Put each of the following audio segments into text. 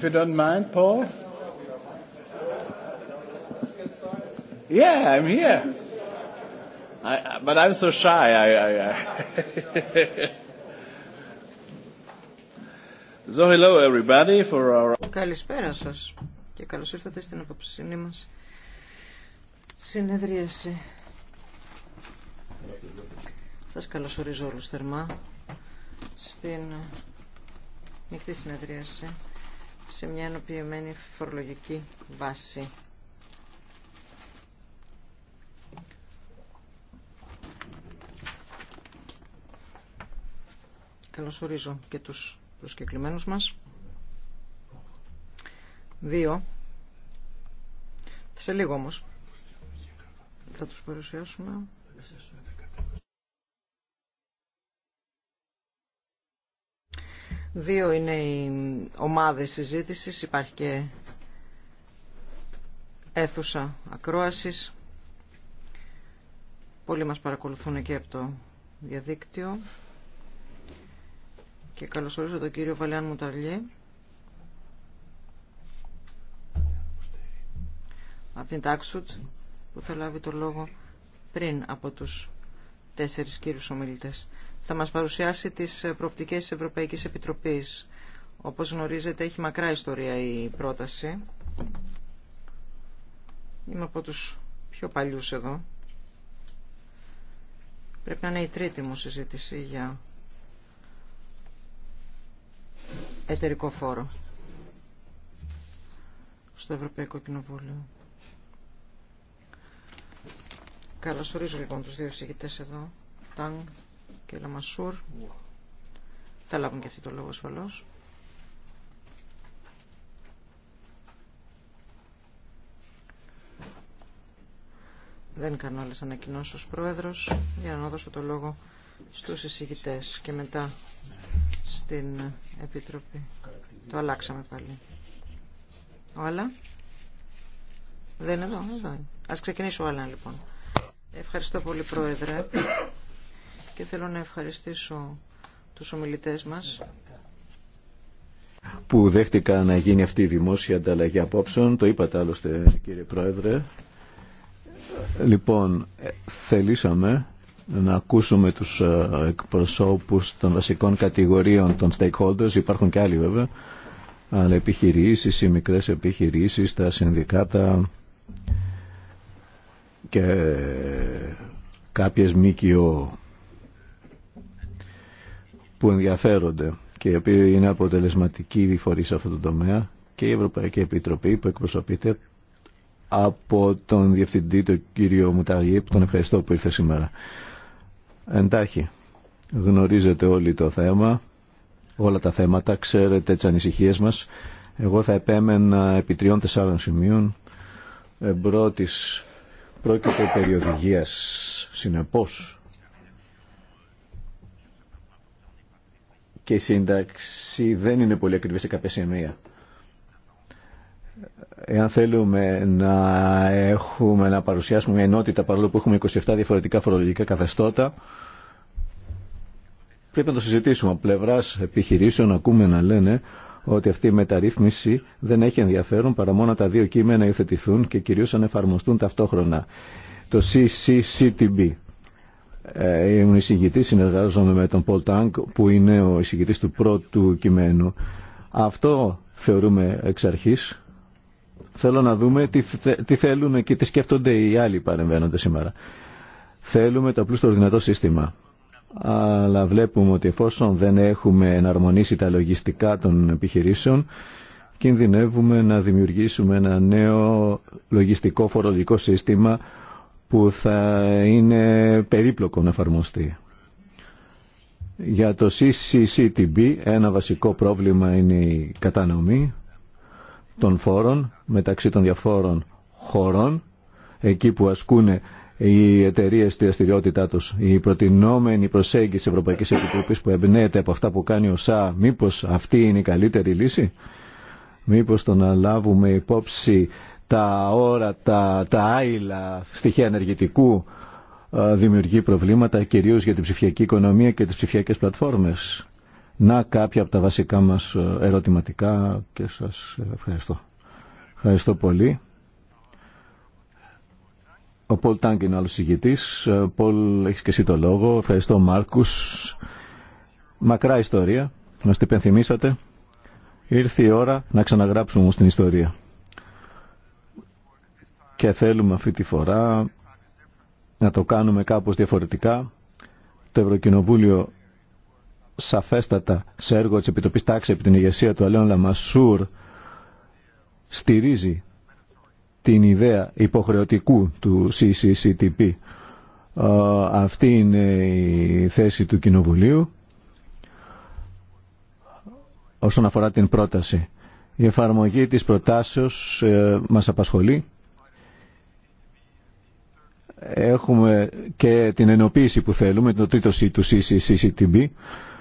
if you don't mind, Paul. Yeah, I'm here. I, but I'm so shy. I, I, so hello everybody for our... Καλησπέρα σας και καλώς ήρθατε στην απόψηνή μας συνεδρίαση. Σας καλωσορίζω όλους θερμά στην νυχτή συνεδρίαση σε μια ενοποιημένη φορολογική βάση. ορίζω και τους προσκεκλημένους μας. Δύο. Σε λίγο όμως θα τους παρουσιάσουμε. Δύο είναι οι ομάδες συζήτησης, υπάρχει και αίθουσα ακρόασης. Πολλοί μας παρακολουθούν και από το διαδίκτυο. Και καλωσορίζω τον κύριο Βαλιάν Μουταλιέ. από την Τάξουτ που θα λάβει το λόγο πριν από τους τέσσερις κύριους ομιλητές θα μας παρουσιάσει τις προοπτικές της Ευρωπαϊκής Επιτροπής. Όπως γνωρίζετε έχει μακρά ιστορία η πρόταση. Είμαι από τους πιο παλιούς εδώ. Πρέπει να είναι η τρίτη μου συζήτηση για εταιρικό φόρο στο Ευρωπαϊκό Κοινοβούλιο. Καλωσορίζω ορίζω λοιπόν τους δύο συγκεκριτές εδώ. Τάγκ και Λαμασούρ. Θα λάβουν και αυτοί το λόγο ασφαλώ. Δεν κάνω άλλε ανακοινώσει ω πρόεδρο για να δώσω το λόγο στου εισηγητέ και μετά στην Επιτροπή. Το αλλάξαμε πάλι. Ο Δεν είναι εδώ. Α Ας ξεκινήσω ο Άλλα λοιπόν. Ευχαριστώ πολύ πρόεδρε και θέλω να ευχαριστήσω τους ομιλητές μας που δέχτηκα να γίνει αυτή η δημόσια ανταλλαγή απόψεων. Το είπατε άλλωστε κύριε Πρόεδρε. Λοιπόν, ε, θελήσαμε να ακούσουμε τους ε, εκπροσώπους των βασικών κατηγορίων των stakeholders. Υπάρχουν και άλλοι βέβαια, αλλά επιχειρήσεις, οι μικρές επιχειρήσεις, τα συνδικάτα και κάποιες μίκιο που ενδιαφέρονται και οι οποίοι είναι αποτελεσματικοί φορεί σε αυτό το τομέα και η Ευρωπαϊκή Επιτροπή που εκπροσωπείται από τον Διευθυντή, τον κύριο Μουταγή, που τον ευχαριστώ που ήρθε σήμερα. Εντάχει, γνωρίζετε όλοι το θέμα, όλα τα θέματα, ξέρετε τις ανησυχίες μας. Εγώ θα επέμενα επί τριών-τεσσάρων σημείων. Εμπρότης, πρόκειται περί συνεπώς, και η σύνταξη δεν είναι πολύ ακριβή σε κάποια σημεία. Εάν θέλουμε να, έχουμε, να παρουσιάσουμε μια ενότητα παρόλο που έχουμε 27 διαφορετικά φορολογικά καθεστώτα, πρέπει να το συζητήσουμε. Από πλευρά επιχειρήσεων ακούμε να λένε ότι αυτή η μεταρρύθμιση δεν έχει ενδιαφέρον παρά μόνο τα δύο κείμενα υιοθετηθούν και κυρίω αν εφαρμοστούν ταυτόχρονα. Το CCCTB ε, ήμουν εισηγητής, συνεργάζομαι με τον Πολ Τάγκ, που είναι ο εισηγητής του πρώτου κειμένου. Αυτό θεωρούμε εξ αρχής. Θέλω να δούμε τι, θε, θέλουν και τι σκέφτονται οι άλλοι παρεμβαίνονται σήμερα. Θέλουμε το απλούστο δυνατό σύστημα. Αλλά βλέπουμε ότι εφόσον δεν έχουμε εναρμονίσει τα λογιστικά των επιχειρήσεων, κινδυνεύουμε να δημιουργήσουμε ένα νέο λογιστικό φορολογικό σύστημα που θα είναι περίπλοκο να εφαρμοστεί. Για το CCCTB ένα βασικό πρόβλημα είναι η κατανομή των φόρων μεταξύ των διαφόρων χωρών, εκεί που ασκούν οι εταιρείε τη δραστηριότητά του. Η προτινόμενη προσέγγιση Ευρωπαϊκή Επιτροπή που εμπνέεται από αυτά που κάνει ο ΣΑ, μήπω αυτή είναι η καλύτερη λύση. Μήπως το να λάβουμε υπόψη τα ώρα, τα, άειλα στοιχεία ενεργητικού ε, δημιουργεί προβλήματα κυρίως για την ψηφιακή οικονομία και τις ψηφιακές πλατφόρμες. Να κάποια από τα βασικά μας ε, ερωτηματικά και σας ευχαριστώ. Ευχαριστώ πολύ. Ο Πολ Τάγκ είναι άλλος συγγητής. Ε, Πολ, έχεις και εσύ το λόγο. Ευχαριστώ Μάρκους. Μακρά ιστορία. Μας την υπενθυμίσατε. Ήρθε η ώρα να ξαναγράψουμε όμως την ιστορία και θέλουμε αυτή τη φορά να το κάνουμε κάπως διαφορετικά. Το Ευρωκοινοβούλιο σαφέστατα σε έργο της Επιτροπής Τάξη επί την ηγεσία του Αλέων Λαμασούρ στηρίζει την ιδέα υποχρεωτικού του CCCTP. Ε, αυτή είναι η θέση του Κοινοβουλίου όσον αφορά την πρόταση. Η εφαρμογή της προτάσεως ε, μας απασχολεί. Έχουμε και την ενοποίηση που θέλουμε, το τρίτο C του CCCCTB.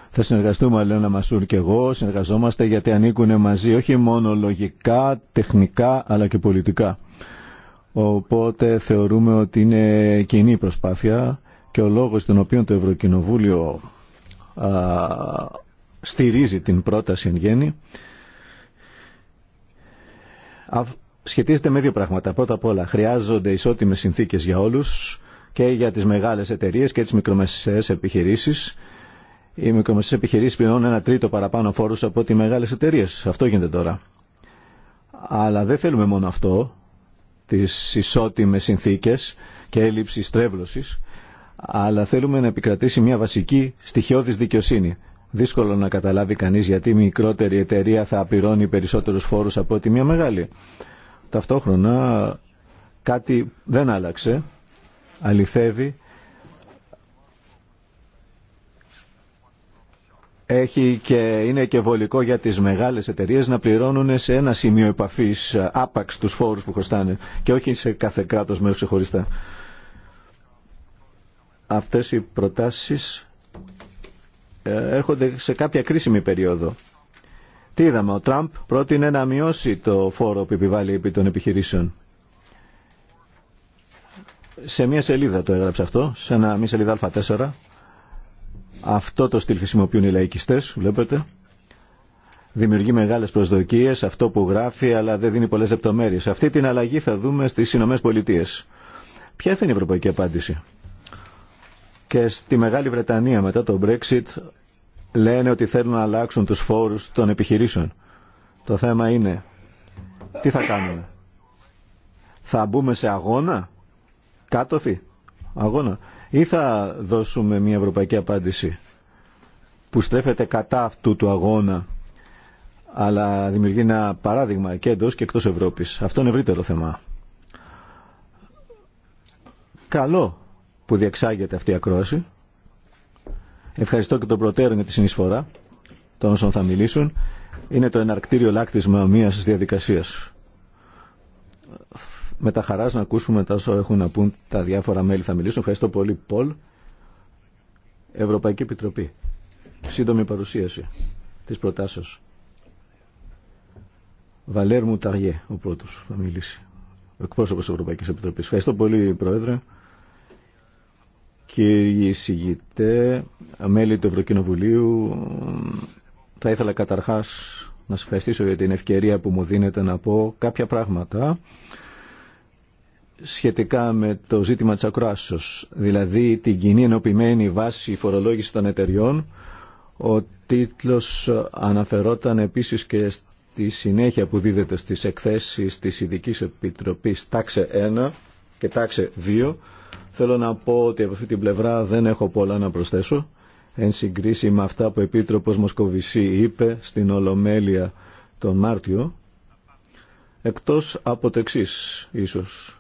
Θα συνεργαστούμε, Αλένα Μασούρ και εγώ, συνεργαζόμαστε γιατί ανήκουν μαζί όχι μόνο λογικά, τεχνικά, αλλά και πολιτικά. Οπότε θεωρούμε ότι είναι κοινή προσπάθεια και ο λόγος τον οποίο το Ευρωκοινοβούλιο στηρίζει την πρόταση εν γέννη σχετίζεται με δύο πράγματα. Πρώτα απ' όλα, χρειάζονται ισότιμε συνθήκε για όλου και για τι μεγάλε εταιρείε και τι μικρομεσαίε επιχειρήσει. Οι μικρομεσαίε επιχειρήσει πληρώνουν ένα τρίτο παραπάνω φόρου από ότι οι μεγάλε εταιρείε. Αυτό γίνεται τώρα. Αλλά δεν θέλουμε μόνο αυτό, τι ισότιμε συνθήκε και έλλειψη στρέβλωση, αλλά θέλουμε να επικρατήσει μια βασική στοιχειώδη δικαιοσύνη. Δύσκολο να καταλάβει κανεί γιατί η μικρότερη εταιρεία θα πληρώνει περισσότερου φόρου από ότι μια μεγάλη. Ταυτόχρονα κάτι δεν άλλαξε, αληθεύει. Έχει και, είναι και βολικό για τις μεγάλες εταιρείες να πληρώνουν σε ένα σημείο επαφής ε, άπαξ τους φόρους που χρωστάνε και όχι σε κάθε κράτος μέρος ξεχωριστά. Αυτές οι προτάσεις ε, έρχονται σε κάποια κρίσιμη περίοδο τι είδαμε, ο Τραμπ πρότεινε να μειώσει το φόρο που επιβάλλει επί των επιχειρήσεων. Σε μία σελίδα το έγραψε αυτό, σε ένα μία σελίδα α4. Αυτό το στυλ χρησιμοποιούν οι λαϊκιστές, βλέπετε. Δημιουργεί μεγάλες προσδοκίες, αυτό που γράφει, αλλά δεν δίνει πολλές λεπτομέρειες. Αυτή την αλλαγή θα δούμε στις Ηνωμένες Πολιτείες. Ποια θα είναι η ευρωπαϊκή απάντηση. Και στη Μεγάλη Βρετανία μετά το Brexit λένε ότι θέλουν να αλλάξουν τους φόρους των επιχειρήσεων. Το θέμα είναι τι θα κάνουμε. Θα μπούμε σε αγώνα, κάτωθι, αγώνα, ή θα δώσουμε μια ευρωπαϊκή απάντηση που στρέφεται κατά αυτού του αγώνα αλλά δημιουργεί ένα παράδειγμα και εντός και εκτός Ευρώπης. Αυτό είναι ευρύτερο θέμα. Καλό που διεξάγεται αυτή η ακρόαση. Ευχαριστώ και τον προτέρων για τη συνεισφορά των όσων θα μιλήσουν. Είναι το εναρκτήριο λάκτισμα μιας διαδικασίας. Με τα χαράς να ακούσουμε τα όσα έχουν να πούν τα διάφορα μέλη θα μιλήσουν. Ευχαριστώ πολύ, Πολ. Ευρωπαϊκή Επιτροπή. Σύντομη παρουσίαση της προτάσεως. Βαλέρ Μουταριέ, ο πρώτος, θα μιλήσει. Ο εκπρόσωπος της Ευρωπαϊκής Επιτροπής. Ευχαριστώ πολύ, Πρόεδρε. Κύριε συγητέ, μέλη του Ευρωκοινοβουλίου, θα ήθελα καταρχάς να σας ευχαριστήσω για την ευκαιρία που μου δίνετε να πω κάποια πράγματα σχετικά με το ζήτημα της ακράσεως, δηλαδή την κοινή ενωπημένη βάση φορολόγηση των εταιριών. Ο τίτλος αναφερόταν επίσης και στη συνέχεια που δίδεται στις εκθέσεις της ειδική Επιτροπής τάξε 1 και τάξε 2 Θέλω να πω ότι από αυτή την πλευρά δεν έχω πολλά να προσθέσω εν συγκρίση με αυτά που ο Επίτροπος Μοσκοβισή είπε στην Ολομέλεια τον Μάρτιο, εκτός από το εξή ίσως.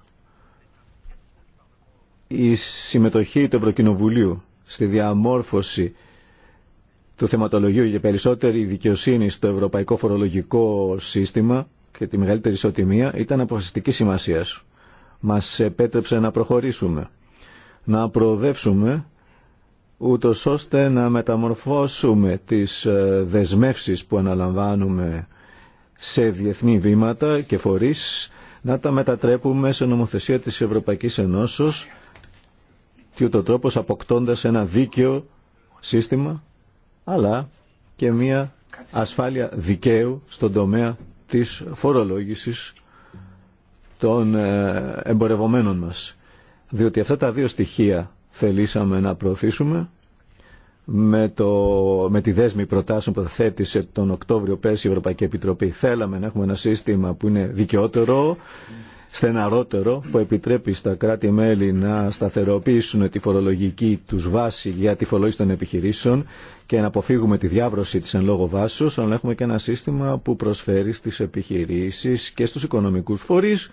Η συμμετοχή του Ευρωκοινοβουλίου στη διαμόρφωση του θεματολογίου για περισσότερη δικαιοσύνη στο ευρωπαϊκό φορολογικό σύστημα και τη μεγαλύτερη ισοτιμία ήταν αποφασιστική σημασίας. Μας επέτρεψε να προχωρήσουμε να προοδεύσουμε ούτω ώστε να μεταμορφώσουμε τις ε, δεσμεύσεις που αναλαμβάνουμε σε διεθνή βήματα και φορείς, να τα μετατρέπουμε σε νομοθεσία της Ευρωπαϊκής Ενώσεως και το τρόπος αποκτώντας ένα δίκαιο σύστημα, αλλά και μια ασφάλεια δικαίου στον τομέα της φορολόγησης των ε, εμπορευομένων μας διότι αυτά τα δύο στοιχεία θελήσαμε να προωθήσουμε με, το, με τη δέσμη προτάσεων που θέτησε τον Οκτώβριο πέρσι η Ευρωπαϊκή Επιτροπή. Θέλαμε να έχουμε ένα σύστημα που είναι δικαιότερο, στεναρότερο, που επιτρέπει στα κράτη-μέλη να σταθεροποιήσουν τη φορολογική τους βάση για τη φορολόγηση των επιχειρήσεων και να αποφύγουμε τη διάβρωση της εν λόγω βάσεως, αλλά έχουμε και ένα σύστημα που προσφέρει στις επιχειρήσεις και στους οικονομικούς φορείς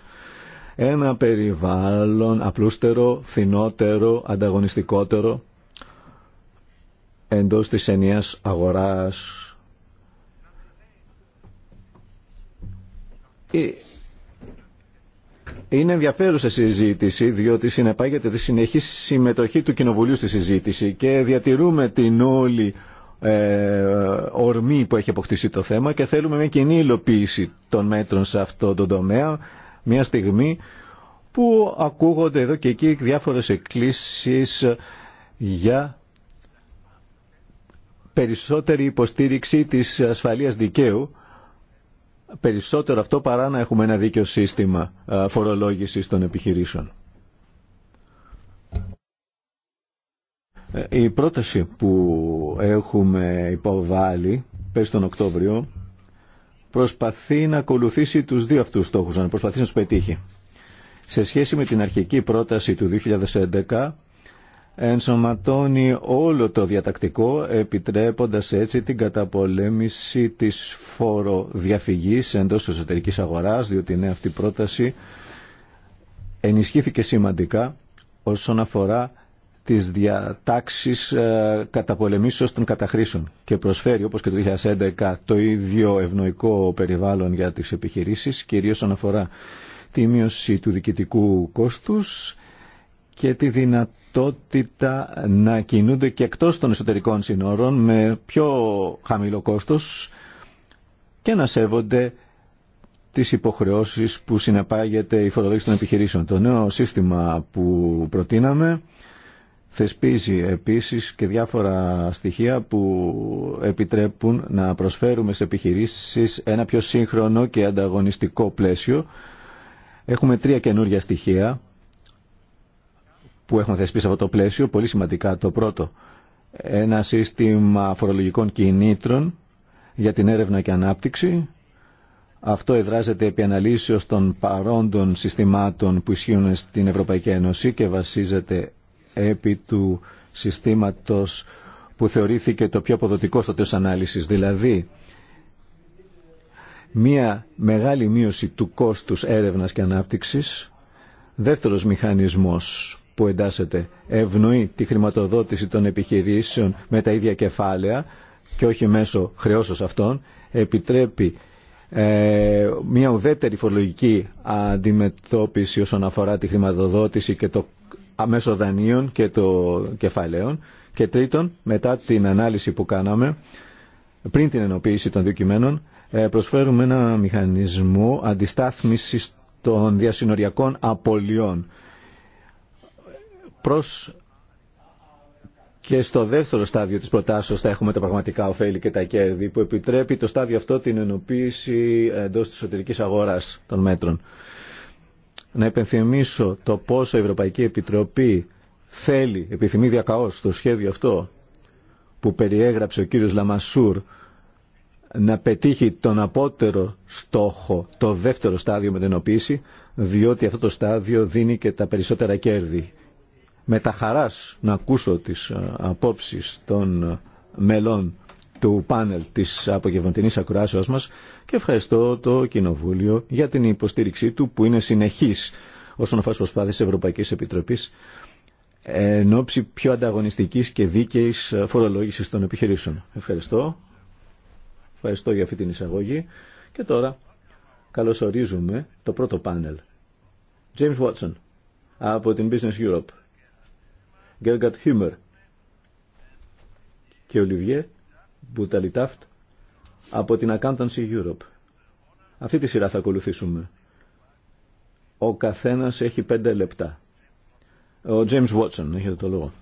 ένα περιβάλλον απλούστερο, φθηνότερο, ανταγωνιστικότερο εντός της ενιαίας αγοράς. Ε, είναι ενδιαφέρουσα συζήτηση διότι συνεπάγεται τη συνεχή συμμετοχή του Κοινοβουλίου στη συζήτηση και διατηρούμε την όλη ε, ορμή που έχει αποκτήσει το θέμα και θέλουμε μια κοινή υλοποίηση των μέτρων σε αυτό τον τομέα μια στιγμή που ακούγονται εδώ και εκεί διάφορες εκκλήσεις για περισσότερη υποστήριξη της ασφαλείας δικαίου περισσότερο αυτό παρά να έχουμε ένα δίκαιο σύστημα ε, φορολόγησης των επιχειρήσεων. Ε, η πρόταση που έχουμε υποβάλει πέρσι τον Οκτώβριο προσπαθεί να ακολουθήσει τους δύο αυτούς στόχους, να προσπαθήσει να τους πετύχει. Σε σχέση με την αρχική πρόταση του 2011, ενσωματώνει όλο το διατακτικό, επιτρέποντας έτσι την καταπολέμηση της φοροδιαφυγής εντός εσωτερικής αγοράς, διότι νέα αυτή η πρόταση ενισχύθηκε σημαντικά όσον αφορά τις διατάξεις ε, καταπολεμήσεως των καταχρήσεων και προσφέρει όπως και το 2011 το ίδιο ευνοϊκό περιβάλλον για τις επιχειρήσεις κυρίως όσον αφορά τη μείωση του διοικητικού κόστους και τη δυνατότητα να κινούνται και εκτός των εσωτερικών συνόρων με πιο χαμηλό κόστος και να σέβονται τις υποχρεώσεις που συνεπάγεται η φορολογία των επιχειρήσεων. Το νέο σύστημα που προτείναμε θεσπίζει επίσης και διάφορα στοιχεία που επιτρέπουν να προσφέρουμε σε επιχειρήσεις ένα πιο σύγχρονο και ανταγωνιστικό πλαίσιο. Έχουμε τρία καινούργια στοιχεία που έχουμε θεσπίσει αυτό το πλαίσιο, πολύ σημαντικά. Το πρώτο, ένα σύστημα φορολογικών κινήτρων για την έρευνα και ανάπτυξη. Αυτό εδράζεται επί αναλύσεως των παρόντων συστημάτων που ισχύουν στην Ευρωπαϊκή Ένωση και βασίζεται επί του συστήματος που θεωρήθηκε το πιο αποδοτικό στο τέλος ανάλυσης, δηλαδή μία μεγάλη μείωση του κόστους έρευνας και ανάπτυξης, δεύτερος μηχανισμός που εντάσσεται ευνοεί τη χρηματοδότηση των επιχειρήσεων με τα ίδια κεφάλαια και όχι μέσω χρεώσεως αυτών, επιτρέπει ε, μια ουδέτερη φορολογική αντιμετώπιση όσον αφορά τη χρηματοδότηση και το μέσω δανείων και το κεφαλαίων. Και τρίτον, μετά την ανάλυση που κάναμε, πριν την ενοποίηση των δύο κειμένων, ε, προσφέρουμε ένα μηχανισμό αντιστάθμισης των διασυνοριακών απολειών. Προς και στο δεύτερο στάδιο της προτάσεως θα έχουμε τα πραγματικά ωφέλη και τα κέρδη που επιτρέπει το στάδιο αυτό την ενοποίηση εντός της εσωτερικής αγοράς των μέτρων να επενθυμίσω το πόσο η Ευρωπαϊκή Επιτροπή θέλει, επιθυμεί διακαώς το σχέδιο αυτό που περιέγραψε ο κύριος Λαμασούρ να πετύχει τον απότερο στόχο, το δεύτερο στάδιο με την διότι αυτό το στάδιο δίνει και τα περισσότερα κέρδη. Με τα χαράς να ακούσω τις ε, απόψεις των ε, μελών του πάνελ της απογευματινής ακροάσεως μας και ευχαριστώ το Κοινοβούλιο για την υποστήριξή του που είναι συνεχής όσον αφορά προσπάθειες Ευρωπαϊκής Επιτροπής εν ώψη πιο ανταγωνιστικής και δίκαιης φορολόγησης των επιχειρήσεων. Ευχαριστώ. Ευχαριστώ για αυτή την εισαγωγή. Και τώρα καλωσορίζουμε το πρώτο πάνελ. James Watson από την Business Europe. Gergat Humer και Olivier Μπουταλιτάφτ από την Accountancy Europe. Αυτή τη σειρά θα ακολουθήσουμε. Ο καθένας έχει πέντε λεπτά. Ο James Watson, έχετε το λόγο.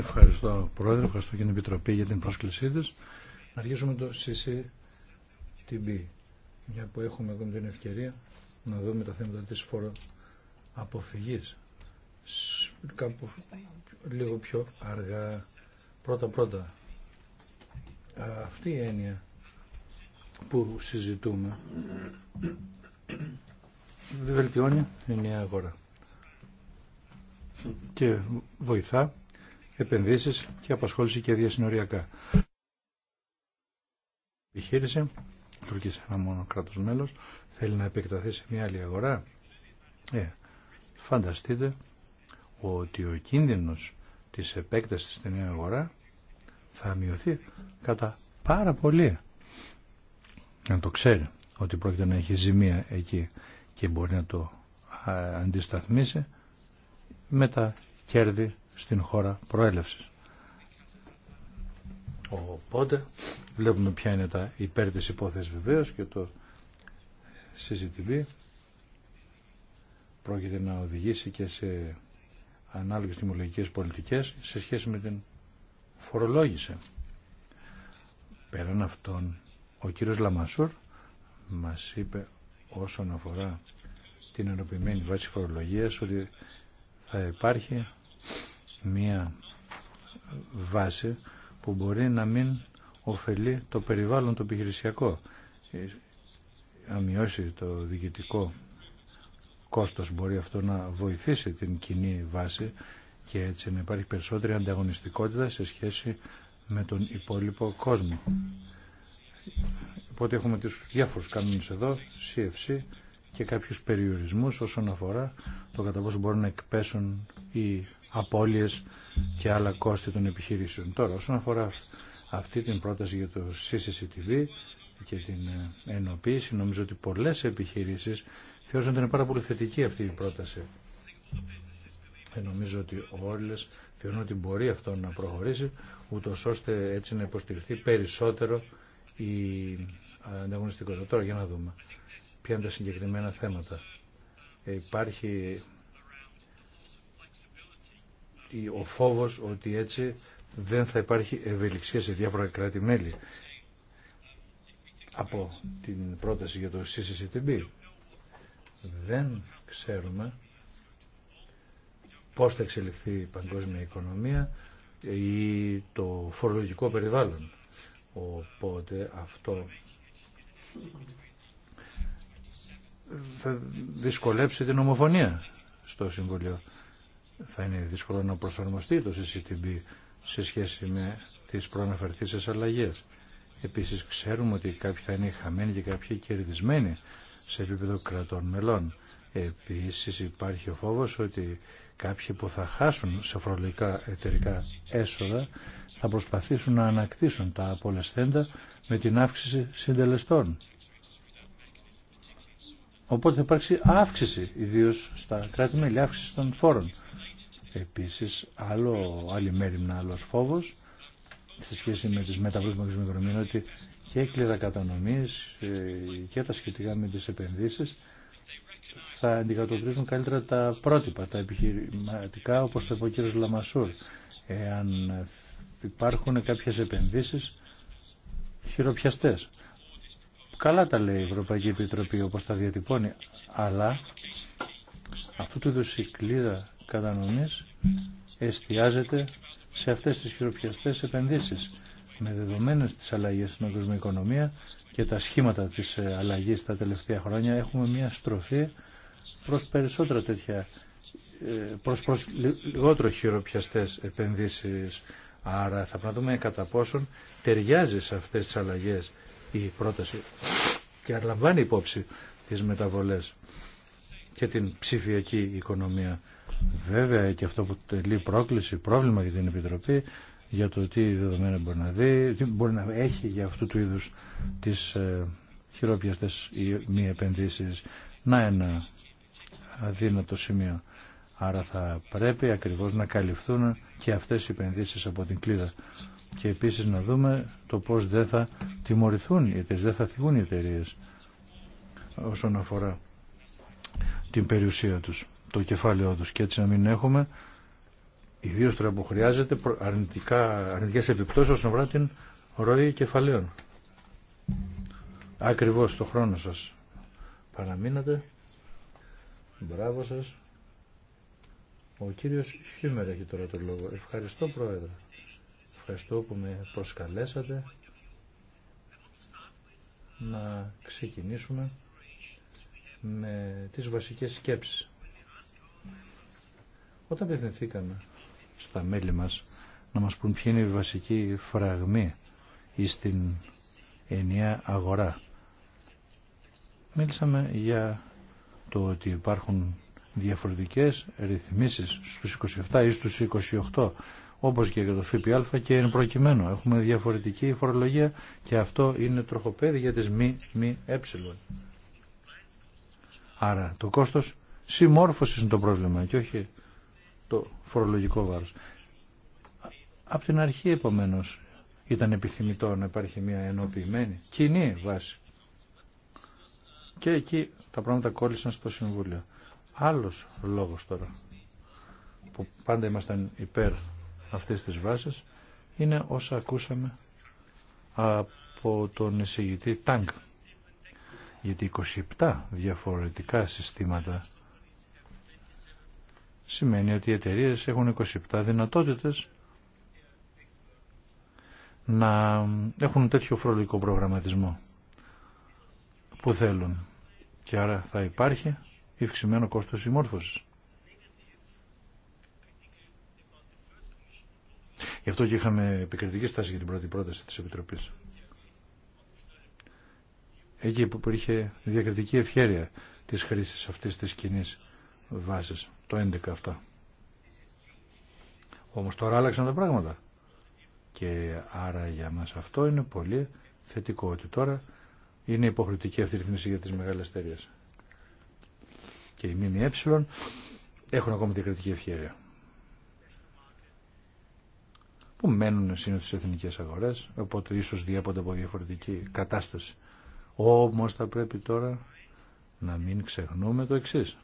Ευχαριστώ, Πρόεδρε. Ευχαριστώ και την Επιτροπή για την πρόσκλησή της. Να αρχίσουμε το CCTB, μια που έχουμε ακόμη την ευκαιρία να δούμε τα θέματα της φοροαποφυγής κάπου λίγο πιο αργά πρώτα πρώτα αυτή η έννοια που συζητούμε βελτιώνει η νέα αγορά και βοηθά επενδύσεις και απασχόληση και διασυνοριακά. Η επιχείρηση, Τουρκία ένα μόνο κράτος μέλος, θέλει να επεκταθεί σε μια άλλη αγορά. Ε, φανταστείτε ότι ο κίνδυνος της επέκτασης στην νέα αγορά θα μειωθεί κατά πάρα πολύ. Αν το ξέρει ότι πρόκειται να έχει ζημία εκεί και μπορεί να το αντισταθμίσει με τα κέρδη στην χώρα προέλευσης. Οπότε βλέπουμε ποια είναι τα υπέρ της υπόθεσης βεβαίως και το CCTV πρόκειται να οδηγήσει και σε ανάλογες τιμολογικές πολιτικές σε σχέση με την φορολόγηση. Πέραν αυτών, ο κύριο Λαμασούρ μας είπε όσον αφορά την ενωπημένη βάση φορολογίας ότι θα υπάρχει μία βάση που μπορεί να μην ωφελεί το περιβάλλον το επιχειρησιακό. Ε, αμοιώσει το διοικητικό κόστος. Μπορεί αυτό να βοηθήσει την κοινή βάση και έτσι να υπάρχει περισσότερη ανταγωνιστικότητα σε σχέση με τον υπόλοιπο κόσμο. Οπότε έχουμε τους διάφορους κανόνες εδώ, CFC και κάποιους περιορισμούς όσον αφορά το κατά πόσο μπορούν να εκπέσουν οι απώλειες και άλλα κόστη των επιχειρήσεων. Τώρα, όσον αφορά αυτή την πρόταση για το CCCTV και την ε, ενοποίηση, νομίζω ότι πολλές επιχειρήσεις θεωρώ ότι είναι πάρα πολύ θετική αυτή η πρόταση. Ε, νομίζω ότι όλες θεωρούν ότι μπορεί αυτό να προχωρήσει, ούτω ώστε έτσι να υποστηριχθεί περισσότερο η ανταγωνιστικότητα. Τώρα για να δούμε ποια είναι τα συγκεκριμένα θέματα. Ε, υπάρχει ο φόβος ότι έτσι δεν θα υπάρχει ευελιξία σε διάφορα κράτη-μέλη από την πρόταση για το CCCTB δεν ξέρουμε πώς θα εξελιχθεί η παγκόσμια οικονομία ή το φορολογικό περιβάλλον. Οπότε αυτό θα δυσκολέψει την ομοφωνία στο Συμβουλίο. Θα είναι δύσκολο να προσαρμοστεί το CCTB σε σχέση με τις προαναφερθήσεις αλλαγές. Επίσης ξέρουμε ότι κάποιοι θα είναι χαμένοι και κάποιοι κερδισμένοι σε επίπεδο κρατών μελών. Επίσης υπάρχει ο φόβος ότι κάποιοι που θα χάσουν σε φορολογικά εταιρικά έσοδα θα προσπαθήσουν να ανακτήσουν τα απολεσθέντα με την αύξηση συντελεστών. Οπότε θα υπάρξει αύξηση, ιδίως στα κράτη-μέλη, αύξηση των φόρων. Επίσης, άλλο, άλλη μέρη, άλλος φόβος, σε σχέση με τις μεταβλήσεις ότι και έκλειδα κατανομής ε, και τα σχετικά με τις επενδύσεις θα αντικατοπτρίζουν καλύτερα τα πρότυπα, τα επιχειρηματικά, όπως το είπε ο κύριος Λαμασούρ. Εάν υπάρχουν κάποιες επενδύσεις χειροπιαστές. Καλά τα λέει η Ευρωπαϊκή Επιτροπή όπως τα διατυπώνει, αλλά αυτού του είδους η κλίδα κατανομής εστιάζεται σε αυτές τις χειροπιαστές επενδύσεις. Με δεδομένες τις αλλαγές στην παγκόσμια οικονομία και τα σχήματα της ε, αλλαγής τα τελευταία χρόνια έχουμε μια στροφή προς περισσότερα τέτοια, ε, προς, λιγότερο χειροπιαστές επενδύσεις. Άρα θα πρέπει να δούμε κατά πόσον ταιριάζει σε αυτές τις αλλαγές η πρόταση και λαμβάνει υπόψη τις μεταβολές και την ψηφιακή οικονομία. Βέβαια και αυτό που τελεί πρόκληση, πρόβλημα για την Επιτροπή για το τι δεδομένα μπορεί να δει, τι μπορεί να έχει για αυτού του είδους τις ε, χειρόπιαστες ή μη επενδύσεις. Να ένα αδύνατο σημείο. Άρα θα πρέπει ακριβώς να καλυφθούν και αυτές οι επενδύσεις από την κλίδα. Και επίσης να δούμε το πώς δεν θα τιμωρηθούν οι εταιρείες, δεν θα θυγούν οι εταιρείε όσον αφορά την περιουσία τους, το κεφάλαιό τους και έτσι να μην έχουμε Ιδίω τώρα που χρειάζεται αρνητικά, αρνητικές επιπτώσεις όσον αφορά την ροή κεφαλαίων. Ακριβώς το χρόνο σας παραμείνατε. Μπράβο σας. Ο κύριος Χιούμερ έχει τώρα το λόγο. Ευχαριστώ Πρόεδρε. Ευχαριστώ που με προσκαλέσατε να ξεκινήσουμε με τις βασικές σκέψεις. Όταν απευθυνθήκαμε στα μέλη μας να μας πούν ποιοι είναι οι βασικοί φραγμοί στην ενιαία αγορά. Μίλησαμε για το ότι υπάρχουν διαφορετικές ρυθμίσεις στους 27 ή στους 28 όπως και για το ΦΠΑ και είναι προκειμένου. Έχουμε διαφορετική φορολογία και αυτό είναι τροχοπέδι για τις μη μη ε. Άρα το κόστος συμμόρφωσης είναι το πρόβλημα και όχι το φορολογικό βάρος. Από την αρχή επομένως ήταν επιθυμητό να υπάρχει μια ενοποιημένη κοινή βάση. Και εκεί τα πράγματα κόλλησαν στο Συμβούλιο. Άλλος λόγος τώρα που πάντα ήμασταν υπέρ αυτής της βάσης είναι όσα ακούσαμε από τον εισηγητή Τάγκ. Γιατί 27 διαφορετικά συστήματα σημαίνει ότι οι εταιρείε έχουν 27 δυνατότητες να έχουν τέτοιο φρολικό προγραμματισμό που θέλουν. Και άρα θα υπάρχει υψημένο κόστος συμμόρφωσης. Γι' αυτό και είχαμε επικριτική στάση για την πρώτη πρόταση της Επιτροπής. Εκεί που υπήρχε διακριτική ευχέρεια της χρήσης αυτής της κοινής βάσεις, το 11 αυτά. Όμως τώρα άλλαξαν τα πράγματα. Και άρα για μας αυτό είναι πολύ θετικό ότι τώρα είναι υποχρεωτική αυτή η ρυθμίση για τις μεγάλες εταιρείε. Και οι ΜΜΕ έχουν ακόμα την κριτική ευκαιρία. Που μένουν σύνολο στις εθνικές αγορές, οπότε ίσως διέπονται από διαφορετική κατάσταση. Όμως θα πρέπει τώρα να μην ξεχνούμε το εξής.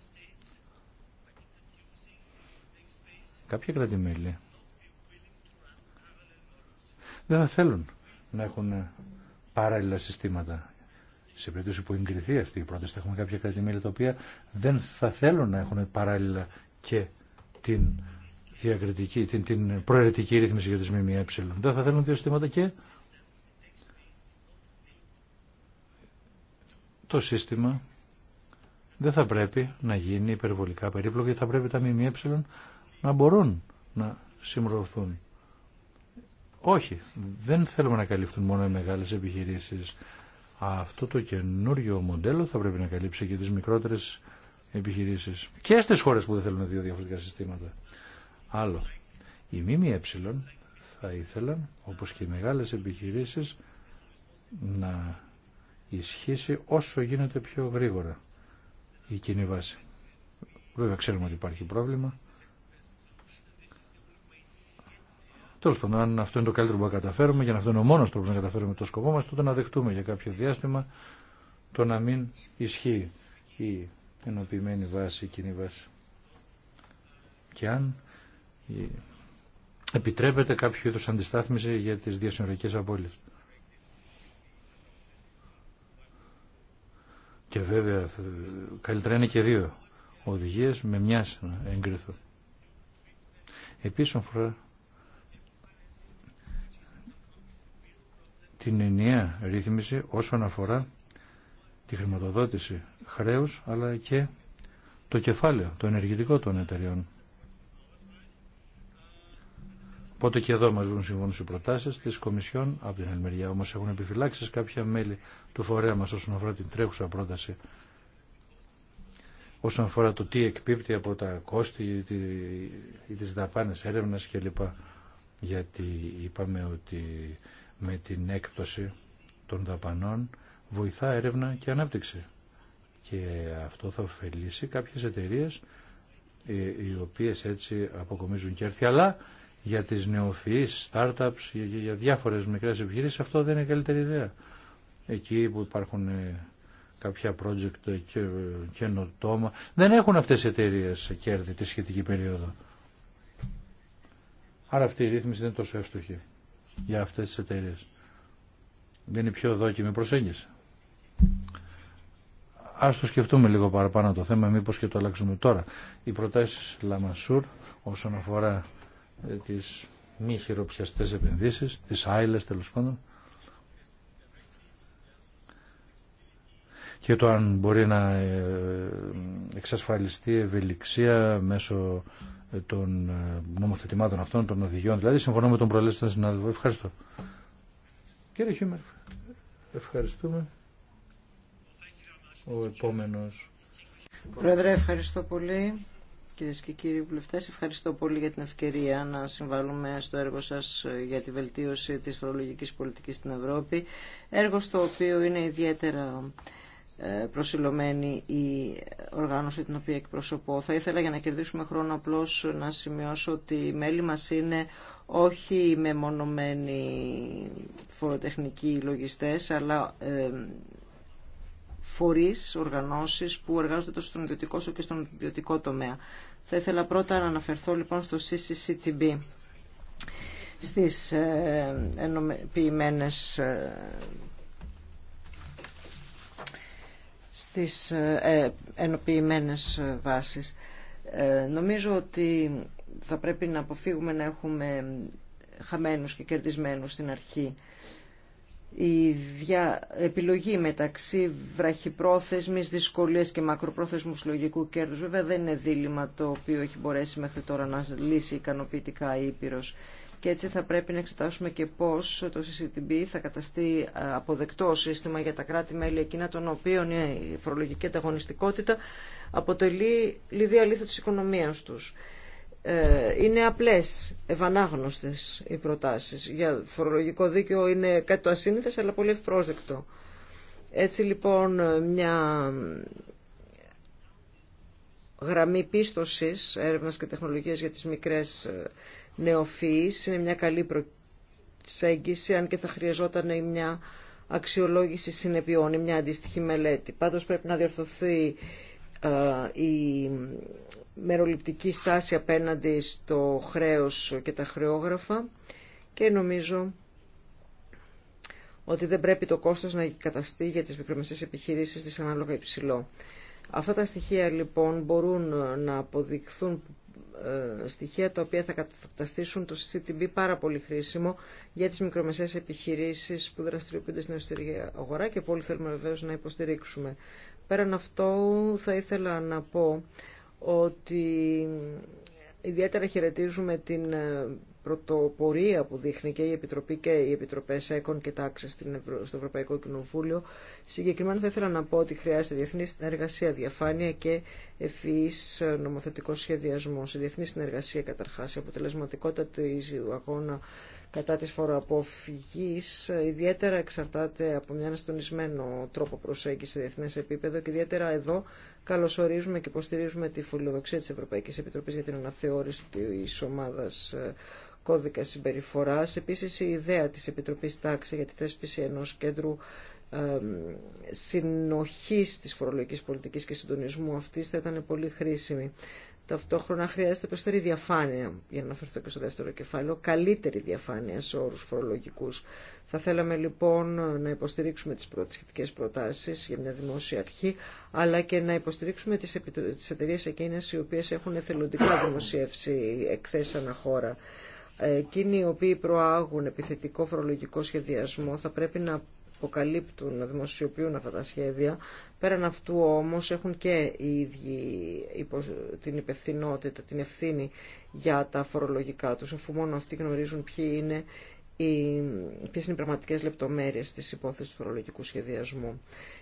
κάποια κρατημέλη δεν θα θέλουν να έχουν παράλληλα συστήματα. Σε περίπτωση που εγκριθεί αυτή η πρόταση, θα έχουμε κάποια κρατημέλη τα οποία δεν θα θέλουν να έχουν παράλληλα και την διακριτική, την, την προαιρετική ρύθμιση για τις ΜΜΕ. Δεν θα θέλουν δύο συστήματα και το σύστημα δεν θα πρέπει να γίνει υπερβολικά περίπλοκο γιατί θα πρέπει τα ΜΜΕ να μπορούν να συμμορφωθούν. Όχι, δεν θέλουμε να καλύφθουν μόνο οι μεγάλες επιχειρήσεις. Αυτό το καινούριο μοντέλο θα πρέπει να καλύψει και τις μικρότερες επιχειρήσεις. Και στις χώρες που δεν θέλουν δύο διαφορετικά συστήματα. Άλλο, οι ΜΜΕ θα ήθελαν, όπως και οι μεγάλες επιχειρήσεις, να ισχύσει όσο γίνεται πιο γρήγορα η κοινή βάση. Βέβαια ξέρουμε ότι υπάρχει πρόβλημα Τέλο πάντων, αν αυτό είναι το καλύτερο που θα καταφέρουμε, για να αυτό είναι ο μόνο τρόπο να καταφέρουμε το σκοπό μα, τότε να δεχτούμε για κάποιο διάστημα το να μην ισχύει η ενωπημένη βάση, η κοινή βάση. Και αν επιτρέπεται κάποιο είδου αντιστάθμιση για τι διασυνορικέ απώλειε. Και βέβαια, καλύτερα είναι και δύο οδηγίε με μια να εγκριθούν. Επίσης, την ενιαία ρύθμιση όσον αφορά τη χρηματοδότηση χρέους αλλά και το κεφάλαιο, το ενεργητικό των εταιριών. Οπότε και εδώ μας βγουν συμφωνούς οι προτάσεις της Κομισιόν από την άλλη μεριά. έχουν επιφυλάξει κάποια μέλη του φορέα μας όσον αφορά την τρέχουσα πρόταση. Όσον αφορά το τι εκπίπτει από τα κόστη ή τις δαπάνες έρευνας κλπ. Γιατί είπαμε ότι με την έκπτωση των δαπανών βοηθά έρευνα και ανάπτυξη. Και αυτό θα ωφελήσει κάποιες εταιρείες ε, οι οποίες έτσι αποκομίζουν κέρδη. Αλλά για τις νεοφυείς, startups, για διάφορες μικρές επιχειρήσεις αυτό δεν είναι καλύτερη ιδέα. Εκεί που υπάρχουν ε, κάποια project ε, και, καινοτόμα. Δεν έχουν αυτές οι εταιρείε κέρδη τη σχετική περίοδο. Άρα αυτή η ρύθμιση δεν είναι τόσο εύστοχη για αυτές τις εταιρείε. Δεν είναι πιο δόκιμη προσέγγιση. Ας το σκεφτούμε λίγο παραπάνω το θέμα, μήπως και το αλλάξουμε τώρα. Οι προτάσεις Λαμασούρ όσον αφορά ε, τις μη χειροπιαστές επενδύσεις, τις άειλες τέλος πάντων, και το αν μπορεί να ε, ε, εξασφαλιστεί ευελιξία μέσω των ε, νομοθετημάτων αυτών, των οδηγιών. Δηλαδή, συμφωνώ με τον προελέστατο συνάδελφο. Ευχαριστώ. Κύριε Χίμερ, ευχαριστούμε. Ο επόμενος. Πρόεδρε, ευχαριστώ πολύ. Κυρίε και κύριοι βουλευτέ, ευχαριστώ πολύ για την ευκαιρία να συμβάλλουμε στο έργο σα για τη βελτίωση τη φορολογική πολιτική στην Ευρώπη. Έργο το οποίο είναι ιδιαίτερα ε, προσιλωμένη η οργάνωση την οποία εκπροσωπώ. Θα ήθελα για να κερδίσουμε χρόνο απλώς να σημειώσω ότι οι μέλη μας είναι όχι μεμονωμένοι φοροτεχνικοί λογιστές, αλλά ε, φορείς, οργανώσεις που εργάζονται τόσο στον ιδιωτικό όσο και στον ιδιωτικό τομέα. Θα ήθελα πρώτα να αναφερθώ λοιπόν στο CCCTB στις ε, στις ε, ε, ενοποιημένες βάσεις. Ε, νομίζω ότι θα πρέπει να αποφύγουμε να έχουμε χαμένους και κερδισμένους στην αρχή. Η δια... επιλογή μεταξύ βραχυπρόθεσμης δυσκολίες και μακροπρόθεσμου συλλογικού κέρδους βέβαια δεν είναι δίλημα το οποίο έχει μπορέσει μέχρι τώρα να λύσει ικανοποιητικά η Ήπειρος και έτσι θα πρέπει να εξετάσουμε και πώς το CCTB θα καταστεί ε, αποδεκτό σύστημα για τα κράτη-μέλη εκείνα των οποίων η φορολογική ανταγωνιστικότητα αποτελεί λίδη αλήθεια της οικονομίας τους. Ε, είναι απλές, ευανάγνωστες οι προτάσεις. Για φορολογικό δίκαιο είναι κάτι το ασύνηθες αλλά πολύ ευπρόσδεκτο. Έτσι λοιπόν μια γραμμή πίστοσης έρευνας και τεχνολογίας για τις μικρές ε, νεοφυής. Είναι μια καλή προσέγγιση, αν και θα χρειαζόταν μια αξιολόγηση συνεπειών ή μια αντίστοιχη μελέτη. Πάντως πρέπει να διορθωθεί η μεροληπτική στάση απέναντι στο χρέος και τα χρεόγραφα και νομίζω ότι δεν πρέπει το κόστος να καταστεί για τις μικρομεσαίες επιχειρήσεις ανάλογα υψηλό. Αυτά τα στοιχεία λοιπόν μπορούν να αποδειχθούν ε, στοιχεία τα οποία θα καταστήσουν το CTB πάρα πολύ χρήσιμο για τις μικρομεσαίες επιχειρήσεις που δραστηριοποιούνται στην εσωτερική αγορά και πολύ θέλουμε βεβαίως να υποστηρίξουμε. Πέραν αυτό θα ήθελα να πω ότι ιδιαίτερα χαιρετίζουμε την ε, πρωτοπορία που δείχνει και η Επιτροπή και οι Επιτροπέ ΕΚΟΝ και ΤΑΞΕ στο Ευρωπαϊκό Κοινοβούλιο. Συγκεκριμένα θα ήθελα να πω ότι χρειάζεται διεθνή συνεργασία, διαφάνεια και ευφυή ε, νομοθετικό σχεδιασμό. Η διεθνή συνεργασία καταρχά, η αποτελεσματικότητα του αγώνα κατά της φοροαποφυγής ε, ιδιαίτερα εξαρτάται από μια αναστονισμένο τρόπο προσέγγιση σε διεθνέ επίπεδο και ιδιαίτερα εδώ καλωσορίζουμε και υποστηρίζουμε τη φιλοδοξία της Ευρωπαϊκής Επιτροπής για την αναθεώρηση της ομάδας ε, κώδικα συμπεριφοράς. Επίσης η ιδέα της Επιτροπής Τάξη για τη θέσπιση ενός κέντρου συνοχής της φορολογικής πολιτικής και συντονισμού αυτής θα ήταν πολύ χρήσιμη. Ταυτόχρονα χρειάζεται περισσότερη διαφάνεια, για να αναφερθώ και στο δεύτερο κεφάλαιο, καλύτερη διαφάνεια σε όρου φορολογικού. Θα θέλαμε λοιπόν να υποστηρίξουμε τι σχετικές προτάσει για μια δημόσια αρχή, αλλά και να υποστηρίξουμε τι εταιρείε εκείνε οι οποίε έχουν εθελοντικά δημοσιεύσει εκθέσει αναχώρα. Εκείνοι οι οποίοι προάγουν επιθετικό φορολογικό σχεδιασμό θα πρέπει να αποκαλύπτουν, να δημοσιοποιούν αυτά τα σχέδια. Πέραν αυτού όμως έχουν και οι ίδιοι την υπευθυνότητα, την ευθύνη για τα φορολογικά τους, αφού μόνο αυτοί γνωρίζουν ποιοι είναι οι, ποιες είναι οι πραγματικές λεπτομέρειες της υπόθεσης του φορολογικού σχεδιασμού.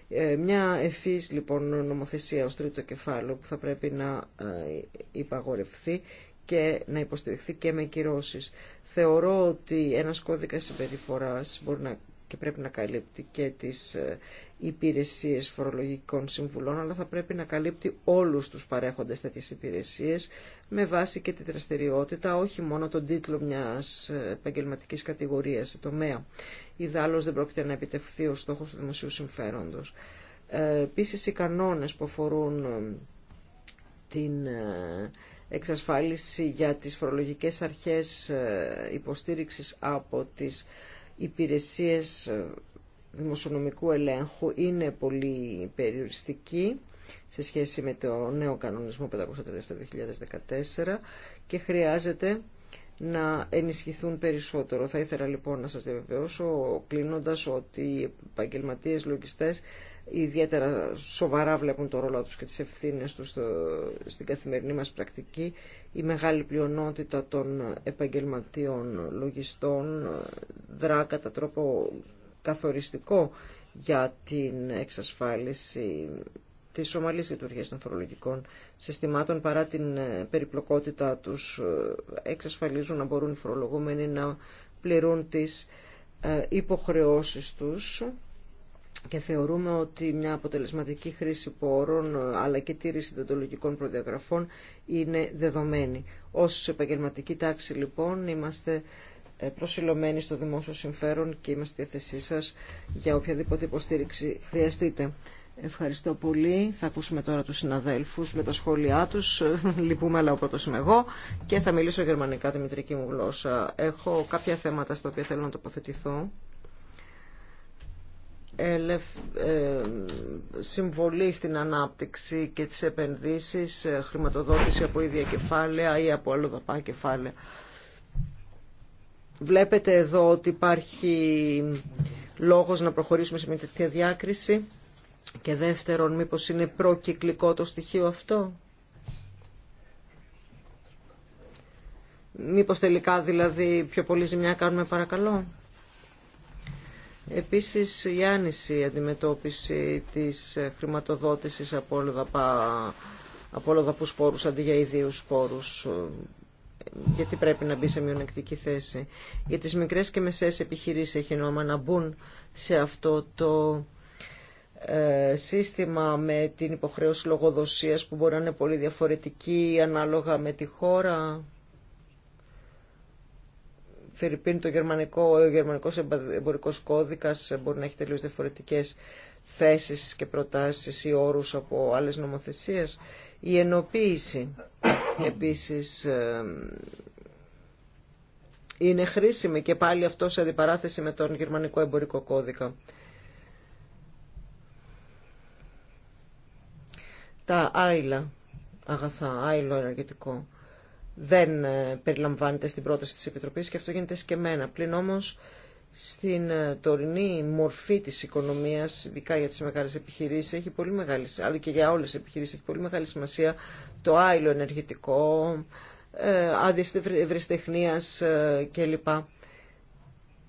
Ε, μια εφίς λοιπόν νομοθεσία ως τρίτο κεφάλαιο που θα πρέπει να ε, υπαγορευθεί και να υποστηριχθεί και με κυρώσεις. Θεωρώ ότι ένας κώδικας συμπεριφορά μπορεί να και πρέπει να καλύπτει και τις ε, υπηρεσίες φορολογικών συμβουλών, αλλά θα πρέπει να καλύπτει όλους τους παρέχοντες τέτοιε υπηρεσίες με βάση και τη δραστηριότητα, όχι μόνο τον τίτλο μιας ε, επαγγελματική κατηγορίας ή τομέα. Ιδάλλως δεν πρόκειται να επιτευχθεί ο στόχος του δημοσίου συμφέροντος. Ε, Επίση οι κανόνες που αφορούν την εξασφάλιση για τις φορολογικές αρχές ε, υποστήριξης από τις υπηρεσίες ε, δημοσιονομικού ελέγχου είναι πολύ περιοριστική σε σχέση με το νέο κανονισμό 537-2014 και χρειάζεται να ενισχυθούν περισσότερο. Θα ήθελα λοιπόν να σας διαβεβαιώσω κλείνοντας ότι οι επαγγελματίες λογιστές ιδιαίτερα σοβαρά βλέπουν το ρόλο τους και τις ευθύνες τους στο, στην καθημερινή μας πρακτική. Η μεγάλη πλειονότητα των επαγγελματίων λογιστών δρά κατά τρόπο καθοριστικό για την εξασφάλιση της ομαλής λειτουργίας των φορολογικών συστημάτων παρά την ε, περιπλοκότητα τους ε, εξασφαλίζουν να μπορούν οι φορολογούμενοι να πληρούν τις ε, υποχρεώσεις τους και θεωρούμε ότι μια αποτελεσματική χρήση πόρων αλλά και τήρηση δεντολογικών προδιαγραφών είναι δεδομένη. Ως επαγγελματική τάξη λοιπόν είμαστε ε, προσιλωμένοι στο δημόσιο συμφέρον και είμαστε στη θέση σας για οποιαδήποτε υποστήριξη χρειαστείτε. Ευχαριστώ πολύ. Θα ακούσουμε τώρα τους συναδέλφους με τα σχόλιά τους. Λυπούμε, αλλά ο πρώτος είμαι εγώ. Και θα μιλήσω γερμανικά τη μητρική μου γλώσσα. Έχω κάποια θέματα στα οποία θέλω να τοποθετηθώ. Ε, συμβολή στην ανάπτυξη και τις επενδύσεις, ε, χρηματοδότηση από ίδια κεφάλαια ή από δαπά κεφάλαια. Βλέπετε εδώ ότι υπάρχει λόγος να προχωρήσουμε σε μια τέτοια διάκριση και δεύτερον μήπως είναι προκυκλικό το στοιχείο αυτό. Μήπως τελικά δηλαδή πιο πολύ ζημιά κάνουμε παρακαλώ. Επίσης η άνηση αντιμετώπιση της χρηματοδότησης από όλο από πόρους αντί για ιδίους πόρους γιατί πρέπει να μπει σε μειονεκτική θέση. Για τις μικρές και μεσαίες επιχειρήσεις έχει νόημα να μπουν σε αυτό το ε, σύστημα με την υποχρέωση λογοδοσίας που μπορεί να είναι πολύ διαφορετική ανάλογα με τη χώρα. Φερρυπίν, το γερμανικό, ο γερμανικός εμπορικός κώδικας ε, μπορεί να έχει τελείως διαφορετικές θέσεις και προτάσεις ή όρους από άλλες νομοθεσίες. Η ενοποίηση επίσης ε, είναι χρήσιμη και πάλι αυτό σε αντιπαράθεση με τον γερμανικό εμπορικό κώδικα. Τα άειλα, αγαθά, άειλο ενεργητικό δεν ε, περιλαμβάνεται στην πρόταση της Επιτροπής και αυτό γίνεται σκεμμένα. Πλην όμως στην ε, τωρινή μορφή της οικονομίας, ειδικά για τις μεγάλες επιχειρήσεις, έχει πολύ μεγάλη, αλλά και για όλες τις επιχειρήσεις έχει πολύ μεγάλη σημασία το άϊλο ενεργητικό, ε, ευρεσιτεχνίας ε, κλπ.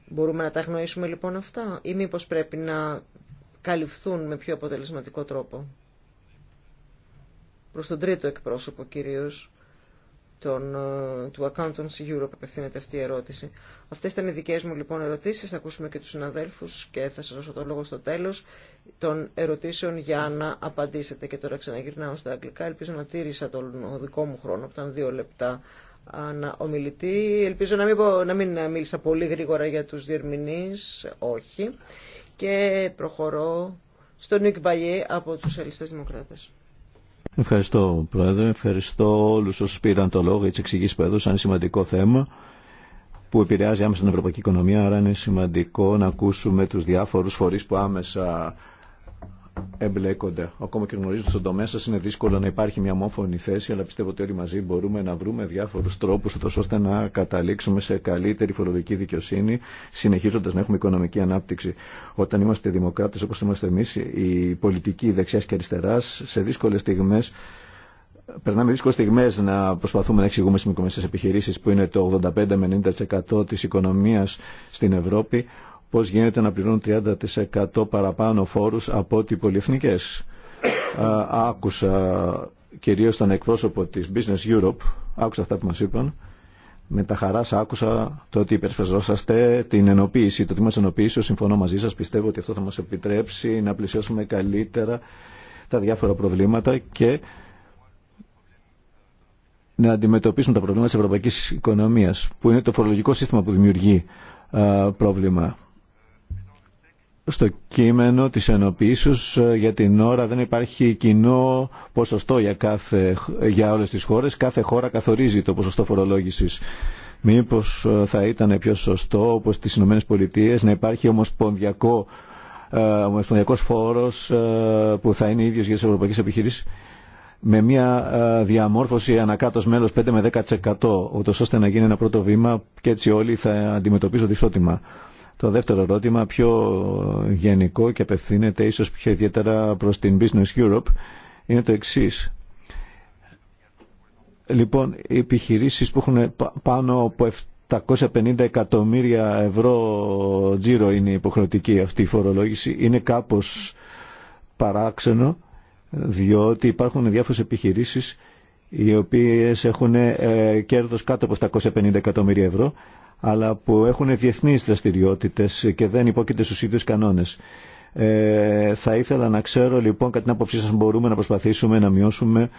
Μπορούμε να τα γνωρίσουμε λοιπόν αυτά ή μήπω πρέπει να καλυφθούν με πιο αποτελεσματικό τρόπο. Προς τον τρίτο εκπρόσωπο κυρίως των, ε, του Accountants Europe απευθύνεται αυτή η ερώτηση. Αυτέ ήταν οι δικέ μου λοιπόν ερωτήσει. Θα ακούσουμε και του συναδέλφου και θα σα δώσω το λόγο στο τέλο των ερωτήσεων για να απαντήσετε. Και τώρα ξαναγυρνάω στα αγγλικά. Ελπίζω να τήρησα τον δικό μου χρόνο που ήταν δύο λεπτά να ομιλητή. Ελπίζω να μην, να μην μίλησα πολύ γρήγορα για του διερμηνεί. όχι. Και προχωρώ στον Νίκ Μπαγιέ από του Ελληνιστές Δημοκράτε. Ευχαριστώ, Πρόεδρε. Ευχαριστώ όλου όσου πήραν το λόγο για τι εξηγήσει που έδωσαν. Είναι σημαντικό θέμα που επηρεάζει άμεσα την ευρωπαϊκή οικονομία. Άρα είναι σημαντικό να ακούσουμε του διάφορου φορεί που άμεσα εμπλέκονται. Ακόμα και ότι στον τομέα σα είναι δύσκολο να υπάρχει μια ομόφωνη θέση, αλλά πιστεύω ότι όλοι μαζί μπορούμε να βρούμε διάφορου τρόπου, ώστε να καταλήξουμε σε καλύτερη φορολογική δικαιοσύνη, συνεχίζοντα να έχουμε οικονομική ανάπτυξη. Όταν είμαστε δημοκράτε, όπω είμαστε εμεί, η πολιτική δεξιά και αριστερά, σε δύσκολε στιγμέ, περνάμε δύσκολε στιγμέ να προσπαθούμε να εξηγούμε στι μικρομεσαίε επιχειρήσει που είναι το 85-90% τη οικονομία στην Ευρώπη Πώ γίνεται να πληρώνουν 30% παραπάνω φόρου από ό,τι οι πολυεθνικέ. Άκουσα κυρίω τον εκπρόσωπο τη Business Europe, άκουσα αυτά που μα είπαν, με τα χαρά άκουσα το ότι υπερσπεζόσαστε την ενοποίηση, το τι μα ενοποίησε, συμφωνώ μαζί σα, πιστεύω ότι αυτό θα μα επιτρέψει να πλησιάσουμε καλύτερα τα διάφορα προβλήματα και να αντιμετωπίσουμε τα προβλήματα τη ευρωπαϊκή οικονομία, που είναι το φορολογικό σύστημα που δημιουργεί πρόβλημα στο κείμενο της ενοποίησης ε, για την ώρα δεν υπάρχει κοινό ποσοστό για, κάθε, για όλες τις χώρες. Κάθε χώρα καθορίζει το ποσοστό φορολόγησης. Μήπως ε, θα ήταν πιο σωστό, όπως στις Ηνωμένες Πολιτείες, να υπάρχει ομοσπονδιακό, ε, ομοσπονδιακός φόρος που θα είναι ίδιος για τις ευρωπαϊκές επιχειρήσεις με μια διαμόρφωση ανακάτω μέλος 5 με 10% ούτως ώστε να γίνει ένα πρώτο βήμα και έτσι όλοι θα αντιμετωπίζονται ισότιμα. Το δεύτερο ερώτημα, πιο γενικό και απευθύνεται ίσως πιο ιδιαίτερα προς την Business Europe, είναι το εξής. Λοιπόν, οι επιχειρήσεις που έχουν πάνω από 750 εκατομμύρια ευρώ τζίρο είναι υποχρεωτική αυτή η φορολόγηση. Είναι κάπως παράξενο, διότι υπάρχουν διάφορες επιχειρήσεις οι οποίες έχουν ε, κέρδος κάτω από 750 εκατομμύρια ευρώ αλλά που έχουν διεθνείς δραστηριότητες και δεν υπόκειται στους ίδιους κανόνες. Ε, θα ήθελα να ξέρω λοιπόν κατά την άποψή σας μπορούμε να προσπαθήσουμε να μειώσουμε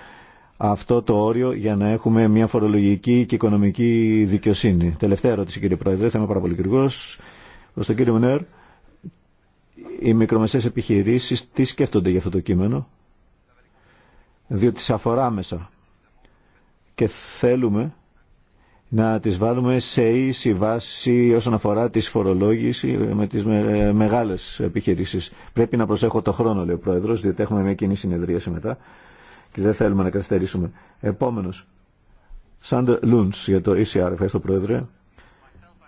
αυτό το όριο για να έχουμε μια φορολογική και οικονομική δικαιοσύνη. Τελευταία ερώτηση κύριε Πρόεδρε, θα είμαι πάρα πολύ γρήγορος. τον κύριο Μνέρ, οι μικρομεσαίες επιχειρήσεις τι σκέφτονται για αυτό το κείμενο, διότι τις αφορά μέσα και θέλουμε να τις βάλουμε σε ίση βάση όσον αφορά τη φορολόγηση με τις ε, μεγάλες επιχειρήσεις. Πρέπει να προσέχω το χρόνο, λέει ο Πρόεδρος, διότι έχουμε μια κοινή συνεδρίαση μετά και δεν θέλουμε να καθυστερήσουμε. Επόμενος, Σάντερ Λούντς για το ECR, ευχαριστώ Πρόεδρε.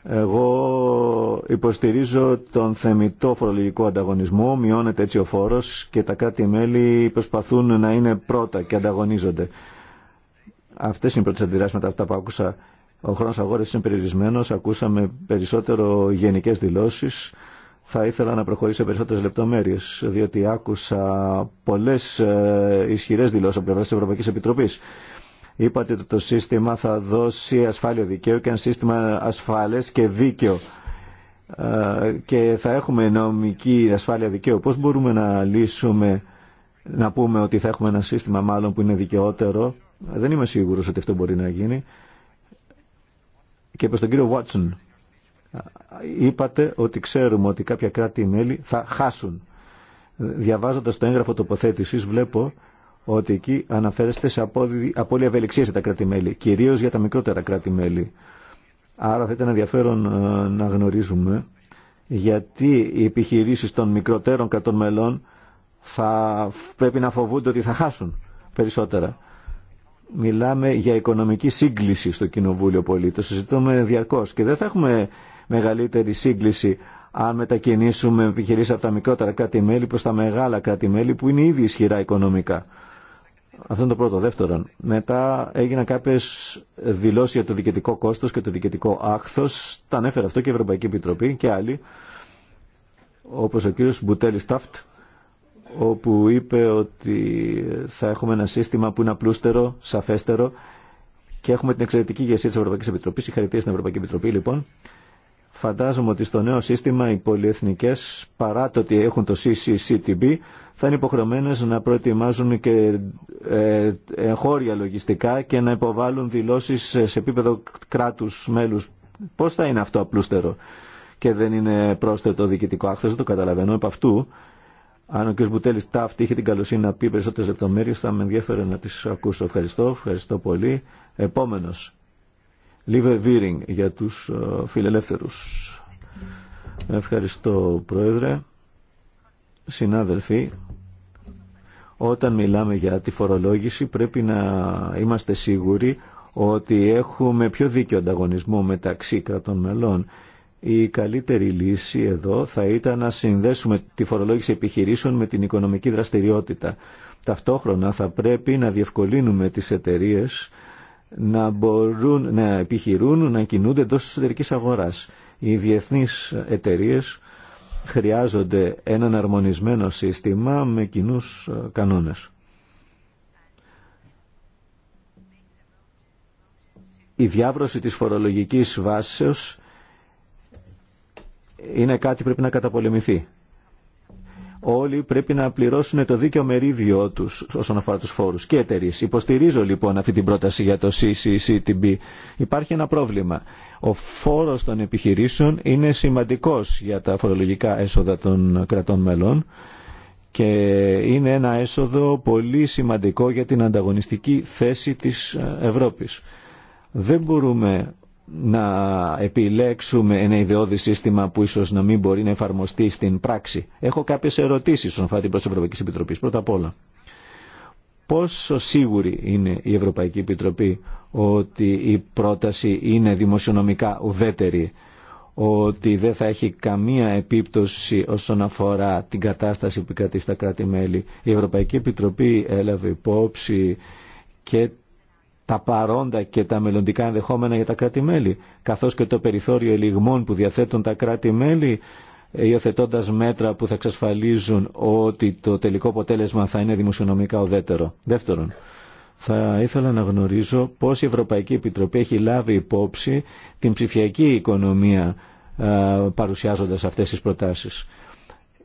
Εγώ υποστηρίζω τον θεμητό φορολογικό ανταγωνισμό, μειώνεται έτσι ο φόρος και τα κράτη-μέλη προσπαθούν να είναι πρώτα και ανταγωνίζονται. Αυτές είναι οι πρώτες αντιδράσεις μετά αυτά που άκουσα ο χρόνος αγόρας είναι περιορισμένος, ακούσαμε περισσότερο γενικές δηλώσεις. Θα ήθελα να προχωρήσω σε περισσότερες λεπτομέρειες, διότι άκουσα πολλές ε, ισχυρές δηλώσεις από πλευράς της Ευρωπαϊκής Επιτροπής. Είπατε ότι το σύστημα θα δώσει ασφάλεια δικαίου και ένα σύστημα ασφάλες και δίκαιο ε, και θα έχουμε νομική ασφάλεια δικαίου. Πώς μπορούμε να λύσουμε, να πούμε ότι θα έχουμε ένα σύστημα μάλλον που είναι δικαιότερο. Δεν είμαι σίγουρος ότι αυτό μπορεί να γίνει και προς τον κύριο Βάτσον είπατε ότι ξέρουμε ότι κάποια κράτη-μέλη θα χάσουν. Διαβάζοντας το έγγραφο τοποθέτησης βλέπω ότι εκεί αναφέρεστε σε απόλυτη ευελιξία τα κράτη-μέλη, κυρίως για τα μικρότερα κράτη-μέλη. Άρα θα ήταν ενδιαφέρον ε, να γνωρίζουμε γιατί οι επιχειρήσεις των μικροτέρων κρατών μελών θα πρέπει να φοβούνται ότι θα χάσουν περισσότερα μιλάμε για οικονομική σύγκληση στο Κοινοβούλιο πολύ. Το συζητούμε διαρκώς και δεν θα έχουμε μεγαλύτερη σύγκληση αν μετακινήσουμε επιχειρήσει από τα μικρότερα κράτη-μέλη προς τα μεγάλα κράτη-μέλη που είναι ήδη ισχυρά οικονομικά. Αυτό είναι το πρώτο. Δεύτερον, μετά έγιναν κάποιε δηλώσει για το διοικητικό κόστο και το διοικητικό άχθο. Τα ανέφερε αυτό και η Ευρωπαϊκή Επιτροπή και άλλοι, όπω ο κύριο Μπουτέλη Ταφτ, όπου είπε ότι θα έχουμε ένα σύστημα που είναι απλούστερο, σαφέστερο και έχουμε την εξαιρετική ηγεσία της Ευρωπαϊκής Επιτροπή, Συγχαρητήρια στην Ευρωπαϊκή Επιτροπή λοιπόν. Φαντάζομαι ότι στο νέο σύστημα οι πολυεθνικές, παρά το ότι έχουν το CCCTB, θα είναι υποχρεωμένες να προετοιμάζουν και ε, εγχώρια λογιστικά και να υποβάλουν δηλώσεις σε επίπεδο κράτους μέλους. Πώς θα είναι αυτό απλούστερο και δεν είναι πρόσθετο διοικητικό άκθος, το καταλαβαίνω επ' αυτού. Αν ο κ. Μπουτέλη Ταύτη είχε την καλοσύνη να πει περισσότερε λεπτομέρειε, θα με ενδιαφέρε να τι ακούσω. Ευχαριστώ, ευχαριστώ πολύ. Επόμενο, Λίβε Βίρινγκ για του ε, φιλελεύθερου. Ευχαριστώ, Πρόεδρε. Συνάδελφοι, όταν μιλάμε για τη φορολόγηση πρέπει να είμαστε σίγουροι ότι έχουμε πιο δίκιο ανταγωνισμό μεταξύ κρατών μελών η καλύτερη λύση εδώ θα ήταν να συνδέσουμε τη φορολόγηση επιχειρήσεων με την οικονομική δραστηριότητα. Ταυτόχρονα θα πρέπει να διευκολύνουμε τις εταιρείε να μπορούν να επιχειρούν, να κινούνται εντό τη εσωτερική αγοράς. Οι διεθνείς εταιρείε χρειάζονται έναν αρμονισμένο σύστημα με κοινού ε, κανόνε. Η διάβρωση της φορολογικής βάσεως είναι κάτι που πρέπει να καταπολεμηθεί. Όλοι πρέπει να πληρώσουν το δίκαιο μερίδιο του όσον αφορά του φόρου και εταιρείε. Υποστηρίζω λοιπόν αυτή την πρόταση για το CCCTB. Υπάρχει ένα πρόβλημα. Ο φόρο των επιχειρήσεων είναι σημαντικό για τα φορολογικά έσοδα των κρατών μελών και είναι ένα έσοδο πολύ σημαντικό για την ανταγωνιστική θέση της Ευρώπης. Δεν μπορούμε να επιλέξουμε ένα ιδεώδη σύστημα που ίσως να μην μπορεί να εφαρμοστεί στην πράξη. Έχω κάποιες ερωτήσεις στον φάτη την Ευρωπαϊκή Επιτροπή. Πρώτα απ' όλα, πόσο σίγουρη είναι η Ευρωπαϊκή Επιτροπή ότι η πρόταση είναι δημοσιονομικά ουδέτερη, ότι δεν θα έχει καμία επίπτωση όσον αφορά την κατάσταση που κρατεί στα κράτη-μέλη. Η Ευρωπαϊκή Επιτροπή έλαβε υπόψη και τα παρόντα και τα μελλοντικά ενδεχόμενα για τα κράτη-μέλη, καθώς και το περιθώριο ελιγμών που διαθέτουν τα κράτη-μέλη, ε, υιοθετώντα μέτρα που θα εξασφαλίζουν ότι το τελικό αποτέλεσμα θα είναι δημοσιονομικά οδέτερο. Δεύτερον, θα ήθελα να γνωρίζω πώς η Ευρωπαϊκή Επιτροπή έχει λάβει υπόψη την ψηφιακή οικονομία ε, παρουσιάζοντας αυτές τις προτάσεις.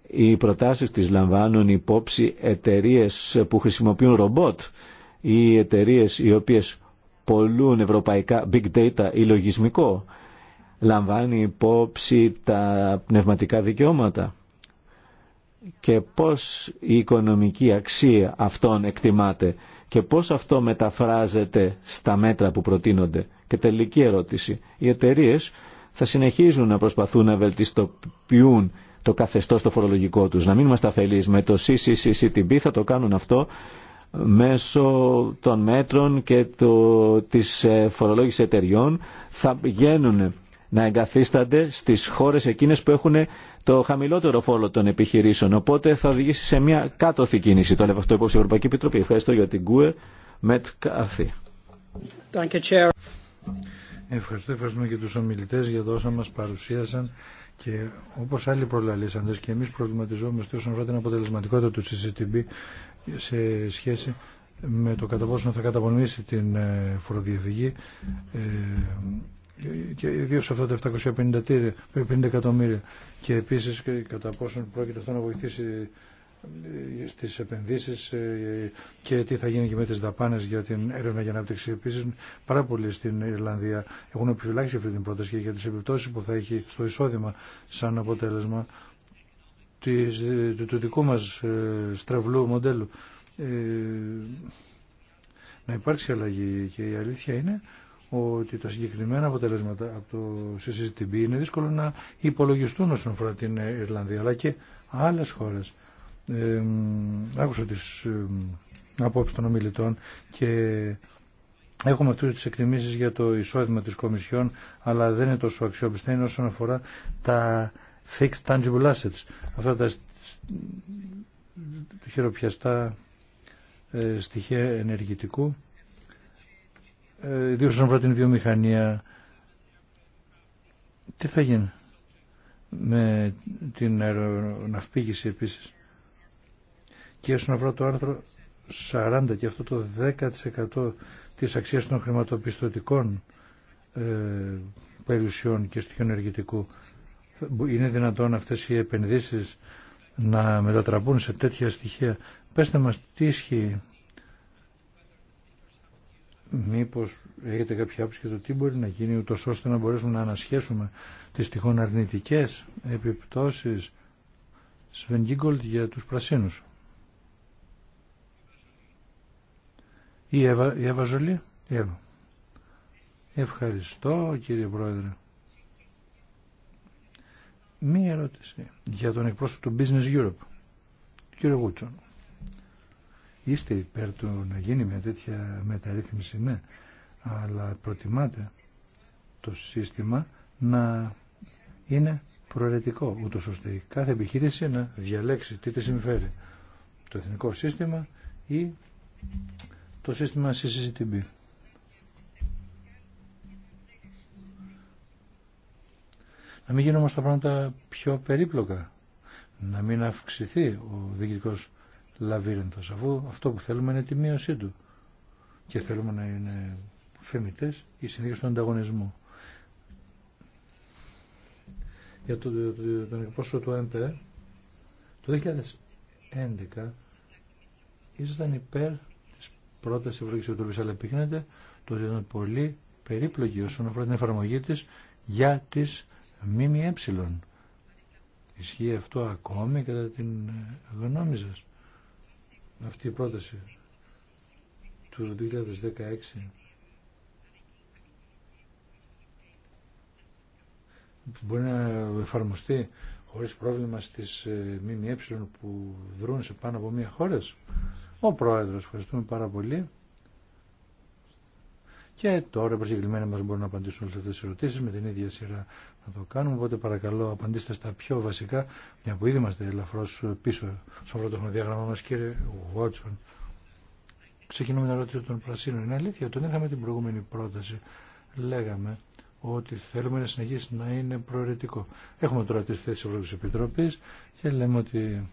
Οι προτάσεις τις λαμβάνουν υπόψη εταιρείε που χρησιμοποιούν ρομπότ οι εταιρείε οι οποίε πολλούν ευρωπαϊκά big data ή λογισμικό λαμβάνει υπόψη τα πνευματικά δικαιώματα και πώς η οικονομική αξία αυτών εκτιμάται και πώς αυτό μεταφράζεται στα μέτρα που προτείνονται. Και τελική ερώτηση. Οι εταιρείε θα συνεχίζουν να προσπαθούν να βελτιστοποιούν το καθεστώς το φορολογικό τους. Να μην είμαστε αφελείς με το CCCTB θα το κάνουν αυτό μέσω των μέτρων και το, της ε, φορολόγησης εταιριών θα πηγαίνουν να εγκαθίστανται στις χώρες εκείνες που έχουν το χαμηλότερο φόρο των επιχειρήσεων. Οπότε θα οδηγήσει σε μια κάτωθη κίνηση. Το λέω αυτό υπόψη η Ευρωπαϊκή Επιτροπή. Ευχαριστώ για την ΚΟΕ. Μετ Καρθή. Ευχαριστώ, ευχαριστούμε και τους ομιλητές για το όσα μας παρουσίασαν και όπως άλλοι προλαλήσαντες και εμείς προβληματιζόμαστε όσον αφορά την αποτελεσματικότητα του CCTB σε σχέση με το κατά πόσο θα καταπονήσει την ε, φοροδιαφυγή ε, και ιδίω αυτά τα 750 εκατομμύρια και επίσης κατά πόσο πρόκειται αυτό να βοηθήσει ε, στις επενδύσεις και τι θα γίνει και με τις δαπάνες για την έρευνα και ανάπτυξη. Επίσης, πάρα πολλοί στην Ιρλανδία έχουν επιφυλάξει αυτή την πρόταση και για τις επιπτώσεις που θα έχει στο εισόδημα σαν αποτέλεσμα του, δικού μας ε, στραβλού μοντέλου. Ε, να υπάρξει αλλαγή και η αλήθεια είναι ότι τα συγκεκριμένα αποτελέσματα από το CCTB είναι δύσκολο να υπολογιστούν όσον αφορά την Ιρλανδία αλλά και άλλες χώρες. Ε, άκουσα τις ε, απόψεις των ομιλητών και έχουμε αυτές τις εκτιμήσεις για το εισόδημα της Κομισιόν αλλά δεν είναι τόσο αξιόπιστα όσον αφορά τα fixed tangible assets, αυτά τα χειροπιαστά ε, στοιχεία ενεργητικού, ε, ιδίως όσον αφορά την βιομηχανία, τι θα γίνει με την αεροναυπήγηση επίσης. Και όσον αφορά το άρθρο 40 και αυτό το 10% της αξίας των χρηματοπιστωτικών ε, περιουσιών και στοιχείων ενεργητικού είναι δυνατόν αυτές οι επενδύσεις να μετατραπούν σε τέτοια στοιχεία. Πέστε μας τι ισχύει. Μήπως έχετε κάποια άποψη για το τι μπορεί να γίνει ούτως ώστε να μπορέσουμε να ανασχέσουμε τις τυχόν αρνητικές επιπτώσεις Σβενγκίγκολτ για τους πρασίνους. Η Εύα, η Εύα Ζολή. Η Ευχαριστώ κύριε Πρόεδρε. Μία ερώτηση για τον εκπρόσωπο του Business Europe, κύριο Γούτσον. Είστε υπέρ του να γίνει μια τέτοια μεταρρύθμιση, ναι, αλλά προτιμάτε το σύστημα να είναι προαιρετικό, ούτως ώστε κάθε επιχείρηση να διαλέξει τι τη συμφέρει, το εθνικό σύστημα ή το σύστημα CCTV. να μην γίνουν όμως τα πράγματα πιο περίπλοκα, να μην αυξηθεί ο διοικητικό λαβύρινθος, αφού αυτό που θέλουμε είναι τη μείωσή του και θέλουμε να είναι φεμιτές οι συνθήκες του ανταγωνισμού. Για το, το, το, τον εκπρόσωπο του ΕΜΠΕ, το 2011 ήσασταν υπέρ της πρώτης Ευρωπαϊκή Επιτροπή, αλλά το ότι ήταν πολύ περίπλοκη όσον αφορά την εφαρμογή τη για τις ΜΜΕ. Ισχύει αυτό ακόμη κατά την γνώμη σα. Αυτή η πρόταση του 2016. Μπορεί να εφαρμοστεί χωρίς πρόβλημα στις ΜΜΕ ε που δρούν σε πάνω από μία χώρα. Ο Πρόεδρος, ευχαριστούμε πάρα πολύ. Και τώρα προσκεκλημένοι μας μπορούν να απαντήσουν όλες αυτές τις ερωτήσεις με την ίδια σειρά να το κάνουμε. Οπότε παρακαλώ απαντήστε στα πιο βασικά, μια που ήδη είμαστε ελαφρώ πίσω στον πρώτο χρονοδιάγραμμα μα, κύριε Βότσον. Ξεκινούμε με την ερώτηση των Πρασίνων. Είναι αλήθεια, όταν είχαμε την προηγούμενη πρόταση, λέγαμε ότι θέλουμε να συνεχίσει να είναι προαιρετικό. Έχουμε τώρα τι θέση τη Ευρωπαϊκής Επιτροπής και λέμε ότι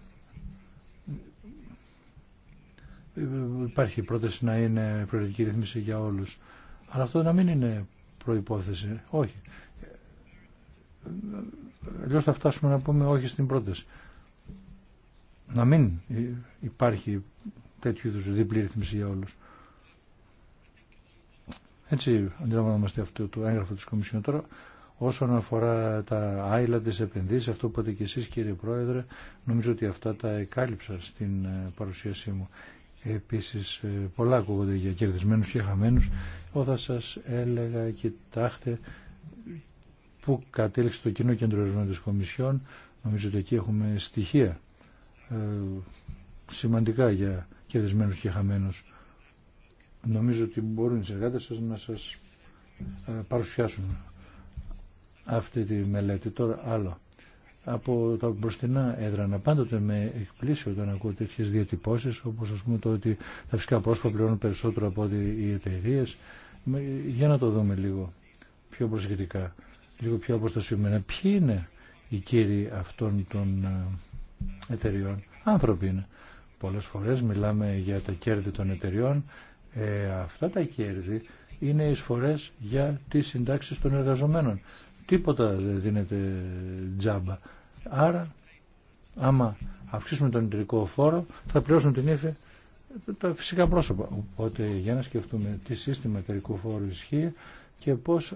υπάρχει πρόταση να είναι προαιρετική ρυθμίση για όλου. Αλλά αυτό να μην είναι προπόθεση. Όχι. Αλλιώς θα φτάσουμε να πούμε όχι στην πρόταση. Να μην υπάρχει τέτοιου είδους διπλή ρυθμίση για όλους. Έτσι αντιλαμβανόμαστε αυτό το έγγραφο της Κομισιόν τώρα. Όσον αφορά τα άειλα της επενδύση, αυτό που είπατε και εσείς κύριε Πρόεδρε, νομίζω ότι αυτά τα εκάλυψα στην ε, παρουσίασή μου. Επίσης ε, πολλά ακούγονται για κερδισμένους και χαμένους. Εγώ θα σας έλεγα, κοιτάξτε, που κατέληξε το κοινό κέντρο ερευνών της Κομισιόν. Νομίζω ότι εκεί έχουμε στοιχεία ε, σημαντικά για κερδισμένους και χαμένους. Νομίζω ότι μπορούν οι συνεργάτες σας να σας ε, παρουσιάσουν αυτή τη μελέτη. Τώρα άλλο. Από τα μπροστινά έδρανα πάντοτε με εκπλήσει όταν ακούω τέτοιε διατυπώσει όπω α πούμε το ότι τα φυσικά πρόσωπα πληρώνουν περισσότερο από ότι οι εταιρείε. Για να το δούμε λίγο πιο προσεκτικά λίγο πιο αποστασιωμένα. Ποιοι είναι οι κύριοι αυτών των ε, εταιριών. Άνθρωποι είναι. Πολλές φορές μιλάμε για τα κέρδη των εταιριών. Ε, αυτά τα κέρδη είναι φορές για τις συντάξεις των εργαζομένων. Τίποτα δεν δίνεται τζάμπα. Άρα, άμα αυξήσουμε τον εταιρικό φόρο, θα πληρώσουν την ύφη τα φυσικά πρόσωπα. Οπότε, για να σκεφτούμε τι σύστημα εταιρικού φόρου ισχύει και πώς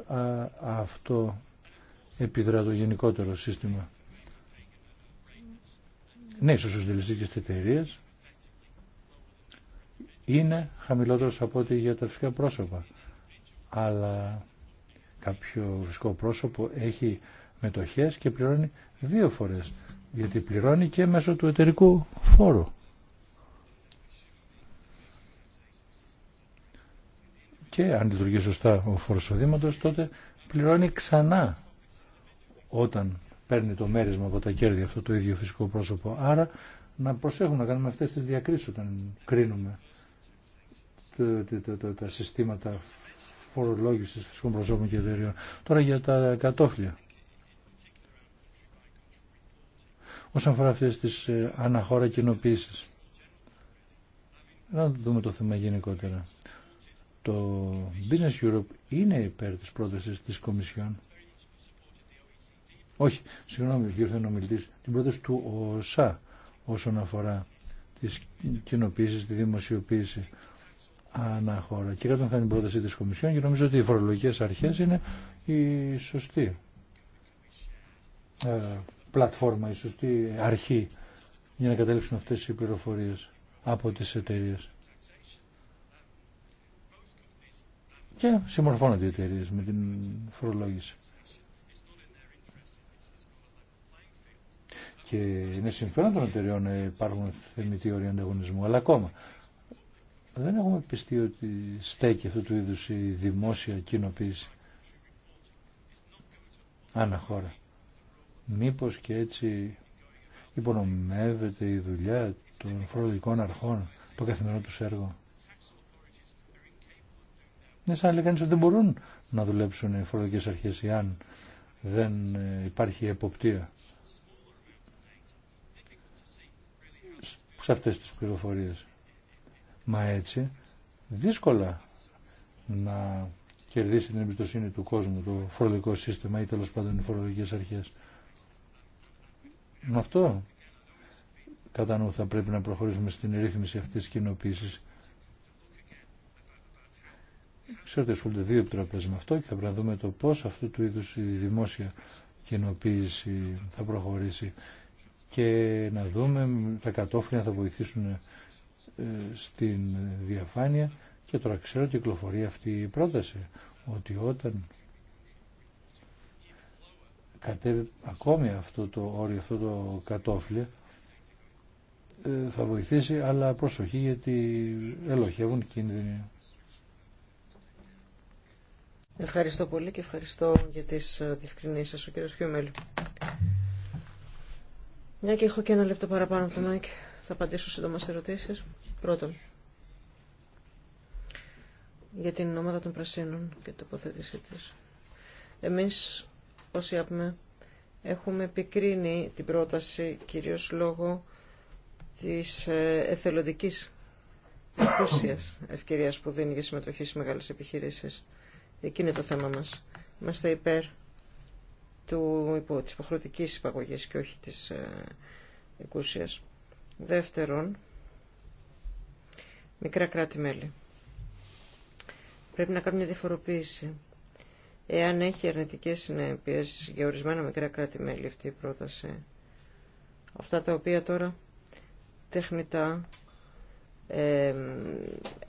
αυτό επιδρά το γενικότερο σύστημα. Ναι, στις τη εταιρείε είναι χαμηλότερος από ό,τι για τα φυσικά πρόσωπα. Αλλά κάποιο φυσικό πρόσωπο έχει μετοχές και πληρώνει δύο φορές. Γιατί πληρώνει και μέσω του εταιρικού φόρου. Και αν λειτουργεί σωστά ο φόρος τότε πληρώνει ξανά όταν παίρνει το μέρισμα από τα κέρδη αυτό το ίδιο φυσικό πρόσωπο. Άρα να προσέχουμε να κάνουμε αυτέ τι διακρίσει όταν κρίνουμε τα συστήματα φορολόγηση φυσικών προσώπων και εταιρεών. Τώρα για τα κατόφλια. Όσον αφορά αυτέ τις ε, αναχώρα κοινοποίησεις. Να δούμε το θέμα γενικότερα. Το Business Europe είναι υπέρ της πρότασης της Κομισιόν όχι, συγγνώμη, κύριος ο ομιλητή την πρόταση του ΟΣΑ όσον αφορά τις κοινοποίησεις, τη δημοσιοποίηση αναχώρα. Και κάτω κάνει την πρόταση της Κομισιόν και νομίζω ότι οι φορολογικές αρχές είναι η σωστή ε, πλατφόρμα, η σωστή αρχή για να καταλήξουν αυτές οι πληροφορίε από τις εταιρείε. Και συμμορφώνονται οι εταιρείε με την φορολόγηση. και είναι συμφέρον των εταιριών να υπάρχουν θεμητοί όροι ανταγωνισμού. Αλλά ακόμα δεν έχουμε πιστεί ότι στέκει αυτού του είδους η δημόσια κοινοποίηση ανά χώρα. Μήπως και έτσι υπονομεύεται η δουλειά των φορολογικών αρχών, το καθημερινό του έργο. Είναι σαν λέει ότι δεν μπορούν να δουλέψουν οι φορολογικές αρχές εάν δεν υπάρχει εποπτεία. σε αυτές τις πληροφορίες. Μα έτσι δύσκολα να κερδίσει την εμπιστοσύνη του κόσμου το φορολογικό σύστημα ή τέλο πάντων οι φορολογικές αρχές. Με αυτό κατά νου θα πρέπει να προχωρήσουμε στην ρύθμιση αυτής της κοινοποίησης. Ξέρετε, ασχολούνται δύο επιτροπές με αυτό και θα πρέπει να δούμε το πώς αυτού του είδους η δημόσια κοινοποίηση θα προχωρήσει και να δούμε τα κατόφλια θα βοηθήσουν ε, στην διαφάνεια και τώρα ξέρω ότι κυκλοφορεί αυτή η πρόταση ότι όταν κατέβει ακόμη αυτό το όριο, αυτό το κατόφλια ε, θα βοηθήσει αλλά προσοχή γιατί ελοχεύουν κίνδυνοι. Ευχαριστώ πολύ και ευχαριστώ για τις ε, διευκρινήσεις σας ο κύριος Χιούμελ. Μια και έχω και ένα λεπτό παραπάνω από το Μάικ, θα απαντήσω σύντομα σε ερωτήσει. Πρώτον, για την ομάδα των Πρασίνων και τοποθέτησή τη. Εμεί, όσοι ΑΠΜΕ, έχουμε επικρίνει την πρόταση κυρίω λόγω τη ε, εθελοντική πλούσιας ευκαιρίας που δίνει για συμμετοχή σε μεγάλε επιχειρήσει. Εκεί είναι το θέμα μα. Είμαστε υπέρ του, της υποχρεωτικής υπαγωγής και όχι της ε, δευτερον Δεύτερον, μικρά κράτη-μέλη. Πρέπει να κάνουμε μια διαφοροποίηση. Εάν έχει αρνητικές συνέπειες για ορισμένα μικρά κράτη-μέλη αυτή η πρόταση, αυτά τα οποία τώρα τεχνητά ε,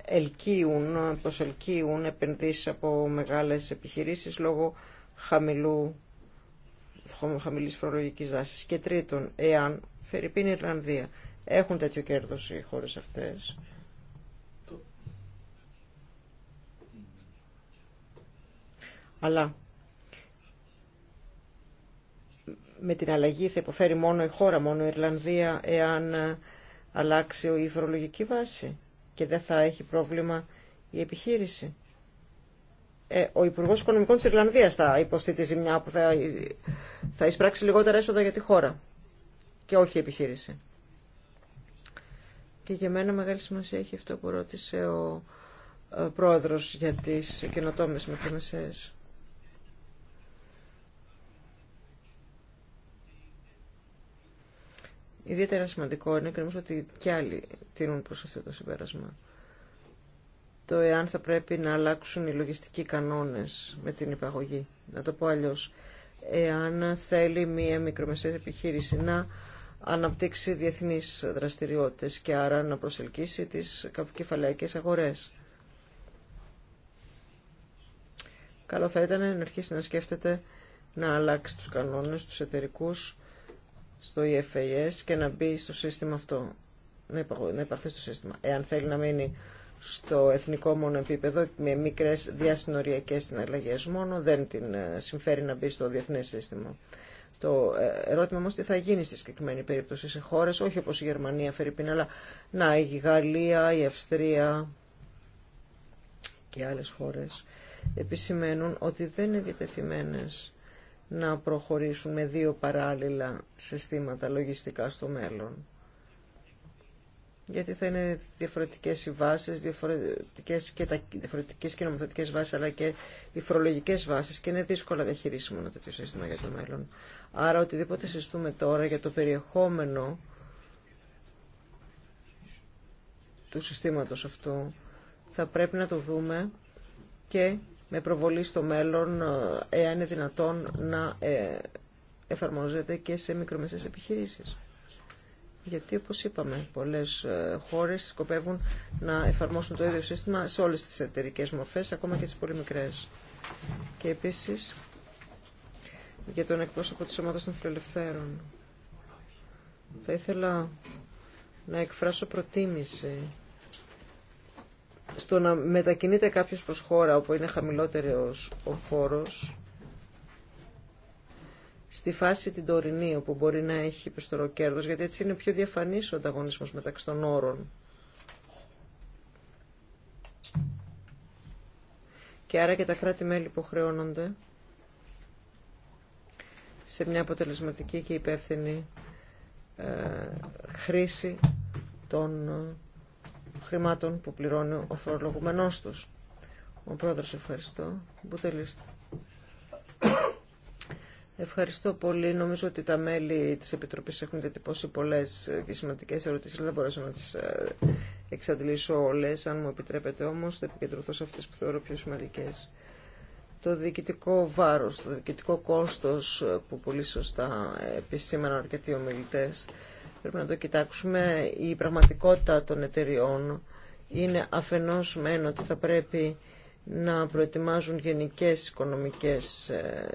ελκύουν, προσελκύουν επενδύσεις από μεγάλες επιχειρήσεις λόγω χαμηλού χαμηλής φορολογικής δάσης και τρίτον, εάν η Ιρλανδία έχουν τέτοιο κέρδος οι χώρες αυτές αλλά με την αλλαγή θα υποφέρει μόνο η χώρα, μόνο η Ιρλανδία εάν ε, αλλάξει η φορολογική βάση και δεν θα έχει πρόβλημα η επιχείρηση. Ε, ο Υπουργό Οικονομικών τη Ιρλανδία θα υποστεί τη ζημιά που θα, θα εισπράξει λιγότερα έσοδα για τη χώρα και όχι η επιχείρηση. Και για μένα μεγάλη σημασία έχει αυτό που ρώτησε ο ε, πρόεδρο για τις καινοτόμε μικρομεσαίες. Ιδιαίτερα σημαντικό είναι και νομίζω ότι και άλλοι τηρούν προς αυτό το συμπέρασμα το εάν θα πρέπει να αλλάξουν οι λογιστικοί κανόνες με την υπαγωγή. Να το πω αλλιώς. Εάν θέλει μία μικρομεσαία επιχείρηση να αναπτύξει διεθνείς δραστηριότητες και άρα να προσελκύσει τις κεφαλαϊκές αγορές. Καλό θα ήταν να αρχίσει να σκέφτεται να αλλάξει τους κανόνες, τους εταιρικούς στο EFAS και να μπει στο σύστημα αυτό, να υπαρθεί στο σύστημα. Εάν θέλει να μείνει στο εθνικό μόνο επίπεδο με μικρές διασυνοριακές συναλλαγές μόνο, δεν την ε, συμφέρει να μπει στο διεθνές σύστημα. Το ε, ερώτημα όμως τι θα γίνει στη συγκεκριμένη περίπτωση σε χώρες, όχι όπως η Γερμανία, Φερρυπίνα, αλλά να, η Γαλλία, η Αυστρία και άλλες χώρες επισημαίνουν ότι δεν είναι διατεθειμένες να προχωρήσουν με δύο παράλληλα συστήματα λογιστικά στο μέλλον γιατί θα είναι διαφορετικές οι βάσεις, διαφορετικές και τα διαφορετικές και νομοθετικές βάσεις, αλλά και οι φορολογικέ βάσεις και είναι δύσκολα διαχειρίσιμο ένα τέτοιο σύστημα για το μέλλον. Άρα οτιδήποτε συζητούμε τώρα για το περιεχόμενο του συστήματος αυτού θα πρέπει να το δούμε και με προβολή στο μέλλον, ε, εάν είναι δυνατόν να ε, εφαρμόζεται και σε μικρομεσαίες επιχειρήσεις. Γιατί όπως είπαμε, πολλές ε, χώρες σκοπεύουν να εφαρμόσουν το ίδιο σύστημα σε όλες τις εταιρικέ μορφές, ακόμα και τις πολύ μικρές. Και επίσης για τον εκπρόσωπο της ομάδας των φιλελευθέρων. Θα ήθελα να εκφράσω προτίμηση στο να μετακινείται κάποιος προς χώρα όπου είναι χαμηλότερος ο φόρος στη φάση την τωρινή όπου μπορεί να έχει περισσότερο κέρδος γιατί έτσι είναι πιο διαφανής ο ανταγωνισμός μεταξύ των όρων. Και άρα και τα κράτη-μέλη υποχρεώνονται σε μια αποτελεσματική και υπεύθυνη ε, χρήση των ε, χρημάτων που πληρώνει ο φορολογουμενός τους. Ο πρόεδρος ευχαριστώ. Ευχαριστώ πολύ. Νομίζω ότι τα μέλη της Επιτροπής έχουν διατυπώσει πολλές ε, και σημαντικές ερωτήσεις. Δεν μπορέσω να τις ε, εξαντλήσω όλες. Αν μου επιτρέπετε όμως, θα επικεντρωθώ σε αυτές που θεωρώ πιο σημαντικές. Το διοικητικό βάρος, το διοικητικό κόστος ε, που πολύ σωστά επισήμαναν αρκετοί ομιλητέ. πρέπει να το κοιτάξουμε. Η πραγματικότητα των εταιριών είναι αφενός μεν ότι θα πρέπει να προετοιμάζουν γενικές οικονομικές ε,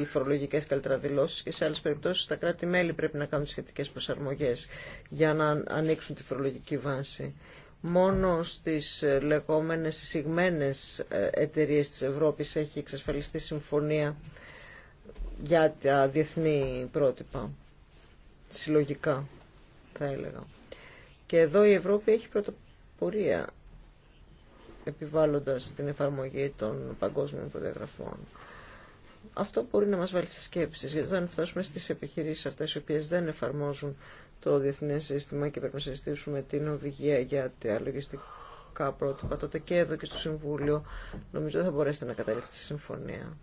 ή φορολογικές καλύτερα και σε άλλες περιπτώσεις τα κράτη-μέλη πρέπει να κάνουν σχετικές προσαρμογές για να ανοίξουν τη φορολογική βάση. Μόνο στις ε, λεγόμενες συγμένες ε, εταιρείε της Ευρώπης έχει εξασφαλιστεί συμφωνία για τα διεθνή πρότυπα, συλλογικά θα έλεγα. Και εδώ η Ευρώπη έχει πρωτοπορία επιβάλλοντας την εφαρμογή των παγκόσμιων προδιαγραφών. Αυτό μπορεί να μας βάλει σε σκέψεις, γιατί όταν φτάσουμε στις επιχειρήσεις αυτές οι οποίες δεν εφαρμόζουν το διεθνές σύστημα και πρέπει να συζητήσουμε την οδηγία για τα λογιστικά πρότυπα, τότε και εδώ και στο Συμβούλιο νομίζω δεν θα μπορέσετε να καταλήξετε συμφωνία.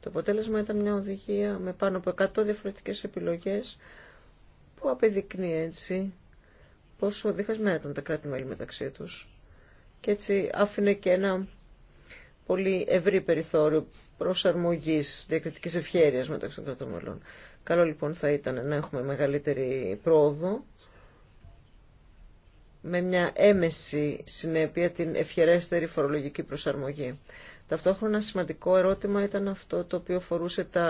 Το αποτέλεσμα ήταν μια οδηγία με πάνω από 100 διαφορετικές επιλογές που απεδεικνύει έτσι πόσο διχασμένα ήταν τα κράτη-μέλη μεταξύ του και έτσι άφηνε και ένα πολύ ευρύ περιθώριο προσαρμογή διακριτική ευχέρεια μεταξύ των κρατών μελών. Καλό λοιπόν θα ήταν να έχουμε μεγαλύτερη πρόοδο με μια έμεση συνέπεια την ευχερέστερη φορολογική προσαρμογή. Ταυτόχρονα σημαντικό ερώτημα ήταν αυτό το οποίο φορούσε το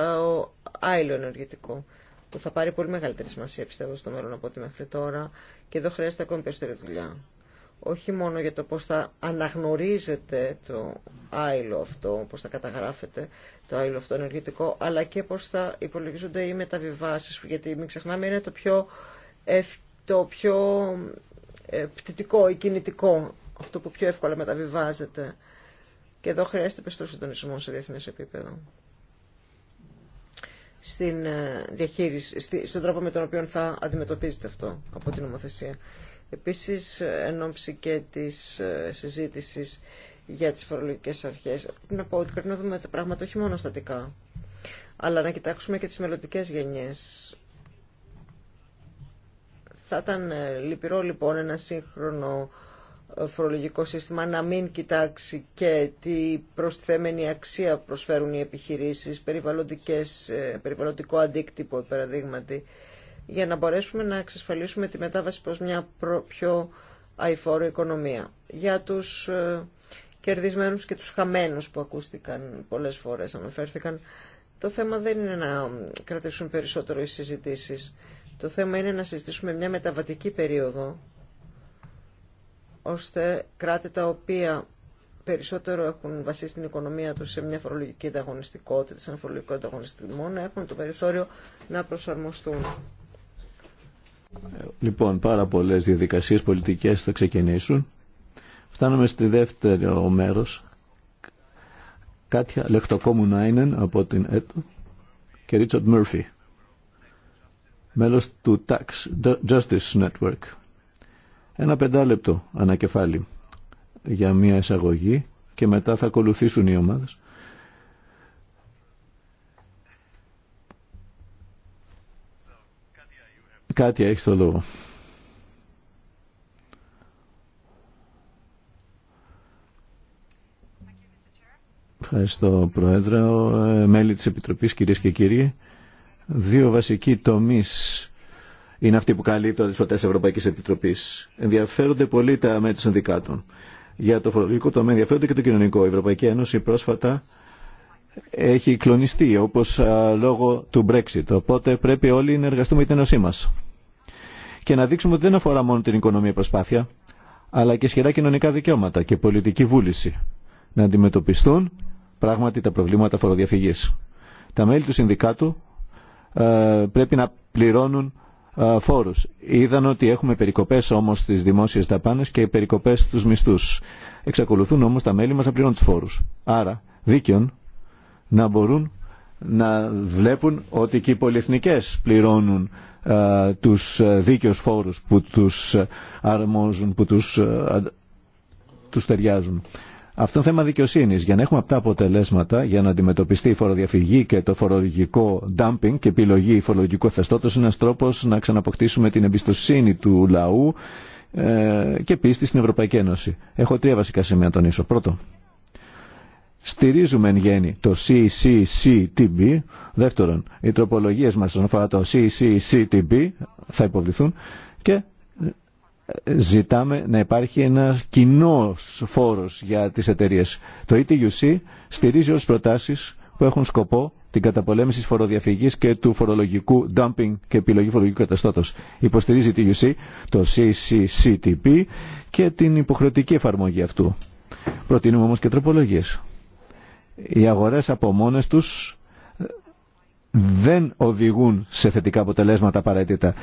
άειλο ενεργητικό που θα πάρει πολύ μεγαλύτερη σημασία πιστεύω στο μέλλον από ό,τι μέχρι τώρα και εδώ χρειάζεται ακόμη περισσότερη δουλειά όχι μόνο για το πώς θα αναγνωρίζετε το άϊλο αυτό, πώς θα καταγράφετε το άϊλο αυτό ενεργητικό, αλλά και πώς θα υπολογίζονται οι μεταβιβάσεις, γιατί μην ξεχνάμε είναι το πιο, ευ... το πιο ε, πτυτικό ή κινητικό, αυτό που πιο εύκολα μεταβιβάζεται. Και εδώ χρειάζεται πιστό συντονισμό σε διεθνέ επίπεδο. Στην ε, διαχείριση, στον τρόπο με τον οποίο θα αντιμετωπίζετε αυτό από την νομοθεσία. Επίσης, εν ώψη και της ε, συζήτησης για τις φορολογικές αρχές, πρέπει να πω ότι πρέπει να δούμε τα πράγματα όχι μόνο στατικά, αλλά να κοιτάξουμε και τις μελλοντικέ γενιές. Θα ήταν ε, λυπηρό λοιπόν ένα σύγχρονο ε, φορολογικό σύστημα να μην κοιτάξει και τι προσθέμενη αξία προσφέρουν οι επιχειρήσεις, περιβαλλοντικές, περιβαλλοντικό αντίκτυπο, παραδείγματι, για να μπορέσουμε να εξασφαλίσουμε τη μετάβαση προς μια πιο αηφόρο οικονομία. Για τους ε, κερδισμένους και τους χαμένους που ακούστηκαν πολλές φορές, αναφέρθηκαν, το θέμα δεν είναι να κρατήσουν περισσότερο οι συζητήσεις. Το θέμα είναι να συζητήσουμε μια μεταβατική περίοδο, ώστε κράτη τα οποία περισσότερο έχουν βασίσει την οικονομία τους σε μια φορολογική ανταγωνιστικότητα, σε ένα φορολογικό να έχουν το περιθώριο να προσαρμοστούν. Λοιπόν, πάρα πολλέ διαδικασίε πολιτικέ θα ξεκινήσουν. Φτάνουμε στη δεύτερο μέρο, Κάτια Λεχτοκόμουνάινεν από την ΕΤΟ και Ρίτσαρτ Μέρφυ, μέλος του Tax Justice Network. Ένα πεντάλεπτο ανακεφάλι για μια εισαγωγή και μετά θα ακολουθήσουν οι ομάδες. Κάτι έχει το λόγο. Ευχαριστώ Πρόεδρε, ε, μέλη της Επιτροπής, κυρίες και κύριοι. Δύο βασικοί τομείς είναι αυτοί που καλύπτουν τις φωτές Ευρωπαϊκής Επιτροπής. Ενδιαφέρονται πολύ τα μέλη των συνδικάτων. Για το φορολογικό τομέα ενδιαφέρονται και το κοινωνικό. Η Ευρωπαϊκή Ένωση πρόσφατα έχει κλονιστεί όπως λόγω του Brexit. Οπότε πρέπει όλοι να εργαστούμε την ένωσή μας. Και να δείξουμε ότι δεν αφορά μόνο την οικονομία προσπάθεια, αλλά και ισχυρά κοινωνικά δικαιώματα και πολιτική βούληση να αντιμετωπιστούν πράγματι τα προβλήματα φοροδιαφυγής. Τα μέλη του Συνδικάτου α, πρέπει να πληρώνουν α, φόρους. Είδαν ότι έχουμε περικοπές όμως στις δημόσιες δαπάνες και περικοπές στους μισθούς. Εξακολουθούν όμως τα μέλη μας να πληρώνουν τους φόρους. Άρα δίκαιον να μπορούν να βλέπουν ότι και οι πολυεθνικές πληρώνουν α, ε, τους ε, δίκαιους φόρους που τους ε, αρμόζουν, που τους, τους ταιριάζουν. Αυτό είναι θέμα δικαιοσύνη. Για να έχουμε αυτά αποτελέσματα, για να αντιμετωπιστεί η φοροδιαφυγή και το φορολογικό dumping και επιλογή φορολογικού θεστώτο, είναι ένα τρόπο να ξαναποκτήσουμε την εμπιστοσύνη του λαού και πίστη στην Ευρωπαϊκή Ένωση. Έχω τρία βασικά σημεία να τονίσω. Πρώτο, στηρίζουμε εν γέννη το CCCTB. Δεύτερον, οι τροπολογίε μας όσον αφορά το CCCTB θα υποβληθούν και ε, ζητάμε να υπάρχει ένα κοινό φόρος για τις εταιρείε. Το ETUC στηρίζει ως προτάσεις που έχουν σκοπό την καταπολέμηση της φοροδιαφυγής και του φορολογικού dumping και επιλογή φορολογικού καταστώτο. Υποστηρίζει το ETUC, το CCCTB και την υποχρεωτική εφαρμογή αυτού. Προτείνουμε όμω και τροπολογίε. Οι αγορές από μόνες τους δεν οδηγούν σε θετικά αποτελέσματα απαραίτητα.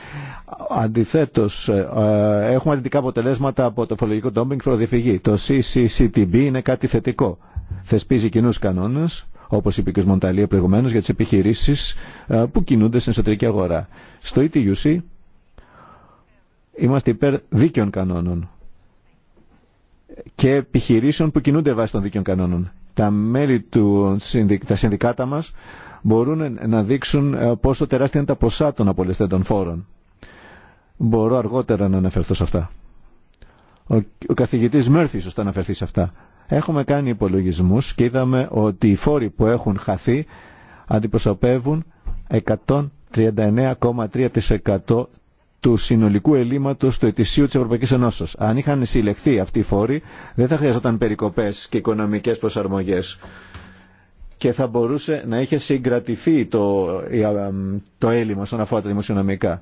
Αντιθέτως, ε, ε, έχουμε αρνητικά αποτελέσματα από το φορολογικό ντόμπινγκ φοροδιαφυγή. Το CCCTB είναι κάτι θετικό. Θεσπίζει κοινού κανόνες, όπως είπε και ο Μονταλία προηγουμένω για τις επιχειρήσεις ε, που κινούνται στην εσωτερική αγορά. Στο ETUC είμαστε υπέρ δίκαιων κανόνων και επιχειρήσεων που κινούνται βάσει των δίκαιων κανόνων τα μέλη του, τα συνδικάτα μας μπορούν να δείξουν ε, πόσο τεράστια είναι τα ποσά των απολυστέντων φόρων. Μπορώ αργότερα να αναφερθώ σε αυτά. Ο, ο καθηγητής Μέρφυ θα αναφερθεί σε αυτά. Έχουμε κάνει υπολογισμούς και είδαμε ότι οι φόροι που έχουν χαθεί αντιπροσωπεύουν 139,3% του συνολικού ελλείμματο του ετησίου τη Ευρωπαϊκής Ενώσεω. Αν είχαν συλλεχθεί αυτοί οι φόροι, δεν θα χρειαζόταν περικοπέ και οικονομικέ προσαρμογέ και θα μπορούσε να είχε συγκρατηθεί το, το έλλειμμα στον αφορά τα δημοσιονομικά.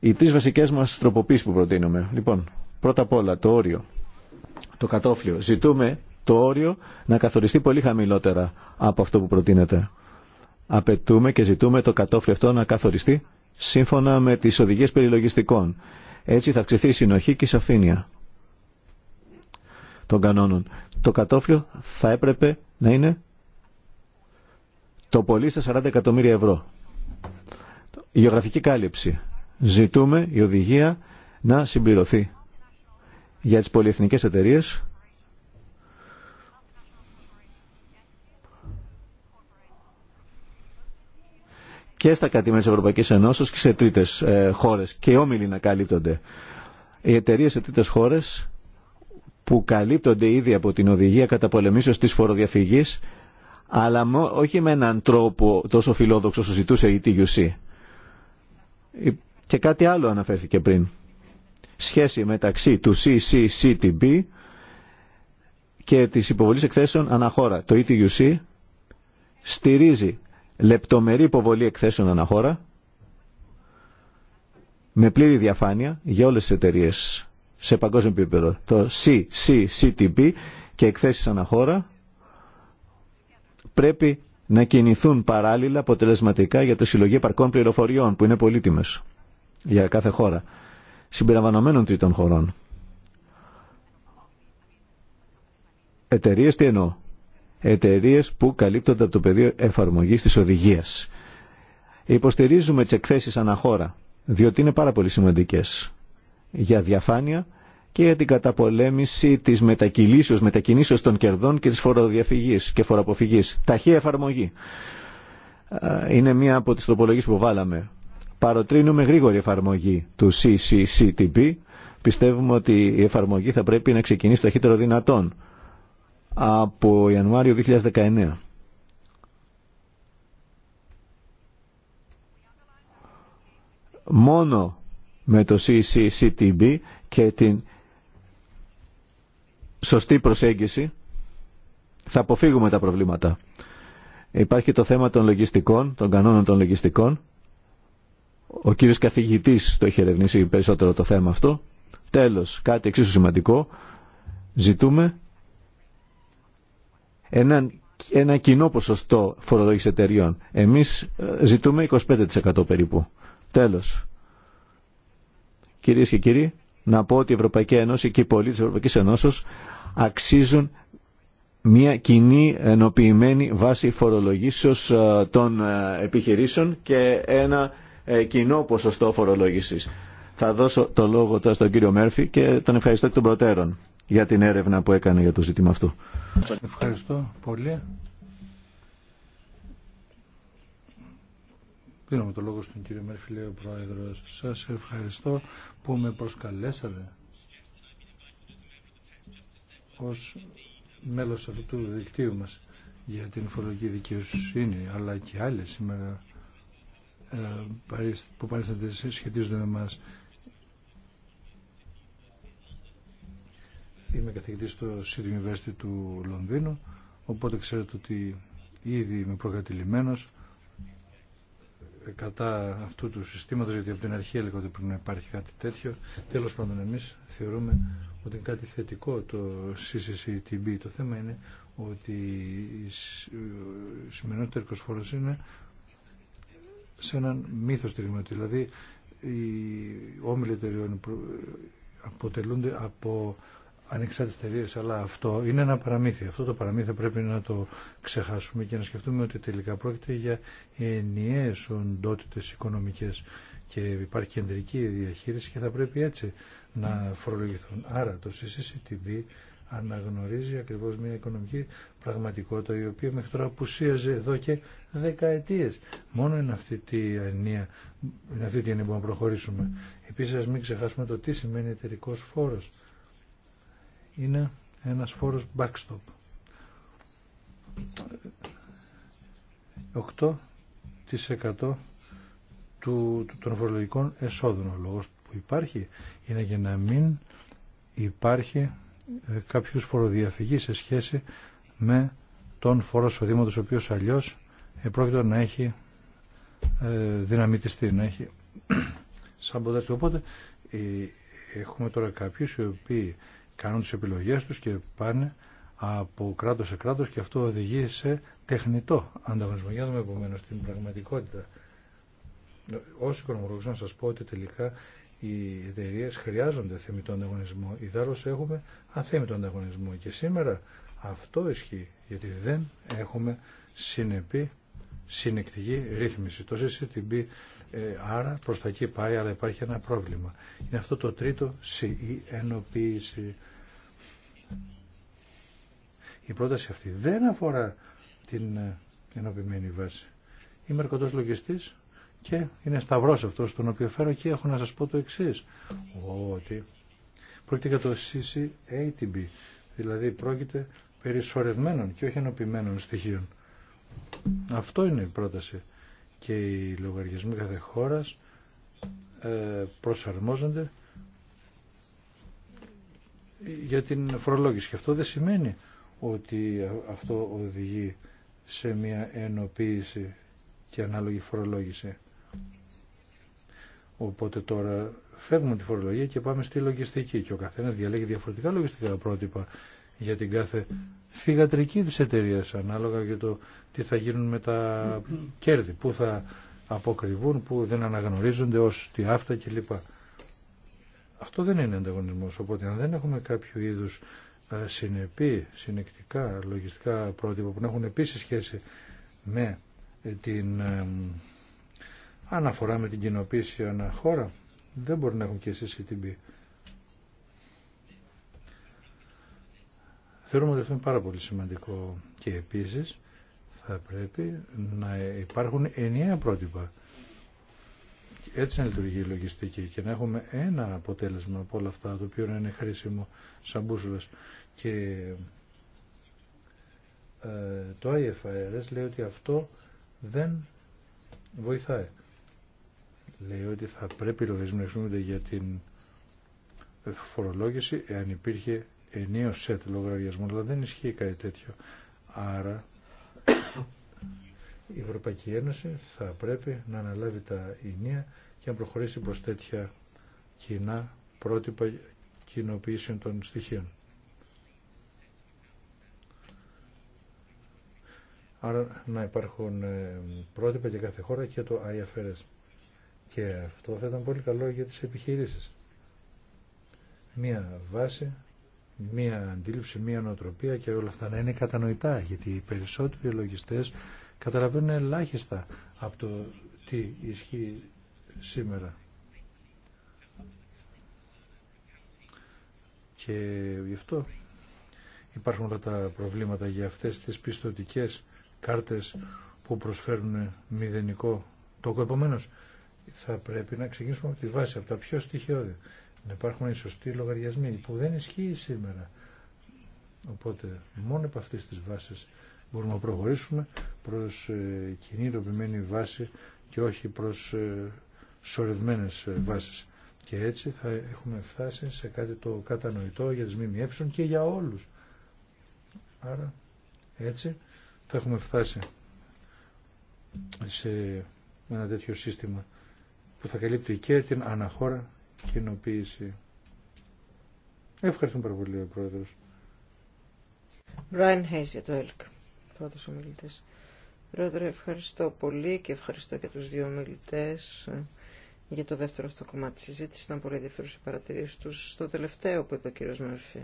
Οι τρει βασικέ μα τροποποίησεις που προτείνουμε. Λοιπόν, πρώτα απ' όλα το όριο, το κατόφλιο. Ζητούμε το όριο να καθοριστεί πολύ χαμηλότερα από αυτό που προτείνεται. Απαιτούμε και ζητούμε το κατόφλιο αυτό να καθοριστεί σύμφωνα με τις οδηγίες περιλογιστικών. Έτσι θα αυξηθεί η συνοχή και η σαφήνεια των κανόνων. Το κατόφλιο θα έπρεπε να είναι το πολύ στα 40 εκατομμύρια ευρώ. γεωγραφική κάλυψη. Ζητούμε η οδηγία να συμπληρωθεί για τις πολυεθνικές εταιρείες και στα κατί της Ευρωπαϊκής Ενώσης και σε τρίτες ε, χώρες και οι όμιλοι να καλύπτονται. Οι εταιρείε σε τρίτες χώρες που καλύπτονται ήδη από την οδηγία καταπολεμήσεως της φοροδιαφυγής αλλά όχι με έναν τρόπο τόσο φιλόδοξο όσο ζητούσε η TUC. Και κάτι άλλο αναφέρθηκε πριν. Σχέση μεταξύ του CCCTB και της υποβολής εκθέσεων αναχώρα. Το ETUC στηρίζει λεπτομερή υποβολή εκθέσεων αναχώρα με πλήρη διαφάνεια για όλες τις εταιρείε σε παγκόσμιο επίπεδο. Το CCCTP και εκθέσεις αναχώρα πρέπει να κινηθούν παράλληλα αποτελεσματικά για τη συλλογή επαρκών πληροφοριών που είναι πολύτιμες για κάθε χώρα συμπεριλαμβανομένων τρίτων χωρών. Εταιρείε τι εννοώ εταιρείε που καλύπτονται από το πεδίο εφαρμογή τη οδηγία. Υποστηρίζουμε τι εκθέσει αναχώρα, διότι είναι πάρα πολύ σημαντικέ για διαφάνεια και για την καταπολέμηση τη μετακυλήσεω, μετακινήσεω των κερδών και τη φοροδιαφυγή και φοροαποφυγή. Ταχεία εφαρμογή. Ε, είναι μία από τι τροπολογίε που βάλαμε. Παροτρύνουμε γρήγορη εφαρμογή του CCCTP. Πιστεύουμε ότι η εφαρμογή θα πρέπει να ξεκινήσει το αχύτερο δυνατόν από Ιανουάριο 2019. Μόνο με το CCCTB και την σωστή προσέγγιση θα αποφύγουμε τα προβλήματα. Υπάρχει το θέμα των λογιστικών, των κανόνων των λογιστικών. Ο κύριος καθηγητής το έχει ερευνήσει περισσότερο το θέμα αυτό. Τέλος, κάτι εξίσου σημαντικό. Ζητούμε ένα, ένα κοινό ποσοστό φορολογής εταιριών. Εμείς ε, ζητούμε 25% περίπου. Τέλος. Κυρίες και κύριοι, να πω ότι η Ευρωπαϊκή Ένωση και οι πολίτες της Ευρωπαϊκής Ενώσεως αξίζουν μια κοινή ενοποιημένη βάση φορολογήσεως ε, των ε, επιχειρήσεων και ένα κοινό ποσοστό φορολόγησης. Θα δώσω το λόγο τώρα στον κύριο Μέρφυ και τον ευχαριστώ εκ των προτέρων για την έρευνα που έκανε για το ζήτημα αυτό. Ευχαριστώ πολύ. με το λόγο στον κύριο Μέρφυλε, ο Πρόεδρος. Σας ευχαριστώ που με προσκαλέσατε ως μέλος αυτού του δικτύου μας για την φορολογική δικαιοσύνη, αλλά και άλλες σήμερα ε, που παρίσταται σχετίζονται με μας Είμαι καθηγητής στο City University του Λονδίνου, οπότε ξέρετε ότι ήδη είμαι προκατηλημένος κατά αυτού του συστήματος, γιατί από την αρχή έλεγα ότι πρέπει να υπάρχει κάτι τέτοιο. Τέλος πάντων, εμείς θεωρούμε ότι είναι κάτι θετικό το CCCTB. Το θέμα είναι ότι η σημερινότητα φόρο είναι σε έναν μύθο στριγμένο. Δηλαδή, οι όμιλοι εταιρεών αποτελούνται από ανεξαρτηστερίες, αλλά αυτό είναι ένα παραμύθι. Αυτό το παραμύθι πρέπει να το ξεχάσουμε και να σκεφτούμε ότι τελικά πρόκειται για ενιαίες οντότητες οικονομικές και υπάρχει κεντρική διαχείριση και θα πρέπει έτσι να φορολογηθούν. Άρα το CCCTV αναγνωρίζει ακριβώς μια οικονομική πραγματικότητα η οποία μέχρι τώρα απουσίαζε εδώ και δεκαετίες. Μόνο είναι αυτή τη ενία είναι αυτή τη που να προχωρήσουμε. Επίσης μην ξεχάσουμε το τι σημαίνει εταιρικό φόρος είναι ένας φόρος backstop. 8% του, των φορολογικών εσόδων ο λόγος που υπάρχει είναι για να μην υπάρχει ε, κάποιος φοροδιαφυγή σε σχέση με τον φόρο εισοδήματος ο οποίος αλλιώς πρόκειται να έχει ε, δυναμητιστεί, να έχει σαμποδέστη. Οπότε ε, έχουμε τώρα κάποιους οι οποίοι κάνουν τις επιλογές τους και πάνε από κράτος σε κράτος και αυτό οδηγεί σε τεχνητό ανταγωνισμό. Για δούμε επομένως την πραγματικότητα. Ως οικονομολόγος να σας πω ότι τελικά οι εταιρείε χρειάζονται θεμητό ανταγωνισμό. Ιδάλλως έχουμε αθέμητο ανταγωνισμό και σήμερα αυτό ισχύει γιατί δεν έχουμε συνεπή συνεκτική ρύθμιση. Το CCTB ε, άρα προ τα εκεί πάει, αλλά υπάρχει ένα πρόβλημα. Είναι αυτό το τρίτο C, η ενοποίηση. Η πρόταση αυτή δεν αφορά την ε, ενοποιημένη βάση. Είμαι ερκοντός λογιστής και είναι σταυρός αυτός τον οποίο φέρω και έχω να σας πω το εξής, ότι πρόκειται για το CCATB, δηλαδή πρόκειται περί και όχι ενοποιημένων στοιχείων. Αυτό είναι η πρόταση και οι λογαριασμοί κάθε χώρας ε, προσαρμόζονται για την φορολόγηση. Και αυτό δεν σημαίνει ότι αυτό οδηγεί σε μια ενοποίηση και ανάλογη φορολόγηση. Οπότε τώρα φεύγουμε τη φορολογία και πάμε στη λογιστική και ο καθένας διαλέγει διαφορετικά λογιστικά πρότυπα για την κάθε θηγατρική της εταιρεία ανάλογα για το τι θα γίνουν με τα κέρδη, που θα αποκριβούν, που δεν αναγνωρίζονται ως τι αυτά κλπ. Αυτό δεν είναι ανταγωνισμός, οπότε αν δεν έχουμε κάποιο είδους συνεπή, συνεκτικά, λογιστικά πρότυπα που να έχουν επίσης σχέση με ε, την ε, αναφορά με την κοινοποίηση χώρα δεν μπορεί να έχουν και εσείς Θεωρούμε ότι αυτό είναι πάρα πολύ σημαντικό και επίσης θα πρέπει να υπάρχουν ενιαία πρότυπα. Έτσι να λειτουργεί η λογιστική και να έχουμε ένα αποτέλεσμα από όλα αυτά το οποίο είναι χρήσιμο σαν μπούσουλας. Και ε, το IFRS λέει ότι αυτό δεν βοηθάει. Λέει ότι θα πρέπει οι λογαριασμοί να χρησιμοποιούνται για την φορολόγηση εάν υπήρχε ενίο σετ λογαριασμού, αλλά δεν ισχύει κάτι τέτοιο. Άρα η Ευρωπαϊκή Ένωση θα πρέπει να αναλάβει τα ενία και να προχωρήσει προς τέτοια κοινά πρότυπα κοινοποίησεων των στοιχείων. Άρα να υπάρχουν ε, πρότυπα για κάθε χώρα και το IFRS. Και αυτό θα ήταν πολύ καλό για τις επιχειρήσεις. Μία βάση μία αντίληψη, μία νοοτροπία και όλα αυτά να είναι κατανοητά γιατί οι περισσότεροι λογιστές καταλαβαίνουν ελάχιστα από το τι ισχύει σήμερα. Και γι' αυτό υπάρχουν όλα τα προβλήματα για αυτές τις πιστοτικές κάρτες που προσφέρουν μηδενικό τόκο. Επομένως, θα πρέπει να ξεκινήσουμε από τη βάση, από τα πιο στοιχειώδη να υπάρχουν οι σωστοί λογαριασμοί που δεν ισχύει σήμερα. Οπότε μόνο από αυτές τις βάσεις μπορούμε να προχωρήσουμε προς ε, κοινή ειδοποιημένη βάση και όχι προς ε, σωρευμένες ε, βάσεις. Και έτσι θα έχουμε φτάσει σε κάτι το κατανοητό για τις ΜΜΕ και για όλους. Άρα έτσι θα έχουμε φτάσει σε ένα τέτοιο σύστημα που θα καλύπτει και την αναχώρα κοινοποίηση. Ευχαριστούμε πάρα πολύ, ο Πρόεδρος. Brian Hayes για το ΕΛΚ, πρώτος ομιλητής. Πρόεδρε, ευχαριστώ πολύ και ευχαριστώ και τους δύο ομιλητές για το δεύτερο αυτό κομμάτι Συζήτηση Ήταν πολύ ενδιαφέρουσε παρατηρήσει του στο τελευταίο που είπε ο κύριος Μερφή.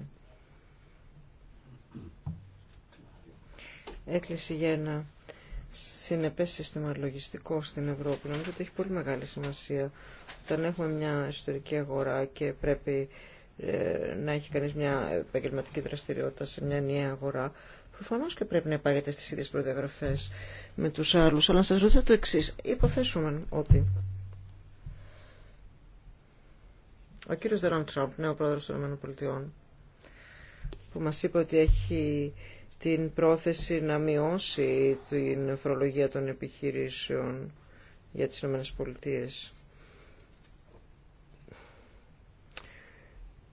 Έκλεισε για ένα συνεπές σύστημα λογιστικό στην Ευρώπη. Νομίζω ότι έχει πολύ μεγάλη σημασία. Όταν έχουμε μια ιστορική αγορά και πρέπει ε, να έχει κανείς μια επαγγελματική δραστηριότητα σε μια νέα αγορά, Προφανώ και πρέπει να υπάγεται στι ίδιε προδιαγραφέ με του άλλου. Αλλά σας σα ρωτήσω το εξή. Υποθέσουμε ότι ο κύριο Δεράντ Τραμπ, νέο πρόεδρο των ΗΠΑ, που μα είπε ότι έχει την πρόθεση να μειώσει την φορολογία των επιχειρήσεων για τις ΗΠΑ.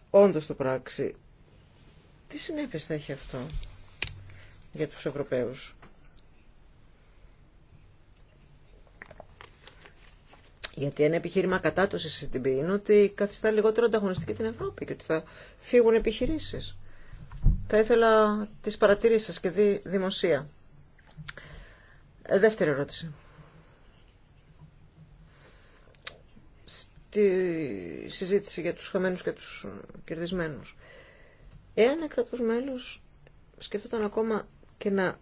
Όντως το πράξη. Τι συνέπειες θα έχει αυτό για τους Ευρωπαίους. Γιατί ένα επιχείρημα το στην είναι ότι καθιστά λιγότερο ανταγωνιστική την Ευρώπη και ότι θα φύγουν επιχειρήσεις. Θα ήθελα τις παρατηρήσεις σας και δη δημοσία. Ε, δεύτερη ερώτηση. Στη συζήτηση για τους χαμένους και τους κερδισμένους. Εάν ένα κρατός μέλος σκεφτόταν ακόμα και, να,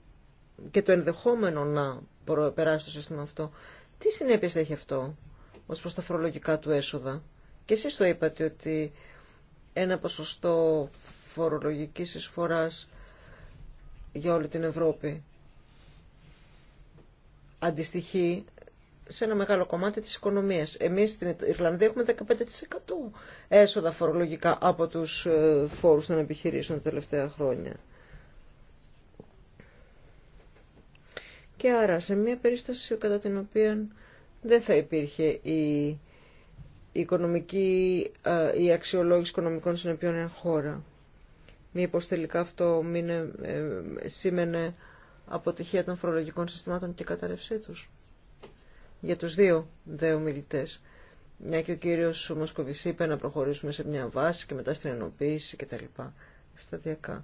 και το ενδεχόμενο να περάσει το σύστημα αυτό, τι συνέπειες έχει αυτό ως προς τα φορολογικά του έσοδα. Και εσείς το είπατε ότι ένα ποσοστό φορολογικής εισφοράς για όλη την Ευρώπη αντιστοιχεί σε ένα μεγάλο κομμάτι της οικονομίας. Εμείς στην Ιρλανδία έχουμε 15% έσοδα φορολογικά από τους ε, φόρους των επιχειρήσεων τα τελευταία χρόνια. Και άρα σε μια περίσταση κατά την οποία δεν θα υπήρχε η, οικονομική, ε, η αξιολόγηση οικονομικών συνεπειών εν χώρα. Μήπως τελικά αυτό μήνε, ε, σήμαινε αποτυχία των φορολογικών συστημάτων και καταρρευσή τους. Για τους δύο δε ομιλητές. Μια και ο κύριος Μοσκοβησίπε είπε να προχωρήσουμε σε μια βάση και μετά στην ενοποίηση κτλ. Σταδιακά.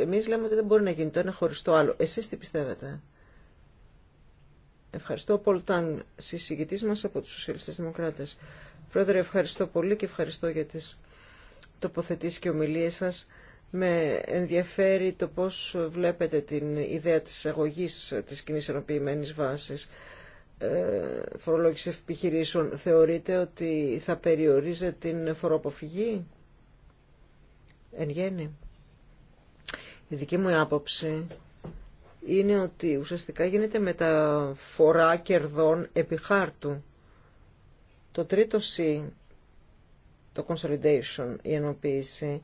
Εμείς λέμε ότι δεν μπορεί να γίνει το ένα χωρίς το άλλο. Εσείς τι πιστεύετε. Ευχαριστώ ο Πολ Τάνγκ, συζητητής μας από τους Σοσιαλιστές Δημοκράτες. Πρόεδρε, ευχαριστώ πολύ και ευχαριστώ για τις τοποθετήσεις και ομιλίες σας. Με ενδιαφέρει το πώς βλέπετε την ιδέα της αγωγής της κοινή ενοποιημένης βάσης ε, φορολόγηση επιχειρήσεων. Θεωρείτε ότι θα περιορίζει την φοροαποφυγή εν γέννη. Η δική μου άποψη είναι ότι ουσιαστικά γίνεται μεταφορά κερδών επί χάρτου. Το τρίτο C, το consolidation, η ενοποίηση,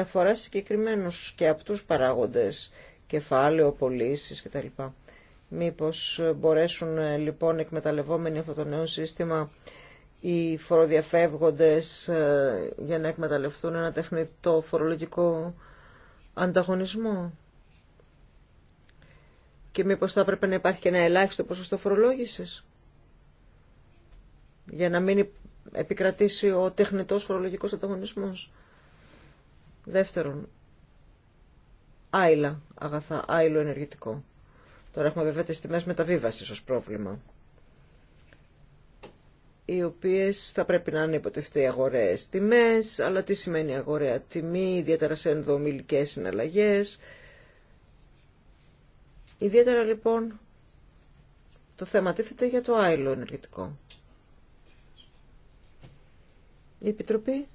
αφορά συγκεκριμένους και αυτού παράγοντες, κεφάλαιο, πωλήσει κτλ. Μήπως μπορέσουν ε, λοιπόν εκμεταλλευόμενοι αυτό το νέο σύστημα οι φοροδιαφεύγοντες ε, για να εκμεταλλευτούν ένα τεχνητό φορολογικό ανταγωνισμό. Και μήπως θα έπρεπε να υπάρχει και ένα ελάχιστο ποσοστό φορολόγηση. για να μην επικρατήσει ο τεχνητός φορολογικός ανταγωνισμός. Δεύτερον, άειλα αγαθά, άειλο ενεργητικό. Τώρα έχουμε βέβαια τις τιμές μεταβίβασης ως πρόβλημα οι οποίες θα πρέπει να είναι υποτεθεί αγορές τιμές, αλλά τι σημαίνει αγοραία τιμή, ιδιαίτερα σε ενδομιλικές συναλλαγές. Ιδιαίτερα λοιπόν το θέμα τίθεται για το άειλο ενεργητικό. Η Επιτροπή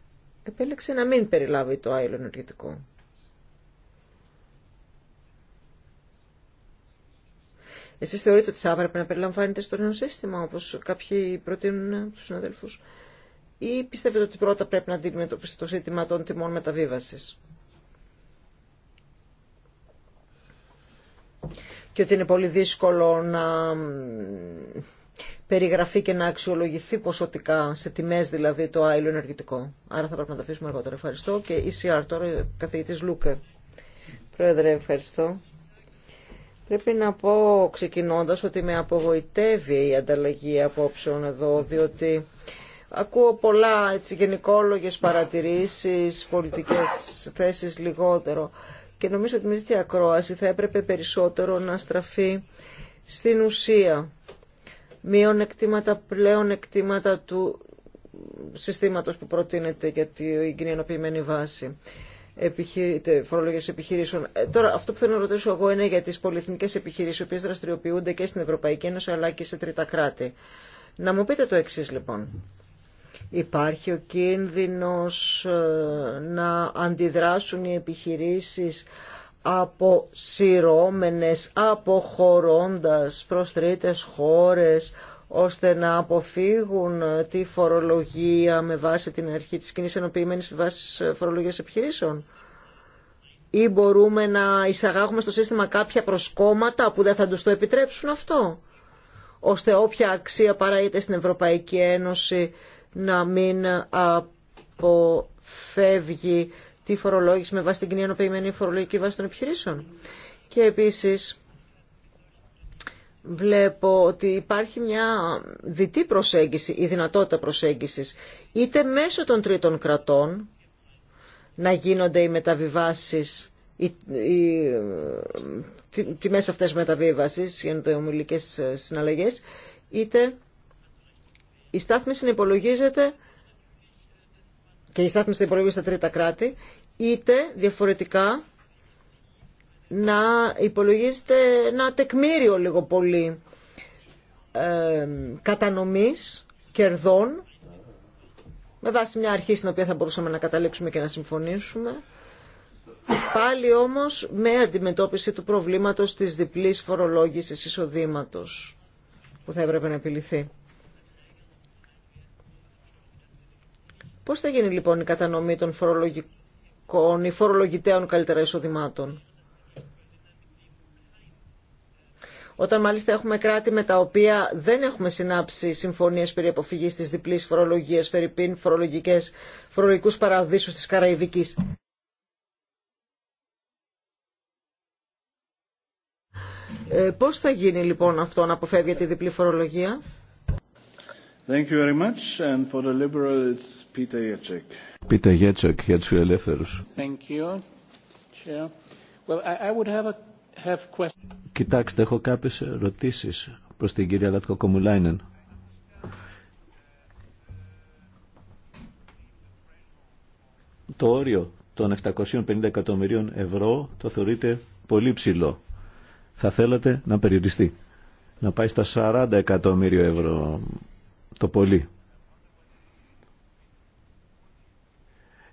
επέλεξε να μην περιλάβει το άειλο ενεργητικό. Εσείς θεωρείτε ότι θα έπρεπε να περιλαμβάνεται στο νέο σύστημα, όπως κάποιοι προτείνουν τους συναδελφούς. Ή πιστεύετε ότι πρώτα πρέπει να αντιμετωπίσετε το ζήτημα των τιμών μεταβίβασης. Και ότι είναι πολύ δύσκολο να περιγραφεί και να αξιολογηθεί ποσοτικά, σε τιμέ δηλαδή, το άειλο ενεργητικό. Άρα θα πρέπει να το αφήσουμε αργότερα. Ευχαριστώ. Και ECR τώρα, καθηγητή Λούκε. Πρόεδρε, ευχαριστώ. Πρέπει να πω ξεκινώντα ότι με απογοητεύει η ανταλλαγή απόψεων εδώ, διότι ακούω πολλά έτσι, παρατηρήσει, παρατηρήσεις, πολιτικές θέσεις λιγότερο. Και νομίζω ότι με τέτοια ακρόαση θα έπρεπε περισσότερο να στραφεί στην ουσία μείον εκτήματα πλέον εκτίματα του συστήματος που προτείνεται για την κοινωνιοποιημένη βάση φορολογίας φορολογίες επιχειρήσεων. Ε, τώρα, αυτό που θέλω να ρωτήσω εγώ είναι για τις πολυεθνικές επιχειρήσεις, οι οποίες δραστηριοποιούνται και στην Ευρωπαϊκή Ένωση αλλά και σε τρίτα κράτη. Να μου πείτε το εξής λοιπόν. Υπάρχει ο κίνδυνος ε, να αντιδράσουν οι επιχειρήσεις αποσυρώμενες, αποχωρώντας προς τρίτες χώρες, ώστε να αποφύγουν τη φορολογία με βάση την αρχή της κοινής ενοποιημένης βάσης φορολογίας επιχειρήσεων. Ή μπορούμε να εισαγάγουμε στο σύστημα κάποια προσκόμματα που δεν θα τους το επιτρέψουν αυτό, ώστε όποια αξία παράγεται στην Ευρωπαϊκή Ένωση να μην αποφεύγει τη φορολόγηση με βάση την κοινωνιοποιημένη φορολογική βάση των επιχειρήσεων. Και επίσης βλέπω ότι υπάρχει μια διτή προσέγγιση, η δυνατότητα προσέγγισης, είτε μέσω των τρίτων κρατών να γίνονται οι μεταβιβάσεις, οι, οι, ε, μέσα αυτές μεταβίβασης, γίνονται ομιλικές ε, συναλλαγές, είτε η στάθμη συνυπολογίζεται και η στάθμιση θα στα τρίτα κράτη, είτε διαφορετικά να υπολογίζεται ένα τεκμήριο λίγο πολύ κατανομής κερδών με βάση μια αρχή στην οποία θα μπορούσαμε να καταλήξουμε και να συμφωνήσουμε. Πάλι όμως με αντιμετώπιση του προβλήματος της διπλής φορολόγησης εισοδήματος που θα έπρεπε να επιληθεί. Πώς θα γίνει λοιπόν η κατανομή των φορολογικών ή φορολογητέων καλύτερα εισοδημάτων. Όταν μάλιστα έχουμε κράτη με τα οποία δεν έχουμε συνάψει συμφωνίες περί αποφυγής της διπλής φορολογίας, φερρυπίν, φορολογικές, φορολογικούς παραδείσους της Καραϊβικής. Ε, πώς θα γίνει λοιπόν αυτό να αποφεύγεται η διπλή φορολογία. Thank you very Peter Κοιτάξτε, έχω κάποιες ερωτήσεις προς την κυρία Λατκο Κομουλάινεν. Το όριο των 750 εκατομμυρίων ευρώ το θεωρείτε πολύ ψηλό. Θα θέλατε να περιοριστεί, να πάει στα 40 εκατομμύριο ευρώ πολύ.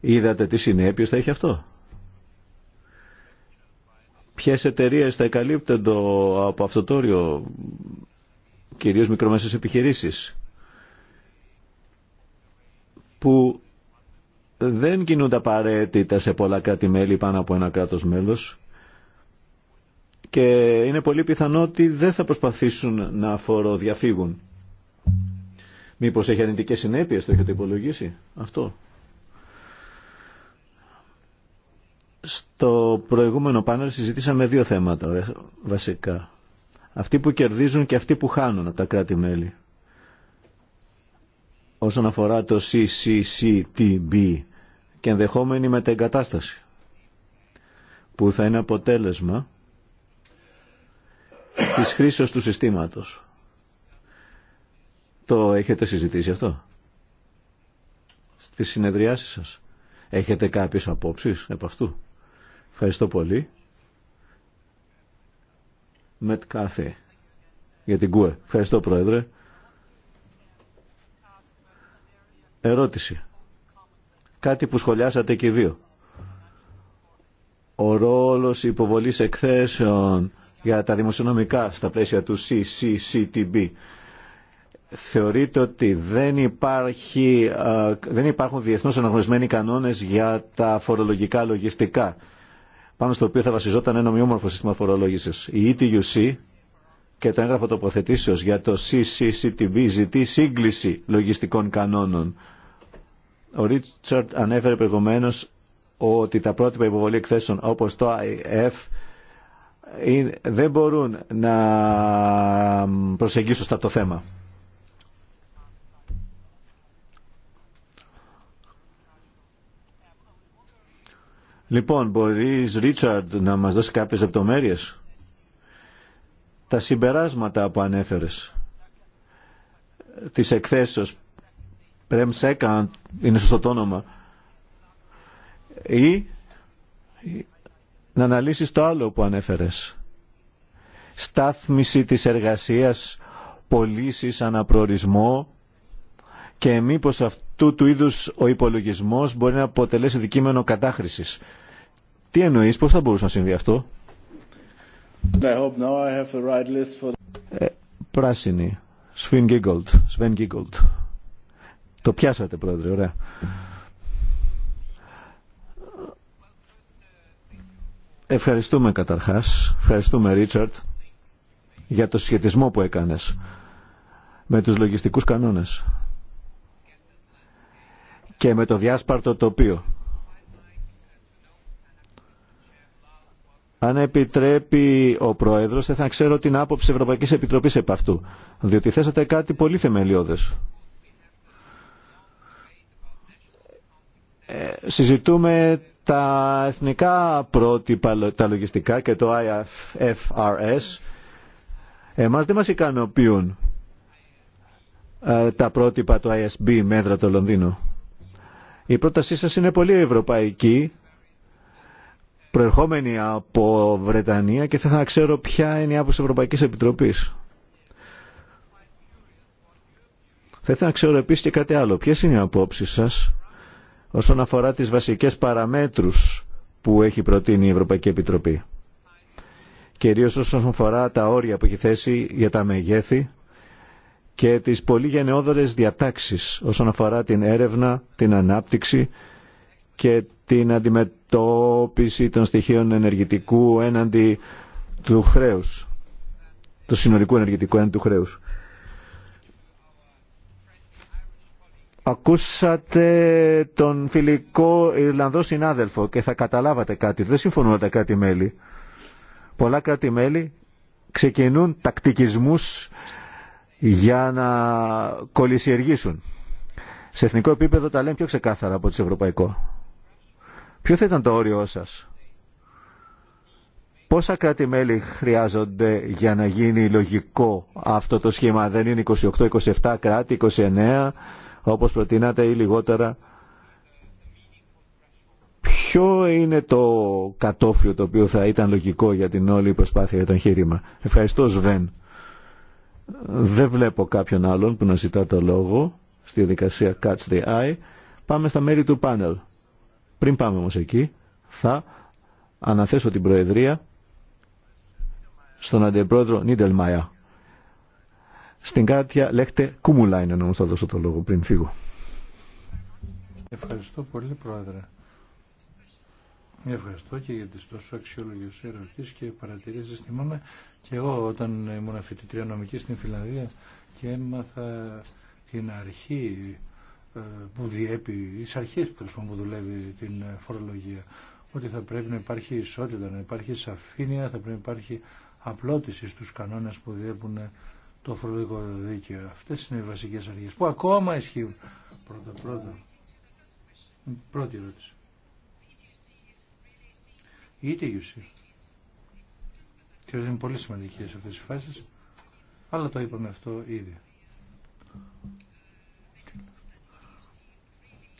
Είδατε τι συνέπειες θα έχει αυτό. Ποιες εταιρείες θα το από αυτό το όριο, κυρίως μικρομεσαίες επιχειρήσεις, που δεν κινούνται απαραίτητα σε πολλά κράτη-μέλη πάνω από ένα κράτος μέλος και είναι πολύ πιθανό ότι δεν θα προσπαθήσουν να φοροδιαφύγουν. Μήπως έχει αρνητικές συνέπειες, το έχετε υπολογίσει αυτό. Στο προηγούμενο πάνελ συζητήσαμε δύο θέματα ε, βασικά. Αυτοί που κερδίζουν και αυτοί που χάνουν από τα κράτη-μέλη. Όσον αφορά το CCCTB και ενδεχόμενη μετεγκατάσταση που θα είναι αποτέλεσμα της χρήσεως του συστήματος. Το έχετε συζητήσει αυτό στις συνεδριάσεις σας. Έχετε κάποιες απόψεις επ' αυτού. Ευχαριστώ πολύ. Μετ Κάθε για την ΚΟΕ. Ευχαριστώ Πρόεδρε. Ερώτηση. Κάτι που σχολιάσατε και οι δύο. Ο ρόλος υποβολής εκθέσεων για τα δημοσιονομικά στα πλαίσια του CCCTB θεωρείται ότι δεν, υπάρχει, δεν υπάρχουν διεθνώς αναγνωρισμένοι κανόνες για τα φορολογικά λογιστικά, πάνω στο οποίο θα βασιζόταν ένα ομοιόμορφο σύστημα φορολόγησης. Η ETUC και το έγγραφο τοποθετήσεως για το CCCTB ζητεί σύγκληση λογιστικών κανόνων. Ο Ρίτσαρτ ανέφερε προηγουμένω ότι τα πρότυπα υποβολή εκθέσεων όπως το IF ε, δεν μπορούν να προσεγγίσουν στα το θέμα. Λοιπόν, μπορείς Ρίτσαρντ να μας δώσει κάποιες λεπτομέρειες. Τα συμπεράσματα που ανέφερες τις εκθέσεως Πρέμ Σέκαν είναι σωστό το όνομα ή να αναλύσεις το άλλο που ανέφερες. Στάθμιση της εργασίας, πωλήσει αναπροορισμό και μήπως αυτού του είδους ο υπολογισμός μπορεί να αποτελέσει δικείμενο κατάχρησης. Τι εννοείς, πώς θα μπορούσε να συμβεί αυτό. I hope now I have the right list for... Ε, πράσινη. Σφιν Γκίγκολτ. Σβεν Γκίγκολτ. Το πιάσατε, πρόεδρε, ωραία. Ευχαριστούμε καταρχάς, ευχαριστούμε Ρίτσαρτ για το σχετισμό που έκανες με τους λογιστικούς κανόνες και με το διάσπαρτο τοπίο. Αν επιτρέπει ο Πρόεδρος, θα ξέρω την άποψη της Ευρωπαϊκής Επιτροπής επ' αυτού, διότι θέσατε κάτι πολύ θεμελιώδες. Ε, συζητούμε τα εθνικά πρότυπα, τα λογιστικά και το IFRS. Εμάς δεν μας ικανοποιούν ε, τα πρότυπα του ISB μέτρα το Λονδίνο. Η πρότασή σας είναι πολύ ευρωπαϊκή προερχόμενη από Βρετανία και θα ήθελα να ξέρω ποια είναι η άποψη της Ευρωπαϊκής Επιτροπής. Θα ήθελα να ξέρω επίσης και κάτι άλλο. Ποιες είναι οι απόψεις σας όσον αφορά τις βασικές παραμέτρους που έχει προτείνει η Ευρωπαϊκή Επιτροπή. Κυρίως όσον αφορά τα όρια που έχει θέσει για τα μεγέθη και τις πολύ γενναιόδορες διατάξεις όσον αφορά την έρευνα, την ανάπτυξη και την αντιμετώπιση των στοιχείων ενεργητικού έναντι του χρέους, του συνολικού ενεργητικού έναντι του χρέους. Ακούσατε τον φιλικό Ιρλανδό συνάδελφο και θα καταλάβατε κάτι. Δεν συμφωνούν τα κράτη-μέλη. Πολλά κράτη-μέλη ξεκινούν τακτικισμούς για να κολλησιεργήσουν. Σε εθνικό επίπεδο τα λέμε πιο ξεκάθαρα από το ευρωπαϊκό. Ποιο θα ήταν το όριό σας. Πόσα κράτη-μέλη χρειάζονται για να γίνει λογικό αυτό το σχήμα. Δεν είναι 28-27 κράτη, 29 όπως προτείνατε ή λιγότερα. Ποιο είναι το κατόφλιο το οποίο θα ήταν λογικό για την όλη προσπάθεια για το εγχείρημα. Ευχαριστώ Σβέν. Δεν βλέπω κάποιον άλλον που να ζητά το λόγο στη δικασία Catch the Eye. Πάμε στα μέρη του πάνελ. Πριν πάμε όμως εκεί, θα αναθέσω την Προεδρία στον Αντιπρόεδρο Νίτελ Μάια. Στην κάτια λέγεται είναι όμως θα δώσω το λόγο πριν φύγω. Ευχαριστώ πολύ Πρόεδρε. Ευχαριστώ και για τις τόσο αξιόλογες ερωτήσεις και παρατηρήσεις. Θυμάμαι και εγώ όταν ήμουν φοιτητρία νομική στην Φιλανδία και έμαθα την αρχή ε, που διέπει, τι αρχές που δουλεύει την φορολογία ότι θα πρέπει να υπάρχει ισότητα, να υπάρχει σαφήνεια, θα πρέπει να υπάρχει απλώτηση στους κανόνες που διέπουν το φορολογικό δίκαιο. Αυτές είναι οι βασικές αρχές που ακόμα ισχύουν. Πρώτα, πρώτα. Πρώτη ερώτηση. Η ETUC. Και είναι πολύ σημαντική σε αυτές τις φάσεις, αλλά το είπαμε αυτό ήδη.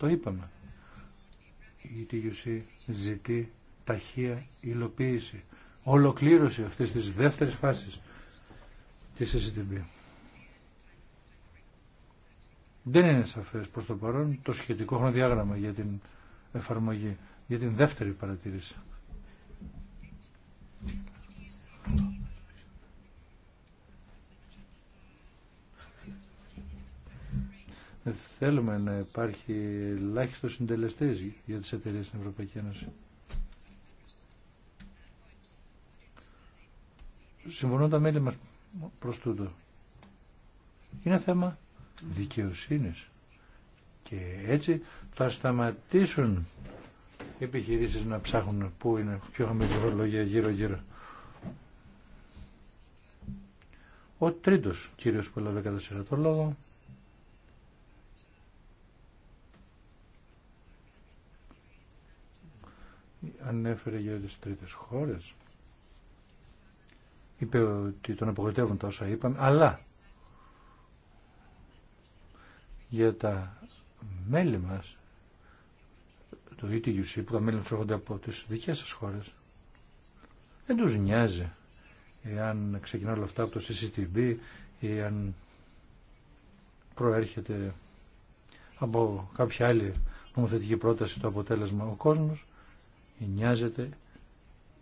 Το είπαμε. Η TUC ζητεί ταχεία υλοποίηση, ολοκλήρωση αυτής της δεύτερης φάσης της STB. Δεν είναι σαφές προς το παρόν το σχετικό χρονοδιάγραμμα για την εφαρμογή, για την δεύτερη παρατήρηση. Θέλουμε να υπάρχει ελάχιστο συντελεστή για τι εταιρείε στην Ευρωπαϊκή Ένωση. Συμφωνούν τα μέλη μας προ τούτο. Είναι θέμα δικαιοσύνης. Και έτσι θα σταματήσουν οι επιχειρήσεις να ψάχνουν πού είναι πιο χαμηλή φορολογία γύρω-γύρω. Ο τρίτος κύριος που έλαβε κατά σειρά το λόγο ανέφερε για τις τρίτες χώρες. Είπε ότι τον απογοητεύουν τα όσα είπαν, αλλά για τα μέλη μας, το ETUC που τα μέλη μας έρχονται από τις δικές σας χώρες, δεν τους νοιάζει εάν ξεκινά όλα αυτά από το CCTV ή αν προέρχεται από κάποια άλλη νομοθετική πρόταση το αποτέλεσμα ο κόσμος νοιάζεται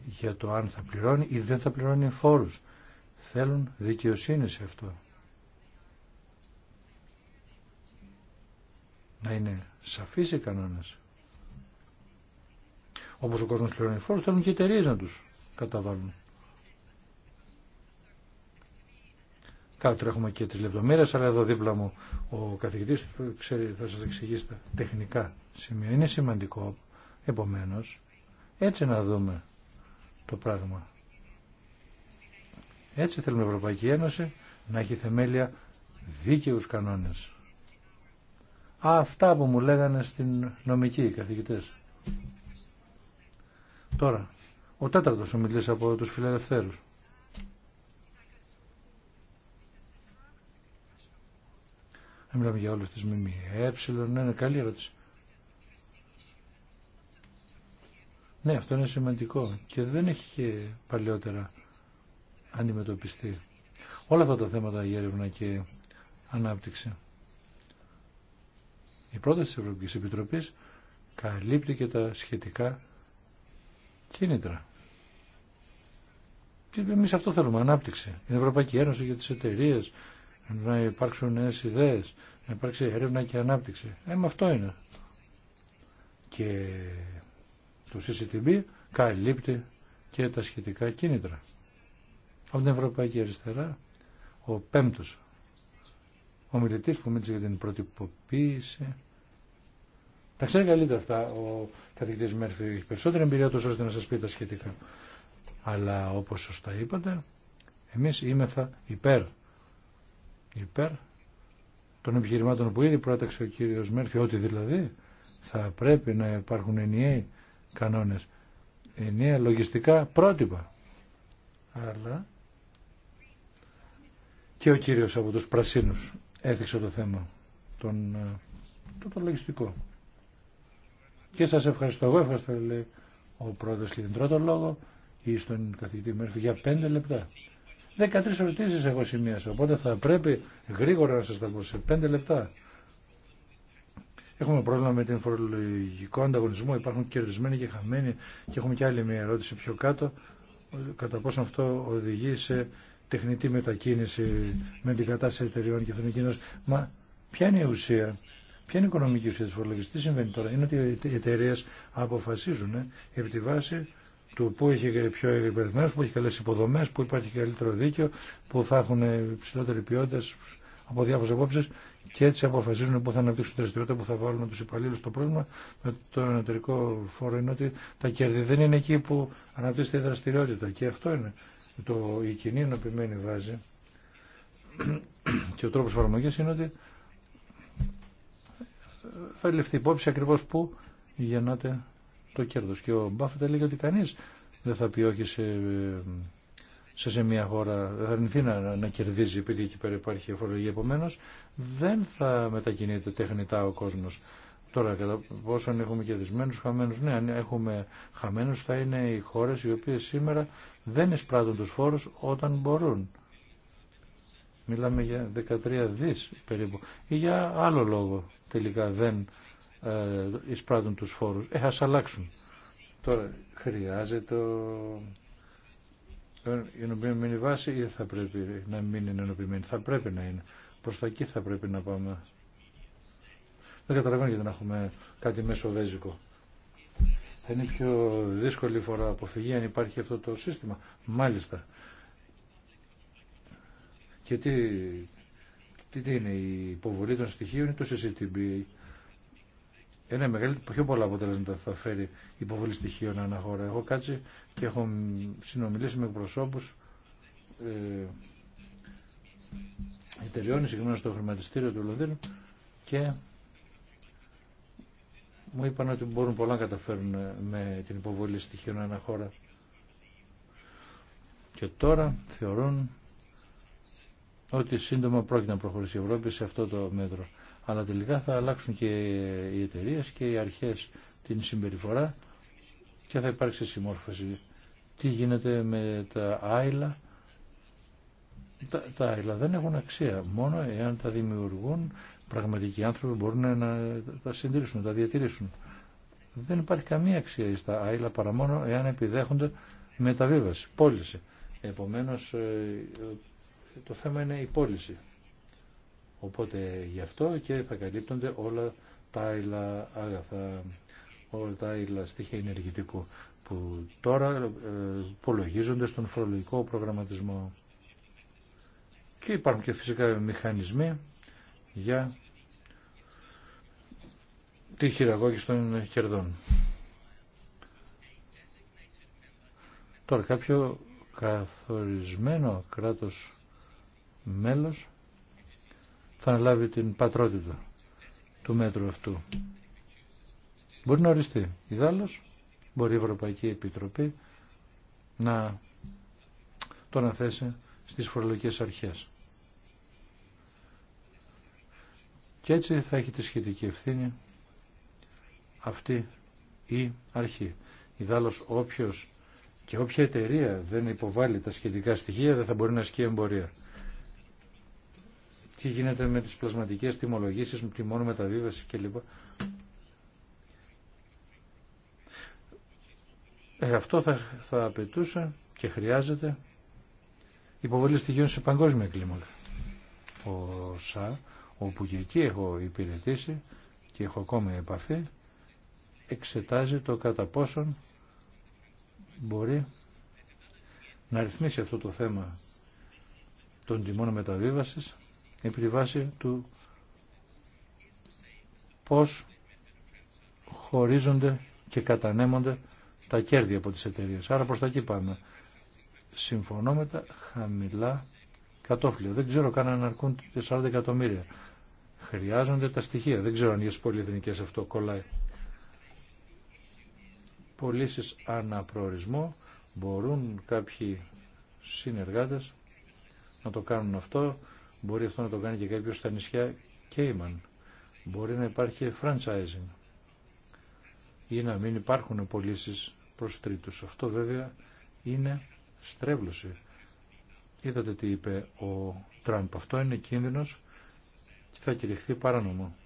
για το αν θα πληρώνει ή δεν θα πληρώνει φόρους. Θέλουν δικαιοσύνη σε αυτό. Να είναι σαφής οι κανόνες. Όπως ο κόσμος πληρώνει φόρους, θέλουν και οι εταιρείε να τους καταβάλουν. Κάτω έχουμε και τις λεπτομέρειες, αλλά εδώ δίπλα μου ο καθηγητής θα σας εξηγήσει τα τεχνικά σημεία. Είναι σημαντικό, επομένως, έτσι να δούμε το πράγμα. Έτσι θέλουμε η Ευρωπαϊκή Ένωση να έχει θεμέλια δίκαιους κανόνες. αυτά που μου λέγανε στην νομική οι καθηγητές. Τώρα, ο τέταρτος ομιλής από τους φιλελευθέρους. Δεν μιλάμε για όλες τις Ε, ναι, είναι καλή ερώτηση. Ναι, αυτό είναι σημαντικό και δεν έχει παλιότερα αντιμετωπιστεί. Όλα αυτά τα θέματα για έρευνα και ανάπτυξη. Η πρόταση της Ευρωπαϊκής Επιτροπής καλύπτει και τα σχετικά κίνητρα. Και εμείς αυτό θέλουμε, ανάπτυξη. Η Ευρωπαϊκή Ένωση για τις εταιρείε να υπάρξουν νέε ιδέες, να υπάρξει έρευνα και ανάπτυξη. Ε, με αυτό είναι. Και του CCTV, καλύπτει και τα σχετικά κίνητρα. Από την Ευρωπαϊκή Αριστερά, ο πέμπτος ομιλητής που μίλησε για την προτυποποίηση, τα ξέρει καλύτερα αυτά ο καθηγητής Μέρφυ. Έχει περισσότερη εμπειρία τόσο ώστε να σας πει τα σχετικά. Αλλά όπως σωστά είπατε, εμείς είμεθα υπέρ, υπέρ των επιχειρημάτων που ήδη πρόταξε ο κύριος Μέρφυ, ότι δηλαδή θα πρέπει να υπάρχουν ενιαίοι κανόνες, Είναι λογιστικά πρότυπα. Αλλά και ο κύριος από τους Πρασίνους έθιξε το θέμα, τον, ε, το, το λογιστικό. Και σας ευχαριστώ. Εγώ ευχαριστώ, λέει ο πρόεδρος και την τρώτο λόγο ή στον καθηγητή Μέρφυ για πέντε λεπτά. 13 ερωτήσεις έχω σημείωσα, οπότε θα πρέπει γρήγορα να σας τα πω σε πέντε λεπτά. Έχουμε πρόβλημα με την φορολογικό ανταγωνισμό, υπάρχουν κερδισμένοι και χαμένοι και έχουμε και άλλη μια ερώτηση πιο κάτω, κατά πόσο αυτό οδηγεί σε τεχνητή μετακίνηση με την κατάσταση εταιρεών και εθνικών. Μα ποια είναι η ουσία, ποια είναι η οικονομική ουσία τη φορολογική, τι συμβαίνει τώρα. Είναι ότι οι εταιρείε αποφασίζουν ε, επί τη βάση του που έχει πιο εκπαιδευμένου, που έχει καλέ υποδομέ, που υπάρχει καλύτερο δίκαιο, που θα έχουν υψηλότερη ποιότητα από διάφορε απόψει και έτσι αποφασίζουν πού θα αναπτύξουν τη δραστηριότητα, που θα βάλουν του υπαλλήλου στο πρόβλημα. Με το ενωτερικό φόρο είναι ότι τα κέρδη δεν είναι εκεί που αναπτύσσεται η δραστηριότητα. Και αυτό είναι το, η κοινή ενωπημένη βάση. και ο τρόπο εφαρμογή είναι ότι θα ληφθεί υπόψη ακριβώ πού γεννάται το κέρδο. Και ο Μπάφετ έλεγε ότι κανεί δεν θα πει όχι σε ε, σε μια χώρα θα αρνηθεί να, να κερδίζει επειδή εκεί πέρα υπάρχει εφορολογία. Επομένω, δεν θα μετακινείται τεχνητά ο κόσμο. Τώρα, κατά πόσο έχουμε κερδισμένου, χαμένου, ναι, αν έχουμε χαμένου θα είναι οι χώρε οι οποίε σήμερα δεν εισπράττουν του φόρου όταν μπορούν. Μιλάμε για 13 δις περίπου ή για άλλο λόγο τελικά δεν ε, εισπράττουν του φόρου. Ε, α αλλάξουν. Τώρα χρειάζεται η ενωπημένη βάση ή θα πρέπει να μην είναι ενωπημένη. Θα πρέπει να είναι. Προ τα εκεί θα πρέπει να πάμε. Δεν καταλαβαίνω γιατί να έχουμε κάτι μεσοδέζικο. Θα είναι πιο δύσκολη φορά αποφυγή αν υπάρχει αυτό το σύστημα. Μάλιστα. Και τι, τι, τι είναι η υποβολή των στοιχείων ή το CCTV ένα μεγαλύτερο, πιο πολλά αποτελέσματα θα φέρει υποβολή στοιχείων ανά χώρα. Εγώ κάτσε και έχω συνομιλήσει με προσώπους ε, εταιριών, συγκεκριμένα στο χρηματιστήριο του Λονδίνου και μου είπαν ότι μπορούν πολλά να καταφέρουν ε, με την υποβολή στοιχείων ανά χώρα. Και τώρα θεωρούν ότι σύντομα πρόκειται να προχωρήσει η Ευρώπη σε αυτό το μέτρο αλλά τελικά θα αλλάξουν και οι εταιρείε και οι αρχές την συμπεριφορά και θα υπάρξει συμμόρφωση. Τι γίνεται με τα άειλα. Τα, τα άειλα δεν έχουν αξία. Μόνο εάν τα δημιουργούν πραγματικοί άνθρωποι μπορούν να τα συντηρήσουν, να τα διατηρήσουν. Δεν υπάρχει καμία αξία στα άειλα παρά μόνο εάν επιδέχονται μεταβίβαση, πώληση. Επομένως ε, το θέμα είναι η πώληση. Οπότε γι' αυτό και θα καλύπτονται όλα τα άλλα άγαθα, όλα τα άλλα στοιχεία ενεργητικού που τώρα ε, υπολογίζονται στον φορολογικό προγραμματισμό. Και υπάρχουν και φυσικά μηχανισμοί για τη χειραγώγηση των κερδών. Τώρα κάποιο καθορισμένο κράτος μέλος θα αναλάβει την πατρότητα του μέτρου αυτού. Μπορεί να οριστεί. Ιδάλλως, μπορεί η Ευρωπαϊκή Επιτροπή να το αναθέσει στις φορολογικές αρχές. Και έτσι θα έχει τη σχετική ευθύνη αυτή η αρχή. Ιδάλλως όποιος και όποια εταιρεία δεν υποβάλλει τα σχετικά στοιχεία δεν θα μπορεί να ασκεί εμπορία τι γίνεται με τις πλασματικές τιμολογήσεις, με μόνο μεταβίβαση κλπ. Ε, αυτό θα, θα απαιτούσε και χρειάζεται υποβολή στοιχείων σε παγκόσμια κλίμακα. Ο ΣΑ, όπου και εκεί έχω υπηρετήσει και έχω ακόμη επαφή, εξετάζει το κατά πόσον μπορεί να ρυθμίσει αυτό το θέμα των τιμών μεταβίβασης επί τη βάση του πώς χωρίζονται και κατανέμονται τα κέρδη από τις εταιρείες. Άρα προς τα εκεί πάμε. Συμφωνώ με τα χαμηλά κατόφλια. Δεν ξέρω καν αν αρκούν 40 εκατομμύρια. Χρειάζονται τα στοιχεία. Δεν ξέρω αν για τις πολυεθνικές αυτό κολλάει. Πωλήσει αναπροορισμό μπορούν κάποιοι συνεργάτες να το κάνουν αυτό Μπορεί αυτό να το κάνει και κάποιος στα νησιά Κέιμαν. Μπορεί να υπάρχει franchising ή να μην υπάρχουν πωλήσει προς τρίτους. Αυτό βέβαια είναι στρέβλωση. Είδατε τι είπε ο Τραμπ. Αυτό είναι κίνδυνος και θα κηρυχθεί παράνομο.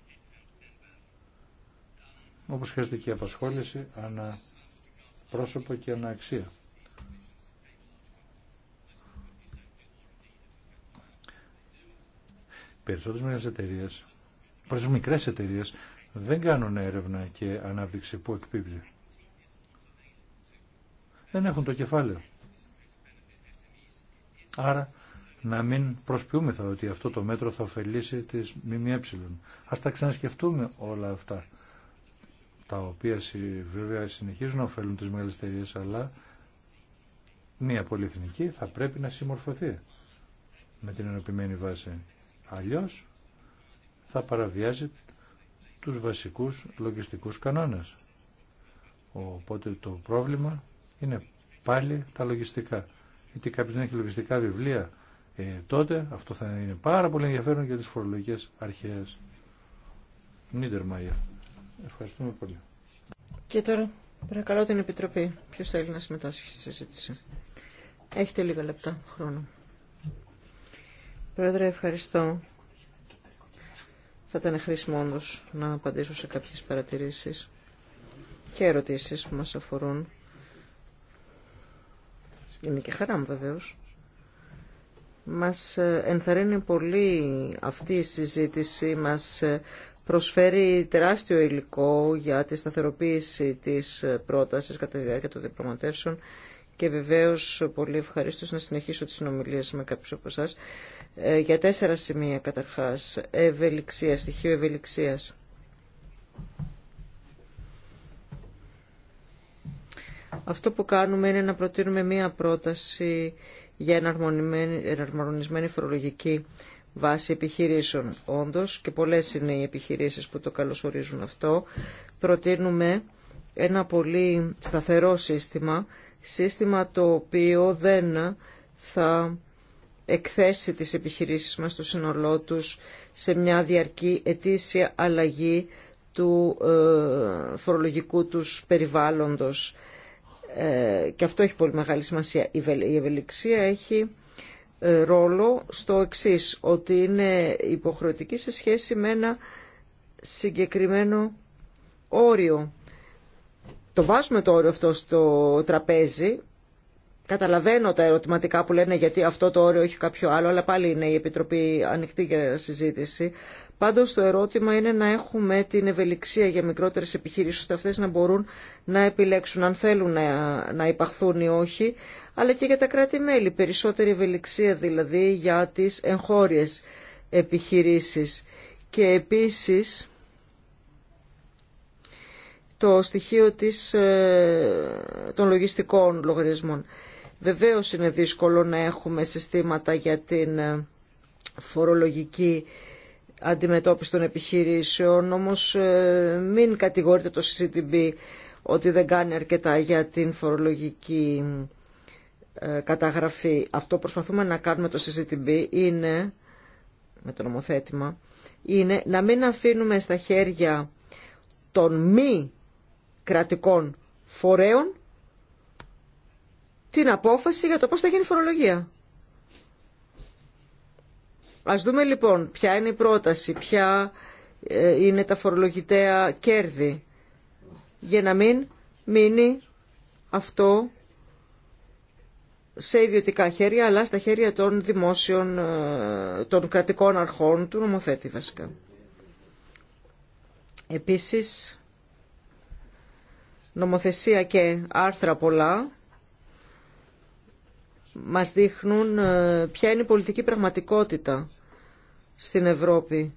Όπως χρειάζεται και η απασχόληση ανά πρόσωπο και ανά αξία. περισσότερες μεγάλες εταιρείες, προς μικρές εταιρείες, δεν κάνουν έρευνα και ανάπτυξη που εκπίπτει. Δεν έχουν το κεφάλαιο. Άρα να μην προσποιούμεθα ότι αυτό το μέτρο θα ωφελήσει τις ΜΜΕ. Ας τα ξανασκεφτούμε όλα αυτά, τα οποία βέβαια συνεχίζουν να ωφελούν τις μεγάλες εταιρείε, αλλά μία πολυεθνική θα πρέπει να συμμορφωθεί με την ενωπημένη βάση Αλλιώς θα παραβιάζει τους βασικούς λογιστικούς κανόνες. Οπότε το πρόβλημα είναι πάλι τα λογιστικά. Γιατί κάποιος δεν έχει λογιστικά βιβλία, ε, τότε αυτό θα είναι πάρα πολύ ενδιαφέρον για τις φορολογικές αρχές. Νίτερ Ευχαριστούμε πολύ. Και τώρα παρακαλώ την Επιτροπή. Ποιος θέλει να συμμετάσχει στη συζήτηση. Έχετε λίγα λεπτά χρόνο. Πρόεδρε, ευχαριστώ. Θα ήταν χρήσιμο όντω να απαντήσω σε κάποιες παρατηρήσεις και ερωτήσεις που μας αφορούν. Είναι και χαρά μου βεβαίω. Μα ε, ενθαρρύνει πολύ αυτή η συζήτηση, μας ε, προσφέρει τεράστιο υλικό για τη σταθεροποίηση της ε, πρότασης κατά τη διάρκεια των διαπραγματεύσεων και βεβαίως πολύ ευχαριστώ να συνεχίσω τις συνομιλίες με κάποιους από εσά. Ε, για τέσσερα σημεία καταρχάς. Ευελιξία, στοιχείο ευελιξίας. Αυτό που κάνουμε είναι να προτείνουμε μία πρόταση για εναρμονισμένη φορολογική βάση επιχειρήσεων. Όντως, και πολλές είναι οι επιχειρήσεις που το καλωσορίζουν αυτό, προτείνουμε ένα πολύ σταθερό σύστημα σύστημα το οποίο δεν θα εκθέσει τις επιχειρήσεις μας στο σύνολό τους σε μια διαρκή ετήσια αλλαγή του ε, φορολογικού τους περιβάλλοντος. Ε, και αυτό έχει πολύ μεγάλη σημασία. Η ευελιξία έχει ε, ρόλο στο εξής, ότι είναι υποχρεωτική σε σχέση με ένα συγκεκριμένο όριο το βάζουμε το όριο αυτό στο τραπέζι. Καταλαβαίνω τα ερωτηματικά που λένε γιατί αυτό το όριο έχει κάποιο άλλο, αλλά πάλι είναι η Επιτροπή ανοιχτή για συζήτηση. Πάντως το ερώτημα είναι να έχουμε την ευελιξία για μικρότερες επιχειρήσεις, ώστε αυτές να μπορούν να επιλέξουν αν θέλουν να, να υπαχθούν ή όχι, αλλά και για τα κράτη-μέλη. Περισσότερη ευελιξία δηλαδή για τις εγχώριες επιχειρήσεις. Και επίσης το στοιχείο της, ε, των λογιστικών λογαριασμών. Βεβαίως είναι δύσκολο να έχουμε συστήματα για την ε, φορολογική αντιμετώπιση των επιχειρήσεων, όμως ε, μην κατηγορείτε το CCTB ότι δεν κάνει αρκετά για την φορολογική καταγραφή. Αυτό που προσπαθούμε να κάνουμε το CCTB είναι, με το νομοθέτημα, είναι να μην αφήνουμε στα χέρια των μη κρατικών φορέων την απόφαση για το πώς θα γίνει η φορολογία. Ας δούμε λοιπόν ποια είναι η πρόταση, ποια ε, είναι τα φορολογητέα κέρδη για να μην μείνει αυτό σε ιδιωτικά χέρια αλλά στα χέρια των δημόσιων, ε, των κρατικών αρχών του νομοθέτη βασικά. Επίσης νομοθεσία και άρθρα πολλά μας δείχνουν ε, ποια είναι η πολιτική πραγματικότητα στην Ευρώπη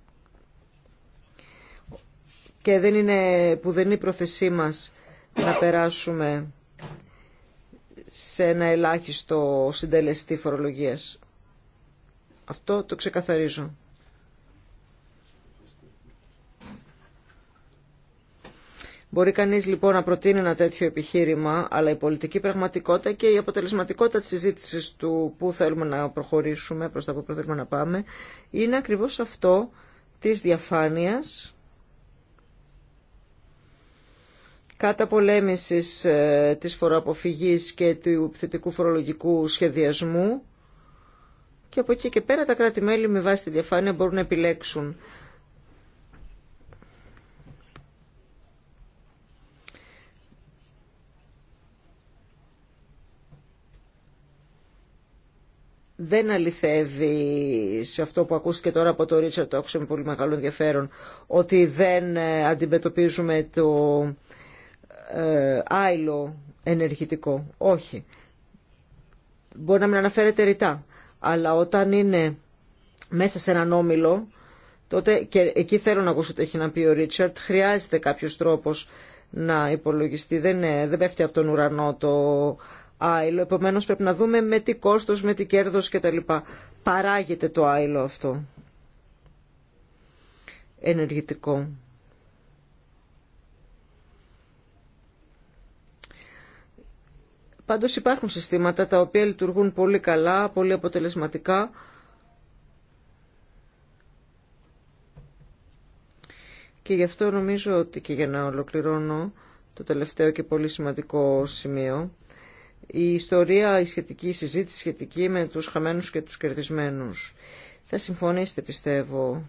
και δεν είναι, που δεν είναι η πρόθεσή μας να περάσουμε σε ένα ελάχιστο συντελεστή φορολογίας. Αυτό το ξεκαθαρίζω. Μπορεί κανεί λοιπόν να προτείνει ένα τέτοιο επιχείρημα, αλλά η πολιτική πραγματικότητα και η αποτελεσματικότητα τη συζήτηση του που θέλουμε να προχωρήσουμε, προ τα που θέλουμε να πάμε, είναι ακριβώ αυτό της διαφάνειας, κατά ε, της φοροαποφυγής και του θετικού φορολογικού σχεδιασμού και από εκεί και πέρα τα κράτη-μέλη με βάση τη διαφάνεια μπορούν να επιλέξουν δεν αληθεύει σε αυτό που ακούστηκε τώρα από τον Ρίτσαρτ, το άκουσα με πολύ μεγάλο ενδιαφέρον, ότι δεν ε, αντιμετωπίζουμε το ε, ενεργητικό. Όχι. Μπορεί να μην αναφέρεται ρητά, αλλά όταν είναι μέσα σε έναν όμιλο, τότε και εκεί θέλω να ακούσω τι έχει να πει ο Ρίτσαρτ, χρειάζεται κάποιος τρόπος να υπολογιστεί. Δεν, ε, δεν πέφτει από τον ουρανό το άϊλο. Επομένως πρέπει να δούμε με τι κόστος, με τι κέρδος κτλ. Παράγεται το άϊλο αυτό. Ενεργητικό. Πάντως υπάρχουν συστήματα τα οποία λειτουργούν πολύ καλά, πολύ αποτελεσματικά. Και γι' αυτό νομίζω ότι και για να ολοκληρώνω το τελευταίο και πολύ σημαντικό σημείο, η ιστορία, η σχετική η συζήτηση σχετική με τους χαμένους και τους κερδισμένους. Θα συμφωνήσετε πιστεύω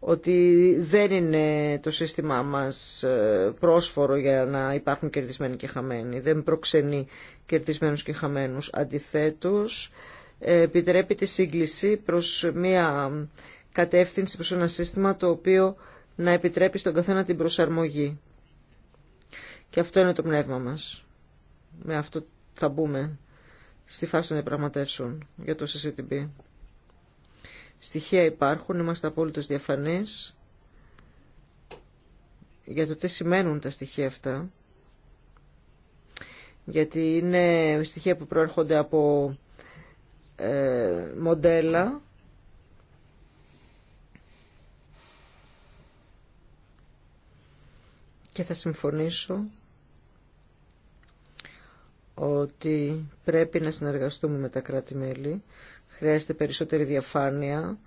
ότι δεν είναι το σύστημά μας ε, πρόσφορο για να υπάρχουν κερδισμένοι και χαμένοι. Δεν προξενεί κερδισμένους και χαμένους. Αντιθέτως, ε, επιτρέπει τη σύγκληση προς μια κατεύθυνση προς ένα σύστημα το οποίο να επιτρέπει στον καθένα την προσαρμογή. Και αυτό είναι το πνεύμα μας. Με αυτό θα μπούμε στη φάση των διαπραγματεύσεων για το CCTB. Στοιχεία υπάρχουν, είμαστε απόλυτος διαφανείς για το τι σημαίνουν τα στοιχεία αυτά. Γιατί είναι στοιχεία που προέρχονται από ε, μοντέλα και θα συμφωνήσω ότι πρέπει να συνεργαστούμε με τα κράτη-μέλη. Χρειάζεται περισσότερη διαφάνεια.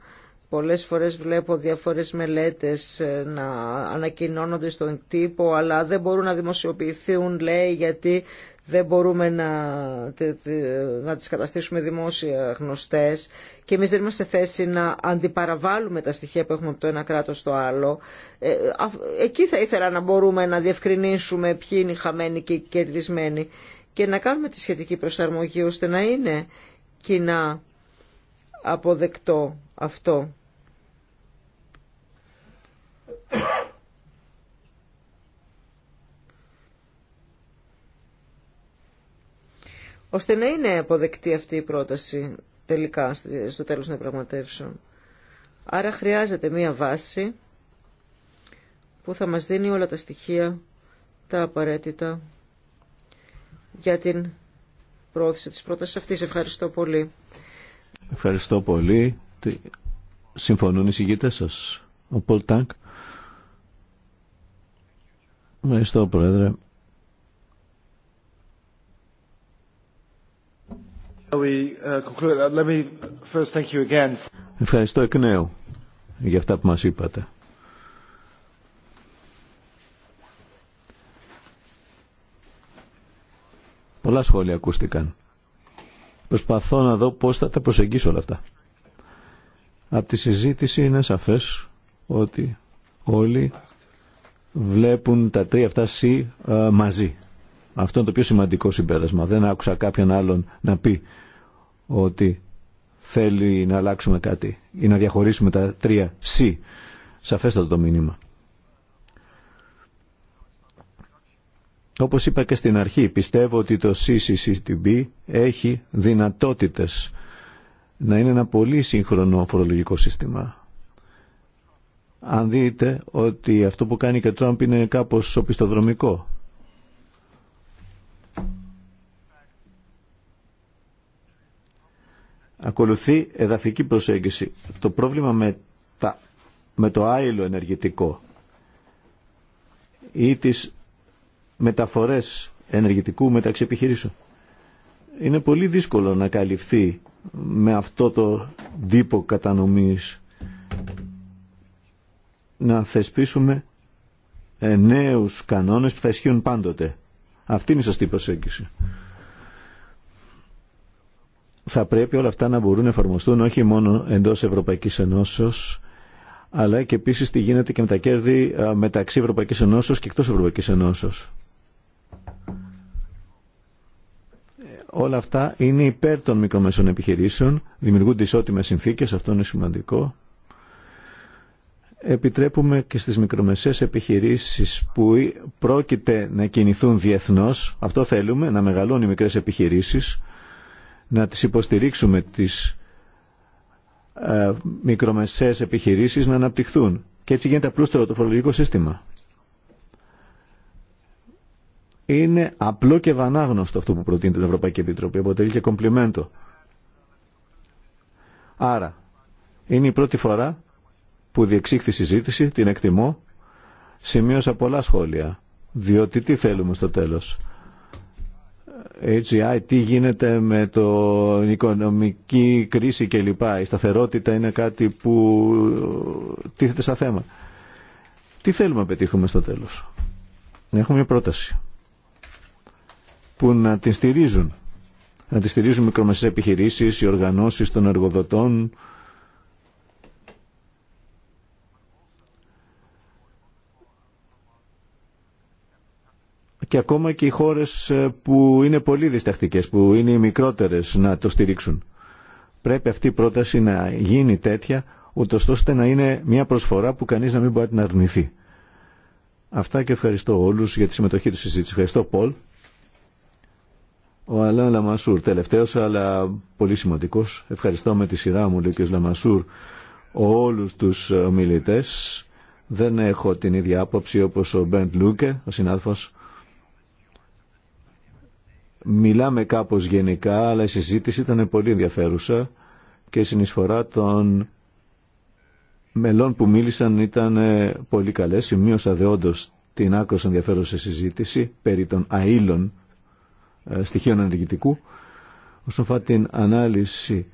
Πολλές φορές βλέπω διάφορες μελέτες ε, να ανακοινώνονται στον τύπο, αλλά δεν μπορούν να δημοσιοποιηθούν, λέει, γιατί δεν μπορούμε να, να τις καταστήσουμε δημόσια γνωστές και εμείς δεν είμαστε θέση να αντιπαραβάλλουμε τα στοιχεία που έχουμε από το ένα κράτος στο άλλο. Ε, εκεί θα ήθελα να μπορούμε να διευκρινίσουμε ποιοι είναι οι χαμένοι και οι κερδισμένοι και να κάνουμε τη σχετική προσαρμογή ώστε να είναι κοινά αποδεκτό αυτό. ώστε να είναι αποδεκτή αυτή η πρόταση τελικά στο τέλος των πραγματεύσεων. Άρα χρειάζεται μία βάση που θα μας δίνει όλα τα στοιχεία, τα απαραίτητα για την πρόθεση της πρότασης αυτής. Ευχαριστώ πολύ. Ευχαριστώ πολύ. Συμφωνούν οι συγγητές σας, ο Πολ Τάνκ. Ευχαριστώ, Πρόεδρε. Uh, uh, Ευχαριστώ εκ νέου για αυτά που μας είπατε. Πολλά σχόλια ακούστηκαν. Προσπαθώ να δω πώς θα τα προσεγγίσω όλα αυτά. Από τη συζήτηση είναι σαφές ότι όλοι βλέπουν τα τρία αυτά C ε, μαζί. Αυτό είναι το πιο σημαντικό συμπέρασμα. Δεν άκουσα κάποιον άλλον να πει ότι θέλει να αλλάξουμε κάτι ή να διαχωρίσουμε τα τρία C. Σαφέστατο το μήνυμα. Όπως είπα και στην αρχή, πιστεύω ότι το CCCTB έχει δυνατότητες να είναι ένα πολύ σύγχρονο φορολογικό σύστημα. Αν δείτε ότι αυτό που κάνει και Τρόμπ είναι κάπως οπισθοδρομικό. Ακολουθεί εδαφική προσέγγιση. Το πρόβλημα με, με το άειλο ενεργητικό ή τις μεταφορές ενεργητικού μεταξύ επιχειρήσεων. Είναι πολύ δύσκολο να καλυφθεί με αυτό το τύπο κατανομής να θεσπίσουμε ε, νέους κανόνες που θα ισχύουν πάντοτε. Αυτή είναι η σωστή προσέγγιση. Θα πρέπει όλα αυτά να μπορούν να εφαρμοστούν όχι μόνο εντός Ευρωπαϊκής Ενώσεως, αλλά και επίσης τι γίνεται και με τα κέρδη ε, μεταξύ Ευρωπαϊκής Ενώσεως και εκτός Ευρωπαϊκής Ενώσεως. όλα αυτά είναι υπέρ των μικρομεσών επιχειρήσεων, δημιουργούνται ισότιμες συνθήκες, αυτό είναι σημαντικό. Επιτρέπουμε και στις μικρομεσαίες επιχειρήσεις που πρόκειται να κινηθούν διεθνώς, αυτό θέλουμε, να μεγαλώνουν οι μικρές επιχειρήσεις, να τις υποστηρίξουμε τις ε, μικρομεσαίες επιχειρήσεις να αναπτυχθούν. Και έτσι γίνεται απλούστερο το φορολογικό σύστημα. Είναι απλό και βανάγνωστο αυτό που προτείνει την Ευρωπαϊκή Επιτροπή. Αποτελεί και κομπλιμέντο. Άρα, είναι η πρώτη φορά που διεξήχθη συζήτηση, την εκτιμώ, σημείωσα πολλά σχόλια. Διότι τι θέλουμε στο τέλος. HGI, τι γίνεται με το οικονομική κρίση κλπ. Η σταθερότητα είναι κάτι που ε, τίθεται σαν θέμα. Τι θέλουμε να πετύχουμε στο τέλος. Έχουμε μια πρόταση που να την στηρίζουν. Να τη στηρίζουν μικρομεσαίες επιχειρήσεις, οι οργανώσεις των εργοδοτών. Και ακόμα και οι χώρες ε, που είναι πολύ διστακτικέ, που είναι οι μικρότερες να το στηρίξουν. Πρέπει αυτή η πρόταση να γίνει τέτοια, ούτως ώστε να είναι μια προσφορά που κανείς να μην μπορεί να την αρνηθεί. Αυτά και ευχαριστώ όλους για τη συμμετοχή του συζήτηση. Ευχαριστώ Πολ. Ο Αλάν Λαμασούρ, Τελευταίο, αλλά πολύ σημαντικό. Ευχαριστώ με τη σειρά μου, λέει ο Λαμασούρ, όλους τους ομιλητέ. Δεν έχω την ίδια άποψη όπως ο Μπεντ Λούκε, ο συνάδελφος. Μιλάμε κάπως γενικά, αλλά η συζήτηση ήταν πολύ ενδιαφέρουσα και η συνεισφορά των μελών που μίλησαν ήταν ε, πολύ καλές. Σημείωσα δεόντως την άκρως ενδιαφέρουσα συζήτηση περί των αήλων ε, στοιχείων ενεργητικού. Όσον αφορά την ανάλυση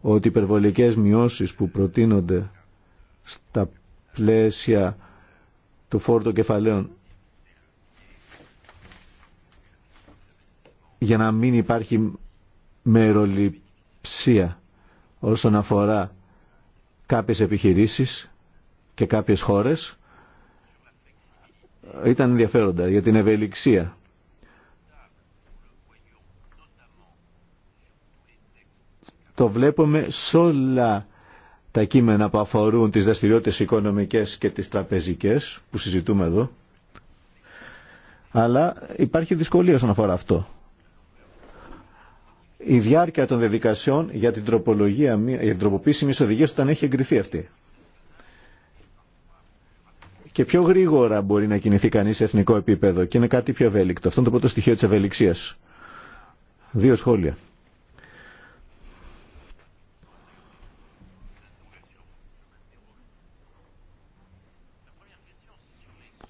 ότι οι υπερβολικές μειώσεις που προτείνονται στα πλαίσια του φόρτου κεφαλαίων για να μην υπάρχει μεροληψία όσον αφορά κάποιες επιχειρήσεις και κάποιες χώρες ήταν ενδιαφέροντα για την ευελιξία Το βλέπουμε σε όλα τα κείμενα που αφορούν τις δραστηριότητες οικονομικές και τις τραπεζικές που συζητούμε εδώ. Αλλά υπάρχει δυσκολία όσον αφορά αυτό. Η διάρκεια των διαδικασιών για την, τροπολογία, για την τροποποίηση μιας οδηγίας όταν έχει εγκριθεί αυτή. Και πιο γρήγορα μπορεί να κινηθεί κανείς σε εθνικό επίπεδο και είναι κάτι πιο ευέλικτο. Αυτό είναι το πρώτο στοιχείο της ευελιξίας. Δύο σχόλια.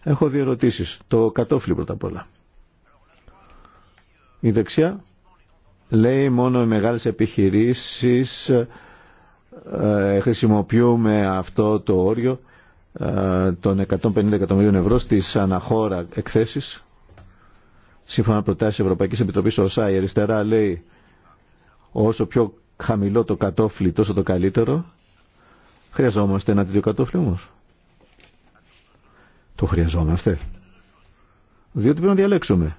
Έχω δύο ερωτήσεις. Το κατόφλι πρώτα απ' όλα. Η δεξιά λέει μόνο οι μεγάλες επιχειρήσεις ε, χρησιμοποιούμε αυτό το όριο ε, των 150 εκατομμυρίων ευρώ στις αναχώρα εκθέσεις. Σύμφωνα με προτάσεις Ευρωπαϊκής Επιτροπής ΟΣΑ η αριστερά λέει όσο πιο χαμηλό το κατόφλι τόσο το καλύτερο. Χρειαζόμαστε ένα τέτοιο κατόφλι όμως. Το χρειαζόμαστε. Διότι πρέπει να διαλέξουμε.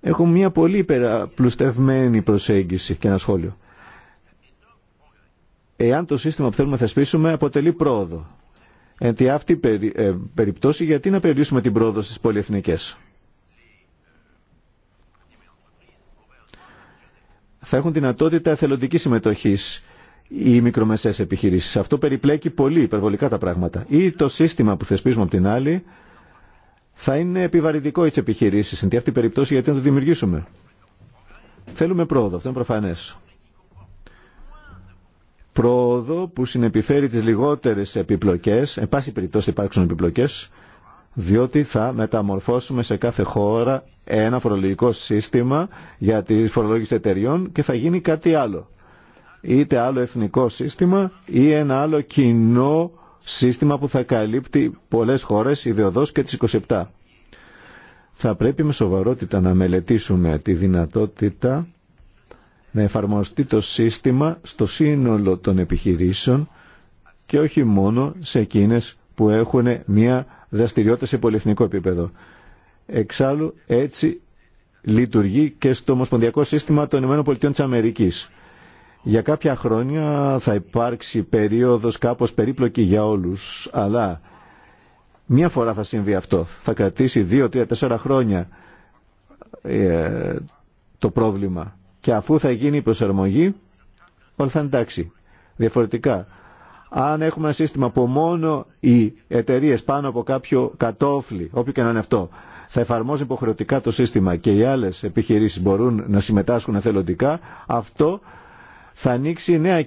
Έχω μια πολύ υπεραπλουστευμένη προσέγγιση και ένα σχόλιο. Εάν το σύστημα που θέλουμε να θεσπίσουμε αποτελεί πρόοδο. Εν τη αυτή περι, ε, περιπτώσει γιατί να περιορίσουμε την πρόοδο στις πολυεθνικές. Θα έχουν δυνατότητα εθελοντική συμμετοχής οι μικρομεσαίες επιχειρήσεις. Αυτό περιπλέκει πολύ υπερβολικά τα πράγματα. Ή το σύστημα που θεσπίζουμε από την άλλη θα είναι επιβαρυντικό για τι επιχειρήσει. Σε αυτή περιπτώση, γιατί να το δημιουργήσουμε. Θέλουμε πρόοδο, αυτό είναι προφανέ. Πρόοδο που συνεπιφέρει τις λιγότερες επιπλοκές εν πάση περιπτώσει υπάρξουν επιπλοκές διότι θα μεταμορφώσουμε σε κάθε χώρα ένα φορολογικό σύστημα για τη φορολόγηση εταιριών και θα γίνει κάτι άλλο είτε άλλο εθνικό σύστημα ή ένα άλλο κοινό σύστημα που θα καλύπτει πολλές χώρες, ιδεοδός και τις 27. Θα πρέπει με σοβαρότητα να μελετήσουμε τη δυνατότητα να εφαρμοστεί το σύστημα στο σύνολο των επιχειρήσεων και όχι μόνο σε εκείνες που έχουν μια δραστηριότητα σε πολυεθνικό επίπεδο. Εξάλλου έτσι λειτουργεί και στο Ομοσπονδιακό Σύστημα των ΗΠΑ για κάποια χρόνια θα υπάρξει περίοδος κάπως περίπλοκη για όλους, αλλά μία φορά θα συμβεί αυτό. Θα κρατήσει δύο, τρία, τέσσερα χρόνια ε, το πρόβλημα. Και αφού θα γίνει η προσαρμογή, όλα θα είναι εντάξει. Διαφορετικά. Αν έχουμε ένα σύστημα που μόνο οι εταιρείε πάνω από κάποιο κατόφλι, όποιο και να είναι αυτό, θα εφαρμόζουν υποχρεωτικά το σύστημα και οι άλλε επιχειρήσει μπορούν να συμμετάσχουν εθελοντικά, αυτό θα ανοίξει νέα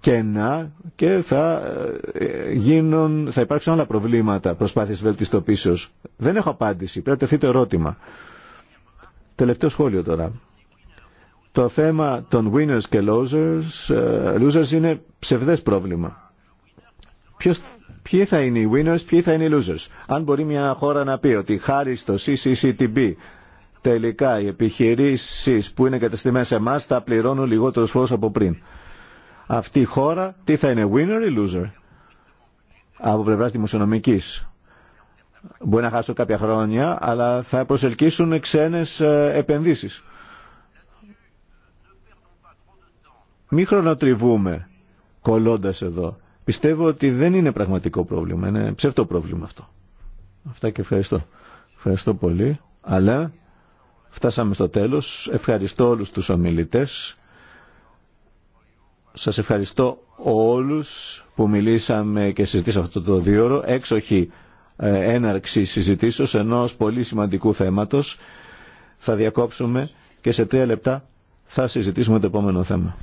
κενά και θα, ε, γίνουν, θα υπάρξουν άλλα προβλήματα προσπάθειες βελτιστοποίησεως. Δεν έχω απάντηση, πρέπει να τεθεί το ερώτημα. Τελευταίο σχόλιο τώρα. Το θέμα των winners και losers, ε, losers είναι ψευδές πρόβλημα. Ποιος, ποιοι θα είναι οι winners, ποιοι θα είναι οι losers. Αν μπορεί μια χώρα να πει ότι χάρη στο CCCTB Τελικά οι επιχειρήσει που είναι κατεστημένε σε εμά θα πληρώνουν λιγότερου φόρου από πριν. Αυτή η χώρα τι θα είναι, winner ή loser από πλευρά δημοσιονομική. Μπορεί να χάσω κάποια χρόνια, αλλά θα προσελκύσουν ξένε επενδύσει. Μην χρονοτριβούμε κολλώντας εδώ. Πιστεύω ότι δεν είναι πραγματικό πρόβλημα, είναι ψεύτο πρόβλημα αυτό. Αυτά και ευχαριστώ. Ευχαριστώ πολύ. Αλλά Φτάσαμε στο τέλος. Ευχαριστώ όλους τους ομιλητές. Σας ευχαριστώ όλους που μιλήσαμε και συζητήσαμε αυτό το δίωρο. Έξοχη ε, έναρξη συζητήσεως ενός πολύ σημαντικού θέματος. Θα διακόψουμε και σε τρία λεπτά θα συζητήσουμε το επόμενο θέμα.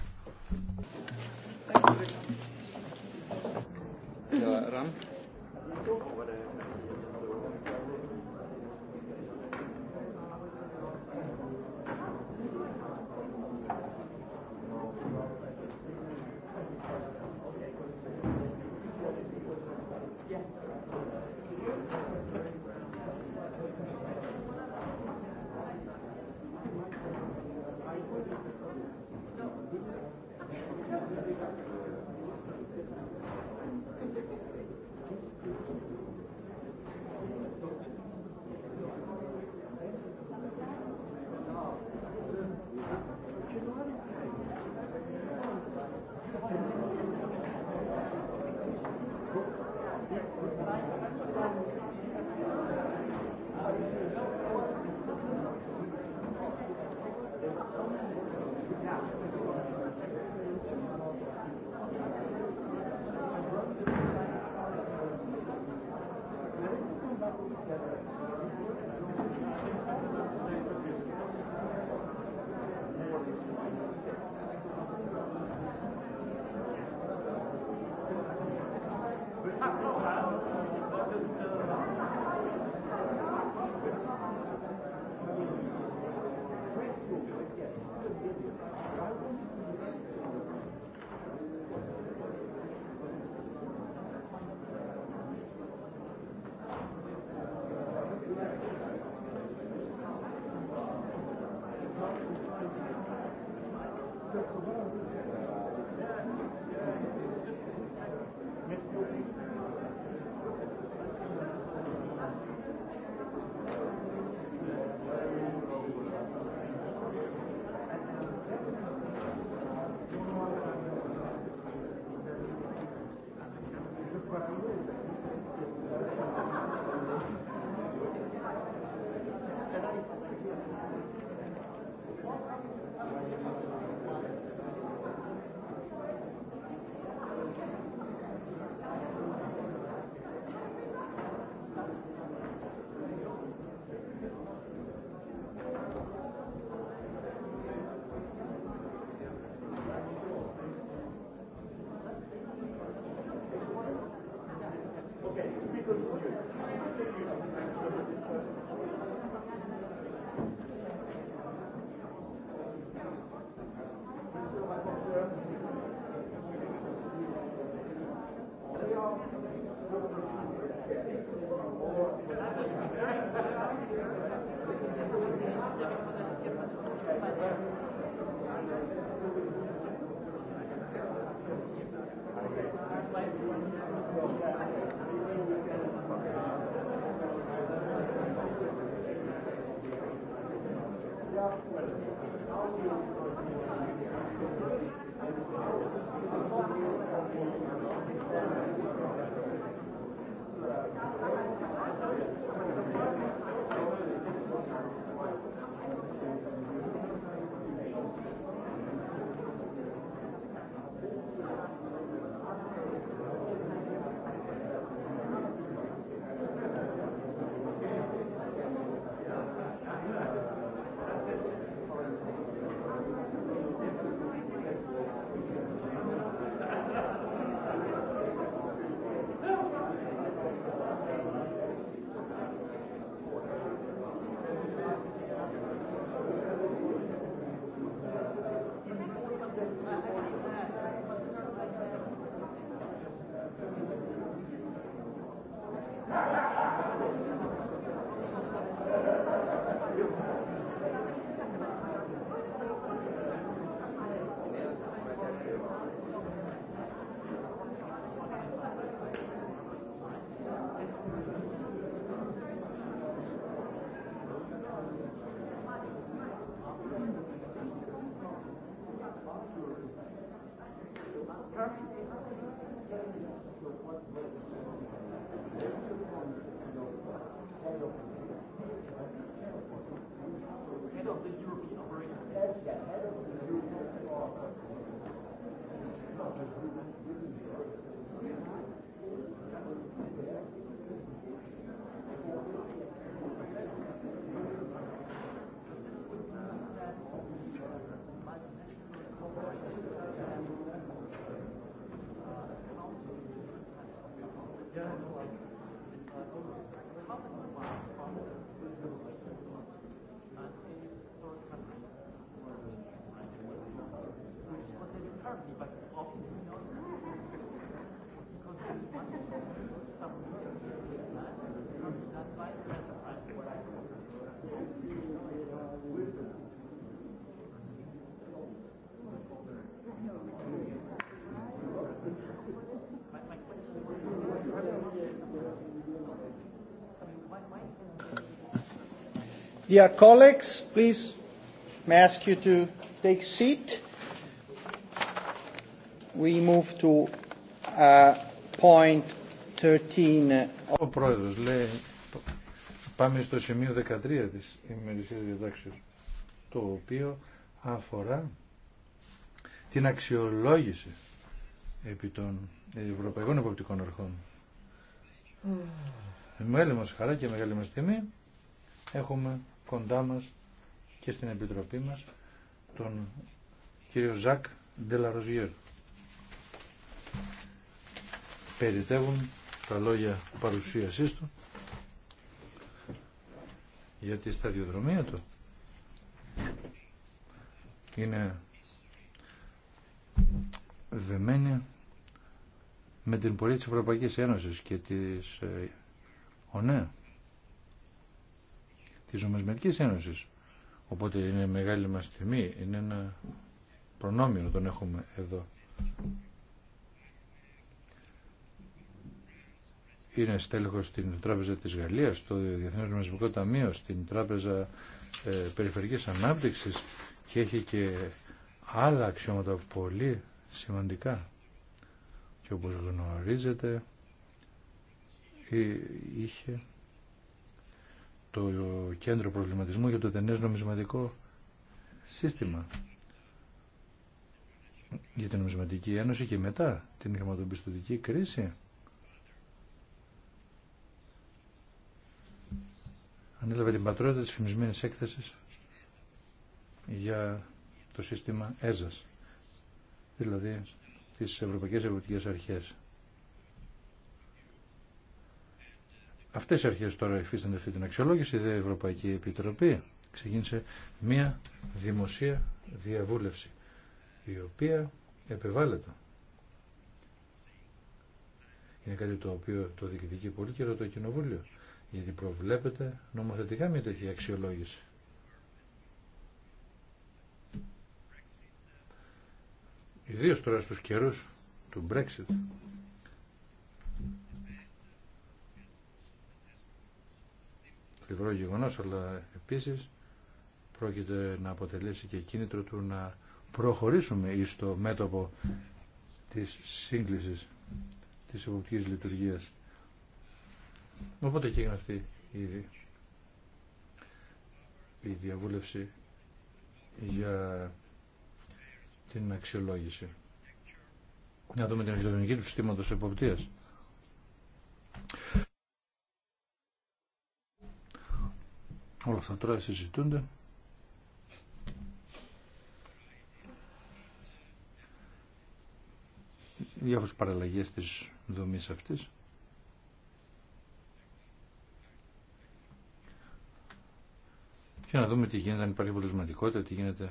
Dear colleagues, please may I ask you to take seat. We move to uh, point 13. Ο πρόεδρος λέει πάμε στο σημείο 13 της ημερησίας διατάξεως το οποίο αφορά την αξιολόγηση επί των Ευρωπαϊκών Εποπτικών Αρχών. Mm. Με μεγάλη μας χαρά και μεγάλη μας τιμή έχουμε κοντά μας και στην Επιτροπή μας τον κύριο Ζακ Ντελαροζιέρ. Περιτεύουν τα λόγια παρουσίασής του γιατί τη σταδιοδρομία του. Είναι δεμένη με την πορεία της Ευρωπαϊκής Ένωσης και της ε, ΟΝΕ της Ομοσπονδιακής Ένωσης. Οπότε είναι μεγάλη μας τιμή, είναι ένα προνόμιο να τον έχουμε εδώ. Είναι στέλεχος στην Τράπεζα της Γαλλίας, στο Διεθνές Ομοσπονδιακό Ταμείο, στην Τράπεζα ε, Περιφερικής Ανάπτυξης και έχει και άλλα αξιώματα πολύ σημαντικά. Και όπως γνωρίζετε είχε το Κέντρο Προβληματισμού για το Τενές Νομισματικό Σύστημα για την Νομισματική Ένωση και μετά την χρηματοπιστωτική κρίση. Ανέλαβε την πατρότητα της φημισμένης έκθεσης για το σύστημα ΕΖΑΣ, δηλαδή τις Ευρωπαϊκές Ευρωπαϊκές Αρχές. Αυτέ οι αρχέ τώρα υφίστανται αυτή την αξιολόγηση. Η Ευρωπαϊκή Επιτροπή ξεκίνησε μία δημοσία διαβούλευση η οποία επεβάλλεται. Είναι κάτι το οποίο το διοικητική πολύ καιρό το κοινοβούλιο γιατί προβλέπεται νομοθετικά μια τέτοια αξιολόγηση. Ιδίω τώρα στους καιρούς του Brexit. πλευρό γεγονός, αλλά επίσης πρόκειται να αποτελέσει και κίνητρο του να προχωρήσουμε εις το μέτωπο της σύγκλησης της εποπτικής λειτουργίας. Οπότε και έγινε αυτή η, διαβούλευση για την αξιολόγηση. Να δούμε την αρχιτεκτονική του συστήματος εποπτείας. Όλα αυτά τώρα συζητούνται. Διάφορες παραλλαγές της δομής αυτής. Και να δούμε τι γίνεται, αν υπάρχει αποτελεσματικότητα, τι γίνεται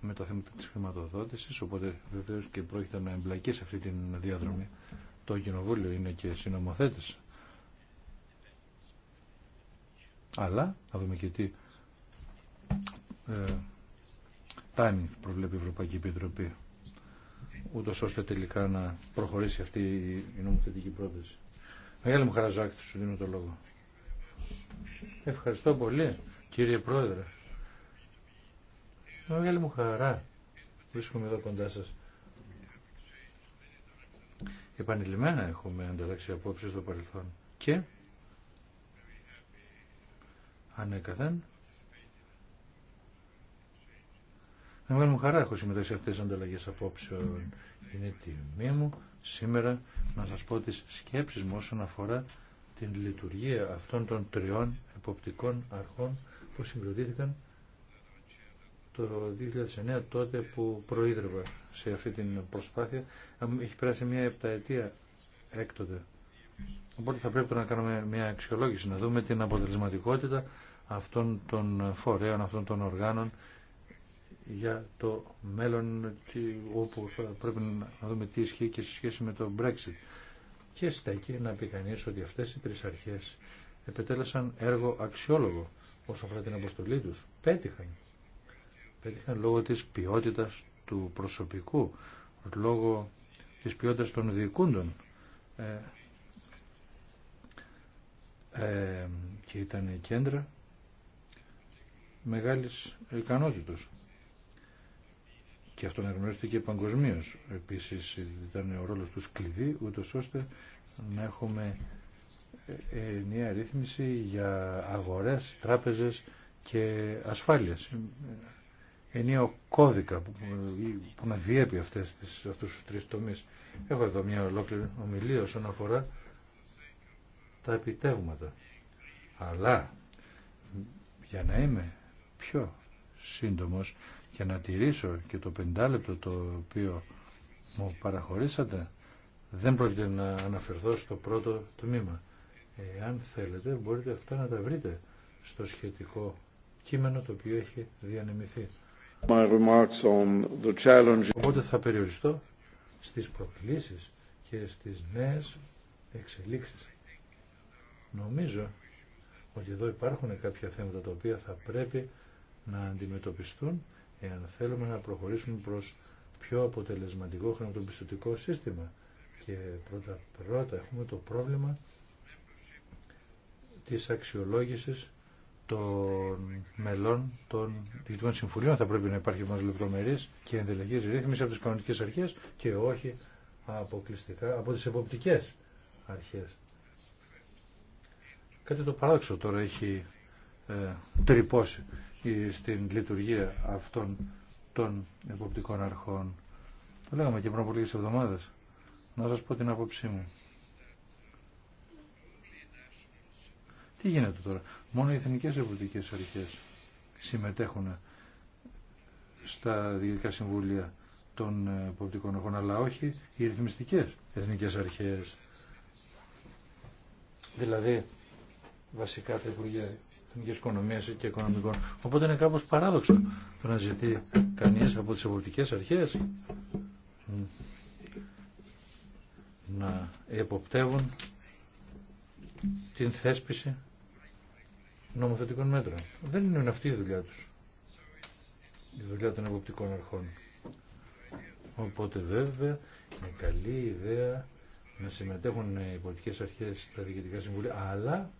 με τα θέματα της χρηματοδότησης, οπότε βεβαίως και πρόκειται να εμπλακεί σε αυτή τη διαδρομή. Το Κοινοβούλιο είναι και συνομοθέτης αλλά να δούμε και τι ε, timing προβλέπει η Ευρωπαϊκή Επιτροπή ούτως ώστε τελικά να προχωρήσει αυτή η νομοθετική πρόταση. Μεγάλη μου χαρά Ζάκη, σου δίνω το λόγο. Ευχαριστώ πολύ, κύριε Πρόεδρε. Μεγάλη μου χαρά βρίσκομαι εδώ κοντά σας. Επανειλημμένα έχουμε ανταλλάξει απόψεις στο παρελθόν και ανέκαθεν. Με μεγάλη μου χαρά έχω συμμετάσχει αυτές τις ανταλλαγές απόψεων. Είναι τιμή μου σήμερα να σας πω τις σκέψεις μου όσον αφορά την λειτουργία αυτών των τριών εποπτικών αρχών που συγκροτήθηκαν το 2009 τότε που προείδρευα σε αυτή την προσπάθεια. Έχει περάσει μια επταετία έκτοτε. Οπότε θα πρέπει να κάνουμε μια αξιολόγηση, να δούμε την αποτελεσματικότητα αυτών των φορέων, αυτών των οργάνων για το μέλλον όπου θα πρέπει να δούμε τι ισχύει και σε σχέση με το Brexit. Και στέκει να πει κανεί ότι αυτές οι τρεις αρχές επετέλεσαν έργο αξιόλογο όσον αφορά την αποστολή τους. Πέτυχαν. Πέτυχαν λόγω της ποιότητας του προσωπικού, λόγω της ποιότητας των διοικούντων. Ε, ε, και ήταν κέντρα μεγάλης ικανότητος. Και αυτό και παγκοσμίω. Επίσης ήταν ο ρόλος του κλειδί, ούτω ώστε να έχουμε ενιαία ε, ρύθμιση για αγορές, τράπεζες και ασφάλειες. Ενιαίο κώδικα που, που να διέπει αυτές τις, αυτούς τρεις τομείς. Έχω εδώ μια ολόκληρη ομιλία όσον αφορά τα επιτεύγματα. Αλλά για να είμαι πιο σύντομος και να τηρήσω και το πεντάλεπτο το οποίο μου παραχωρήσατε δεν πρόκειται να αναφερθώ στο πρώτο τμήμα. Εάν θέλετε μπορείτε αυτά να τα βρείτε στο σχετικό κείμενο το οποίο έχει διανεμηθεί. Οπότε θα περιοριστώ στις προκλήσεις και στις νέες εξελίξεις. Νομίζω ότι εδώ υπάρχουν κάποια θέματα τα οποία θα πρέπει να αντιμετωπιστούν εάν θέλουμε να προχωρήσουμε προς πιο αποτελεσματικό χρηματοπιστωτικό σύστημα. Και πρώτα πρώτα έχουμε το πρόβλημα της αξιολόγησης των μελών των διοικητικών συμφουλίων. Θα πρέπει να υπάρχει μόνο λεπτομερής και εντελεχής ρύθμιση από τι κανονικέ αρχές και όχι αποκλειστικά από τις εποπτικέ αρχές. Κάτι το παράδοξο τώρα έχει ε, τρυπώσει στην λειτουργία αυτών των εποπτικών αρχών. Το λέγαμε και πριν από λίγες εβδομάδες. Να σας πω την άποψή μου. Τι γίνεται τώρα. Μόνο οι εθνικές εποπτικές αρχές συμμετέχουν στα διοικητικά συμβούλια των εποπτικών αρχών, αλλά όχι οι ρυθμιστικές εθνικές αρχές. Δηλαδή, βασικά τα Υπουργεία Εθνική οικονομίας και οικονομικών. Οπότε είναι κάπως παράδοξο το να ζητεί κανεί από τις ευρωπαϊκές αρχές να εποπτεύουν την θέσπιση νομοθετικών μέτρων. Δεν είναι αυτή η δουλειά τους. Η δουλειά των εποπτικών αρχών. Οπότε βέβαια είναι καλή ιδέα να συμμετέχουν οι πολιτικές αρχές στα διοικητικά συμβούλια, αλλά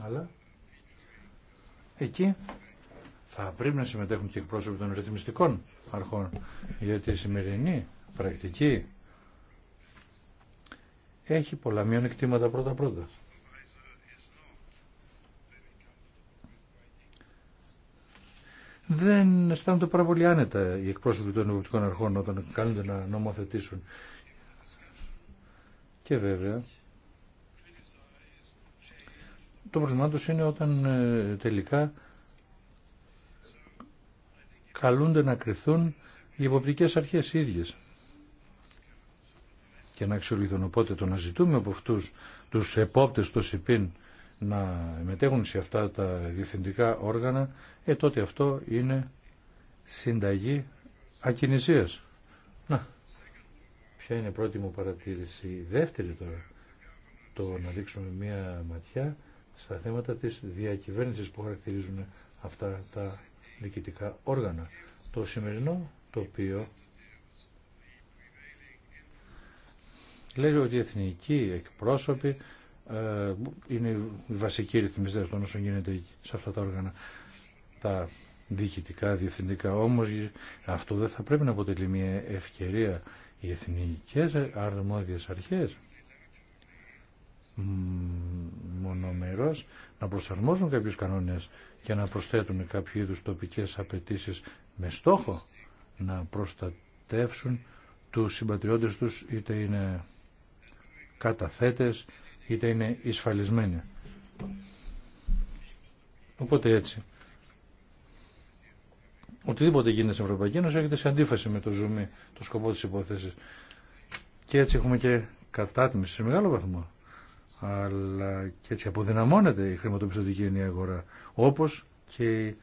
Αλλά εκεί θα πρέπει να συμμετέχουν και εκπρόσωποι των ρυθμιστικών αρχών. Γιατί η σημερινή πρακτική έχει πολλά μειονεκτήματα πρώτα-πρώτα. Δεν αισθάνονται πάρα πολύ άνετα οι εκπρόσωποι των εποπτικών αρχών όταν κάνουν να νομοθετήσουν. Και βέβαια, το πρόβλημά τους είναι όταν ε, τελικά καλούνται να κρυθούν οι υποπτικές αρχές ίδιες και να αξιολογηθούν. Οπότε το να ζητούμε από αυτούς τους επόπτες των ΣΥΠΗΝ να μετέχουν σε αυτά τα διευθυντικά όργανα, ε, τότε αυτό είναι συνταγή ακινησίας. Να, ποια είναι η πρώτη μου παρατήρηση. δεύτερη τώρα, το να δείξουμε μία ματιά στα θέματα της διακυβέρνησης που χαρακτηρίζουν αυτά τα διοικητικά όργανα. Το σημερινό οποίο λέει ότι οι εθνικοί εκπρόσωποι ε, είναι οι βασικοί ρυθμιστέ των όσων γίνεται σε αυτά τα όργανα τα διοικητικά, διευθυντικά. Όμως αυτό δεν θα πρέπει να αποτελεί μια ευκαιρία οι εθνικές αρμόδιες αρχές μονομερός να προσαρμόζουν κάποιους κανόνες και να προσθέτουν κάποιο είδους τοπικές απαιτήσεις με στόχο να προστατεύσουν τους συμπατριώτες τους είτε είναι καταθέτες είτε είναι εισφαλισμένοι. Οπότε έτσι. Οτιδήποτε γίνεται στην Ευρωπαϊκή Ένωση έρχεται σε αντίφαση με το ζουμί, το σκοπό της υπόθεσης. Και έτσι έχουμε και κατάτμιση σε μεγάλο βαθμό αλλά και έτσι αποδυναμώνεται η χρηματοπιστωτική ενιαία αγορά, όπως και η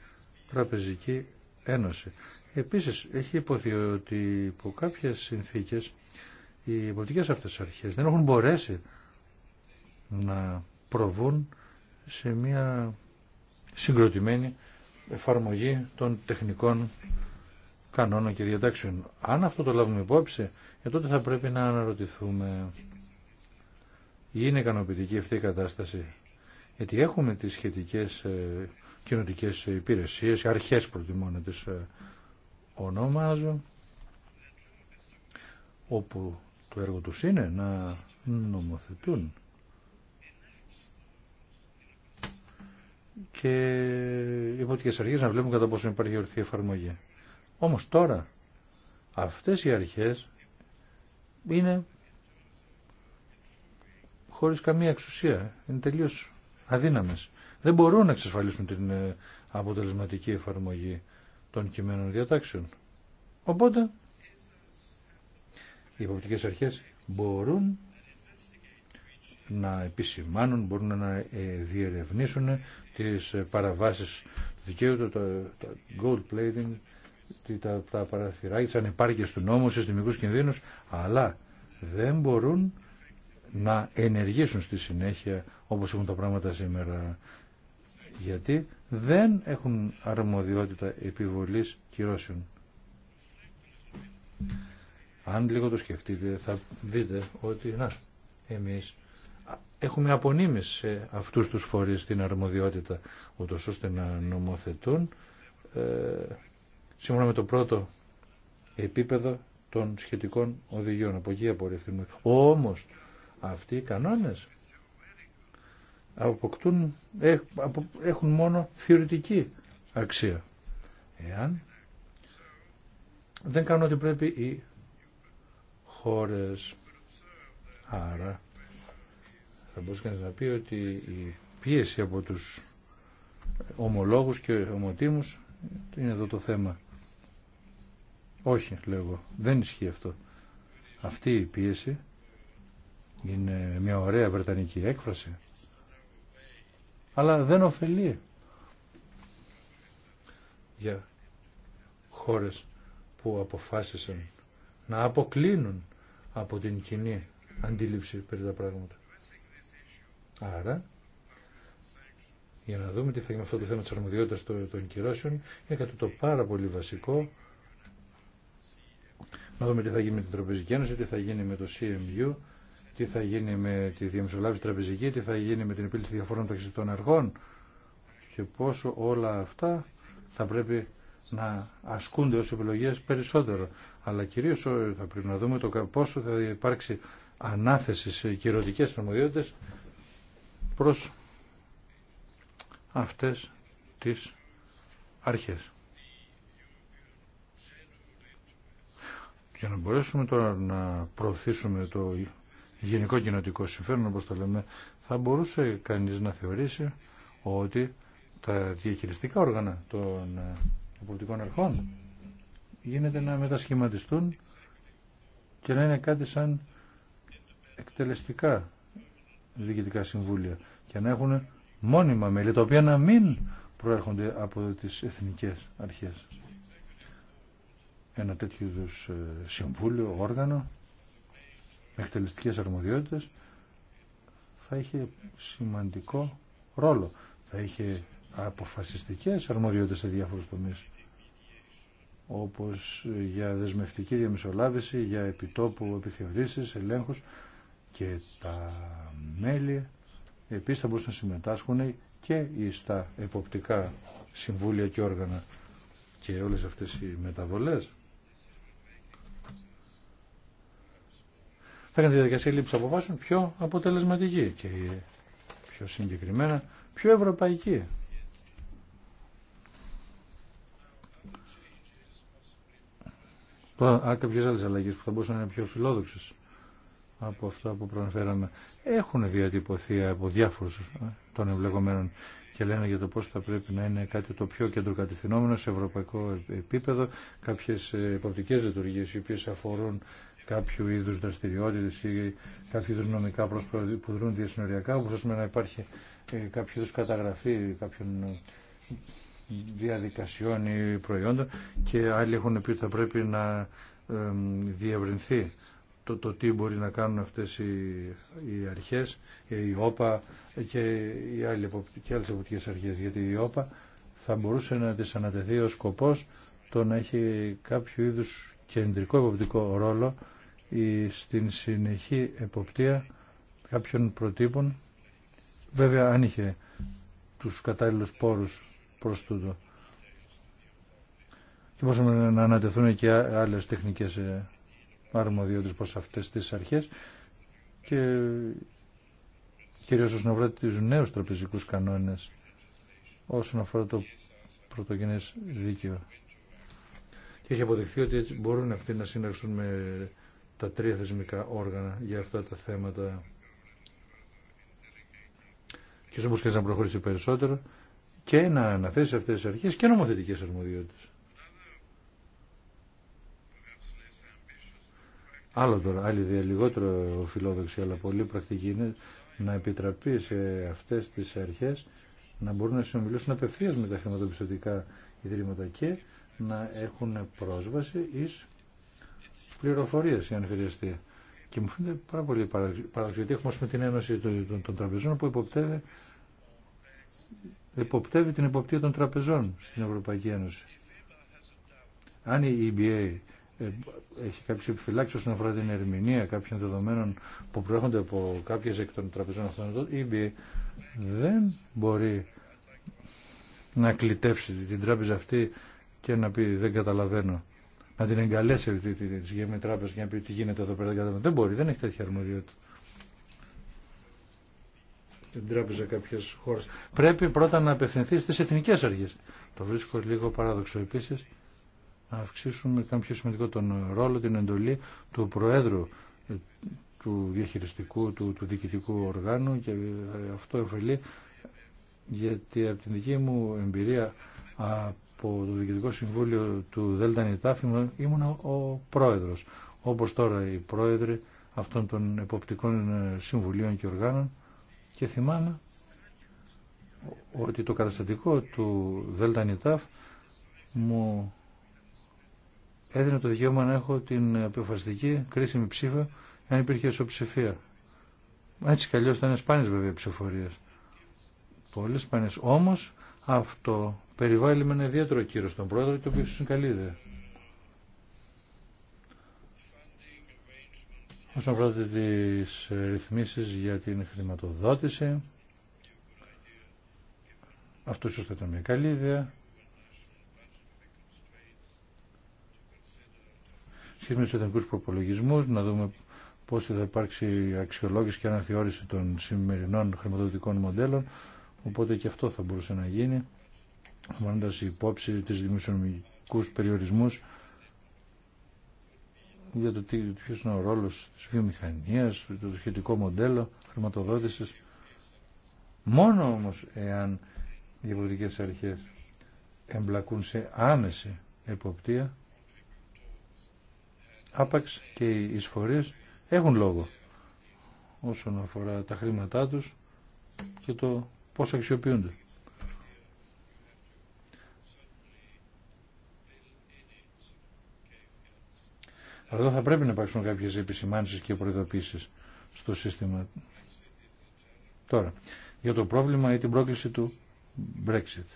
Τραπεζική Ένωση. Επίσης, έχει υποθεί ότι υπό κάποιες συνθήκες οι πολιτικές αυτές αρχές δεν έχουν μπορέσει να προβούν σε μια συγκροτημένη εφαρμογή των τεχνικών κανόνων και διατάξεων. Αν αυτό το λάβουμε υπόψη, ε, τότε θα πρέπει να αναρωτηθούμε είναι ικανοποιητική αυτή η κατάσταση. Γιατί έχουμε τις σχετικές ε, κοινωτικές υπηρεσίες, αρχές προτιμώ να τις ε, ονομάζω, όπου το έργο τους είναι να νομοθετούν. Και οι υπότικες αρχές να βλέπουν κατά πόσο υπάρχει ορθή εφαρμογή. Όμως τώρα αυτές οι αρχές είναι χωρίς καμία εξουσία. Είναι τελείως αδύναμες. Δεν μπορούν να εξασφαλίσουν την ε, αποτελεσματική εφαρμογή των κειμένων διατάξεων. Οπότε, οι υποπτικές αρχές μπορούν να επισημάνουν, μπορούν να ε, διερευνήσουν τις ε, παραβάσεις του δικαίου, το, gold plating, τα, τα παραθυράκια, τις ανεπάρκειες του νόμου, συστημικούς κινδύνους, αλλά δεν μπορούν να ενεργήσουν στη συνέχεια όπως έχουν τα πράγματα σήμερα γιατί δεν έχουν αρμοδιότητα επιβολής κυρώσεων. Αν λίγο το σκεφτείτε θα δείτε ότι να, εμείς έχουμε απονείμεις σε αυτούς τους φορείς την αρμοδιότητα ούτως ώστε να νομοθετούν ε, σύμφωνα με το πρώτο επίπεδο των σχετικών οδηγιών. Από εκεί Ο Όμως αυτοί οι κανόνες αποκτούν, έχουν μόνο θεωρητική αξία. Εάν δεν κάνουν ό,τι πρέπει οι χώρες. Άρα θα μπορούσε κανείς να πει ότι η πίεση από τους ομολόγους και ομοτήμους είναι εδώ το θέμα. Όχι, λέγω, δεν ισχύει αυτό. Αυτή η πίεση είναι μια ωραία βρετανική έκφραση. Αλλά δεν ωφελεί για χώρες που αποφάσισαν να αποκλίνουν από την κοινή αντίληψη περί τα πράγματα. Άρα, για να δούμε τι θα γίνει με αυτό το θέμα της αρμοδιότητας των κυρώσεων, είναι κάτι το πάρα πολύ βασικό. Να δούμε τι θα γίνει με την τροπεζική Ένωση, τι θα γίνει με το CMU, τι θα γίνει με τη διαμεσολάβηση τραπεζική, τι θα γίνει με την επίλυση διαφορών μεταξύ των αρχών και πόσο όλα αυτά θα πρέπει να ασκούνται ως επιλογές περισσότερο. Αλλά κυρίως ε, θα πρέπει να δούμε το πόσο θα υπάρξει ανάθεση σε κυρωτικές αρμοδιότητες προς αυτές τις αρχές. Για να μπορέσουμε τώρα να προωθήσουμε το γενικό κοινοτικό συμφέρον, όπως το λέμε, θα μπορούσε κανείς να θεωρήσει ότι τα διαχειριστικά όργανα ε, των πολιτικών αρχών γίνεται να μετασχηματιστούν και να είναι κάτι σαν εκτελεστικά διοικητικά συμβούλια και να έχουν μόνιμα μέλη, τα οποία να μην προέρχονται από τις εθνικές αρχές. Ένα τέτοιο ε, συμβούλιο, όργανο, εκτελεστικές αρμοδιότητες θα είχε σημαντικό ρόλο. Θα είχε αποφασιστικές αρμοδιότητες σε διάφορους τομείς όπως για δεσμευτική διαμεσολάβηση, για επιτόπου επιθεωρήσεις, ελέγχους και τα μέλη επίσης θα μπορούσαν να συμμετάσχουν και στα εποπτικά συμβούλια και όργανα και όλες αυτές οι μεταβολές θα έκανε τη διαδικασία λήψη αποφάσεων πιο αποτελεσματική και πιο συγκεκριμένα πιο ευρωπαϊκή. Τώρα, κάποιες άλλες αλλαγές που θα μπορούσαν να είναι πιο φιλόδοξες από αυτά που προαναφέραμε έχουν διατυπωθεί από διάφορους ε, των εμπλεκομένων και λένε για το πώς θα πρέπει να είναι κάτι το πιο κεντροκατευθυνόμενο σε ευρωπαϊκό επίπεδο, κάποιες ε, υποπτικές λειτουργίες οι οποίες αφορούν κάποιου είδους δραστηριότητες ή κάποιου είδους νομικά πρόσωπα που δρούν διασυνοριακά, όπως πούμε να υπάρχει ε, κάποιο είδους καταγραφή κάποιων ε, διαδικασιών ή προϊόντων και άλλοι έχουν πει ότι θα πρέπει να ε, διευρυνθεί το, το τι μπορεί να κάνουν αυτές οι, οι αρχές, η ΟΠΑ και οι άλλοι, και άλλες εποπτικές αρχές, γιατί η ΟΠΑ θα μπορούσε να της ανατεθεί ο σκοπός το να έχει κάποιο είδους κεντρικό εποπτικό ρόλο στην συνεχή εποπτεία κάποιων προτύπων βέβαια αν είχε τους κατάλληλους πόρους προς τούτο και μπορούσαμε να ανατεθούν και άλλες τεχνικές ε, αρμοδιότητες προς αυτές τις αρχές και κυρίως όσον αφορά τους νέους τραπεζικούς κανόνες όσον αφορά το πρωτογενές δίκαιο. Και έχει αποδειχθεί ότι έτσι μπορούν αυτοί να συνεργαστούν με τα τρία θεσμικά όργανα για αυτά τα θέματα. Και όπω και να προχωρήσει περισσότερο και να αναθέσει αυτές τις αρχές και νομοθετικές αρμοδιότητες. Άλλο τώρα, άλλη ιδέα λιγότερο φιλόδοξη αλλά πολύ πρακτική είναι να επιτραπεί σε αυτές τις αρχές να μπορούν να συνομιλήσουν απευθείας με τα χρηματοπιστωτικά ιδρύματα και να έχουν πρόσβαση εις πληροφορίες αν χρειαστεί. Και μου φαίνεται πάρα πολύ παραδοξικό ότι με την Ένωση των, των, Τραπεζών που υποπτεύει, υποπτεύει την υποπτία των τραπεζών στην Ευρωπαϊκή Ένωση. Αν η EBA ε, έχει κάποιε επιφυλάξει όσον αφορά την ερμηνεία κάποιων δεδομένων που προέρχονται από κάποιε εκ των τραπεζών αυτών, η EBA δεν μπορεί να κλητεύσει την τράπεζα αυτή και να πει δεν καταλαβαίνω να την εγκαλέσει τη συγκεκριμένη τράπεζα και να πει τι γίνεται εδώ πέρα. Δεν μπορεί, δεν έχει τέτοια αρμοδιότητα. Την τράπεζα κάποιε χώρε. Πρέπει πρώτα να απευθυνθεί στι εθνικέ αρχέ. Το βρίσκω λίγο παράδοξο επίση να αυξήσουμε κάποιο σημαντικό τον ρόλο, την εντολή του Προέδρου ε, του διαχειριστικού, του, του διοικητικού οργάνου και ε, αυτό ωφελεί γιατί από την δική μου εμπειρία από το Διοικητικό Συμβούλιο του Δέλτα Νιτάφη ήμουν ο πρόεδρος. Όπως τώρα οι πρόεδροι αυτών των εποπτικών ε, συμβουλίων και οργάνων και θυμάμαι ότι το καταστατικό του Δέλτα μου έδινε το δικαίωμα να έχω την αποφασιστική κρίσιμη ψήφα αν υπήρχε ισοψηφία. Έτσι κι ήταν σπάνιες βέβαια ψηφορίες. Πολύ σπάνιες. Όμως αυτό περιβάλλει με ένα ιδιαίτερο κύριο στον πρόεδρο και το οποίο είναι καλή ιδέα. Όσον αφορά τις ρυθμίσεις για την χρηματοδότηση, αυτό ίσως θα ήταν μια καλή ιδέα. Σχετικά με του εθνικού προπολογισμού, να δούμε πώ θα υπάρξει αξιολόγηση και αναθεώρηση των σημερινών χρηματοδοτικών μοντέλων, οπότε και αυτό θα μπορούσε να γίνει λαμβάνοντας υπόψη της δημοσιονομικούς περιορισμούς για το ποιος είναι ο ρόλος της βιομηχανίας, το σχετικό μοντέλο χρηματοδότησης. Μόνο όμως εάν οι διαφορετικέ αρχές εμπλακούν σε άμεση εποπτεία, άπαξ και οι εισφορίες έχουν λόγο όσον αφορά τα χρήματά τους και το πώς αξιοποιούνται. Αλλά εδώ θα πρέπει να υπάρξουν κάποιες επισημάνσεις και προειδοποίησεις στο σύστημα. Τώρα, για το πρόβλημα ή την πρόκληση του Brexit.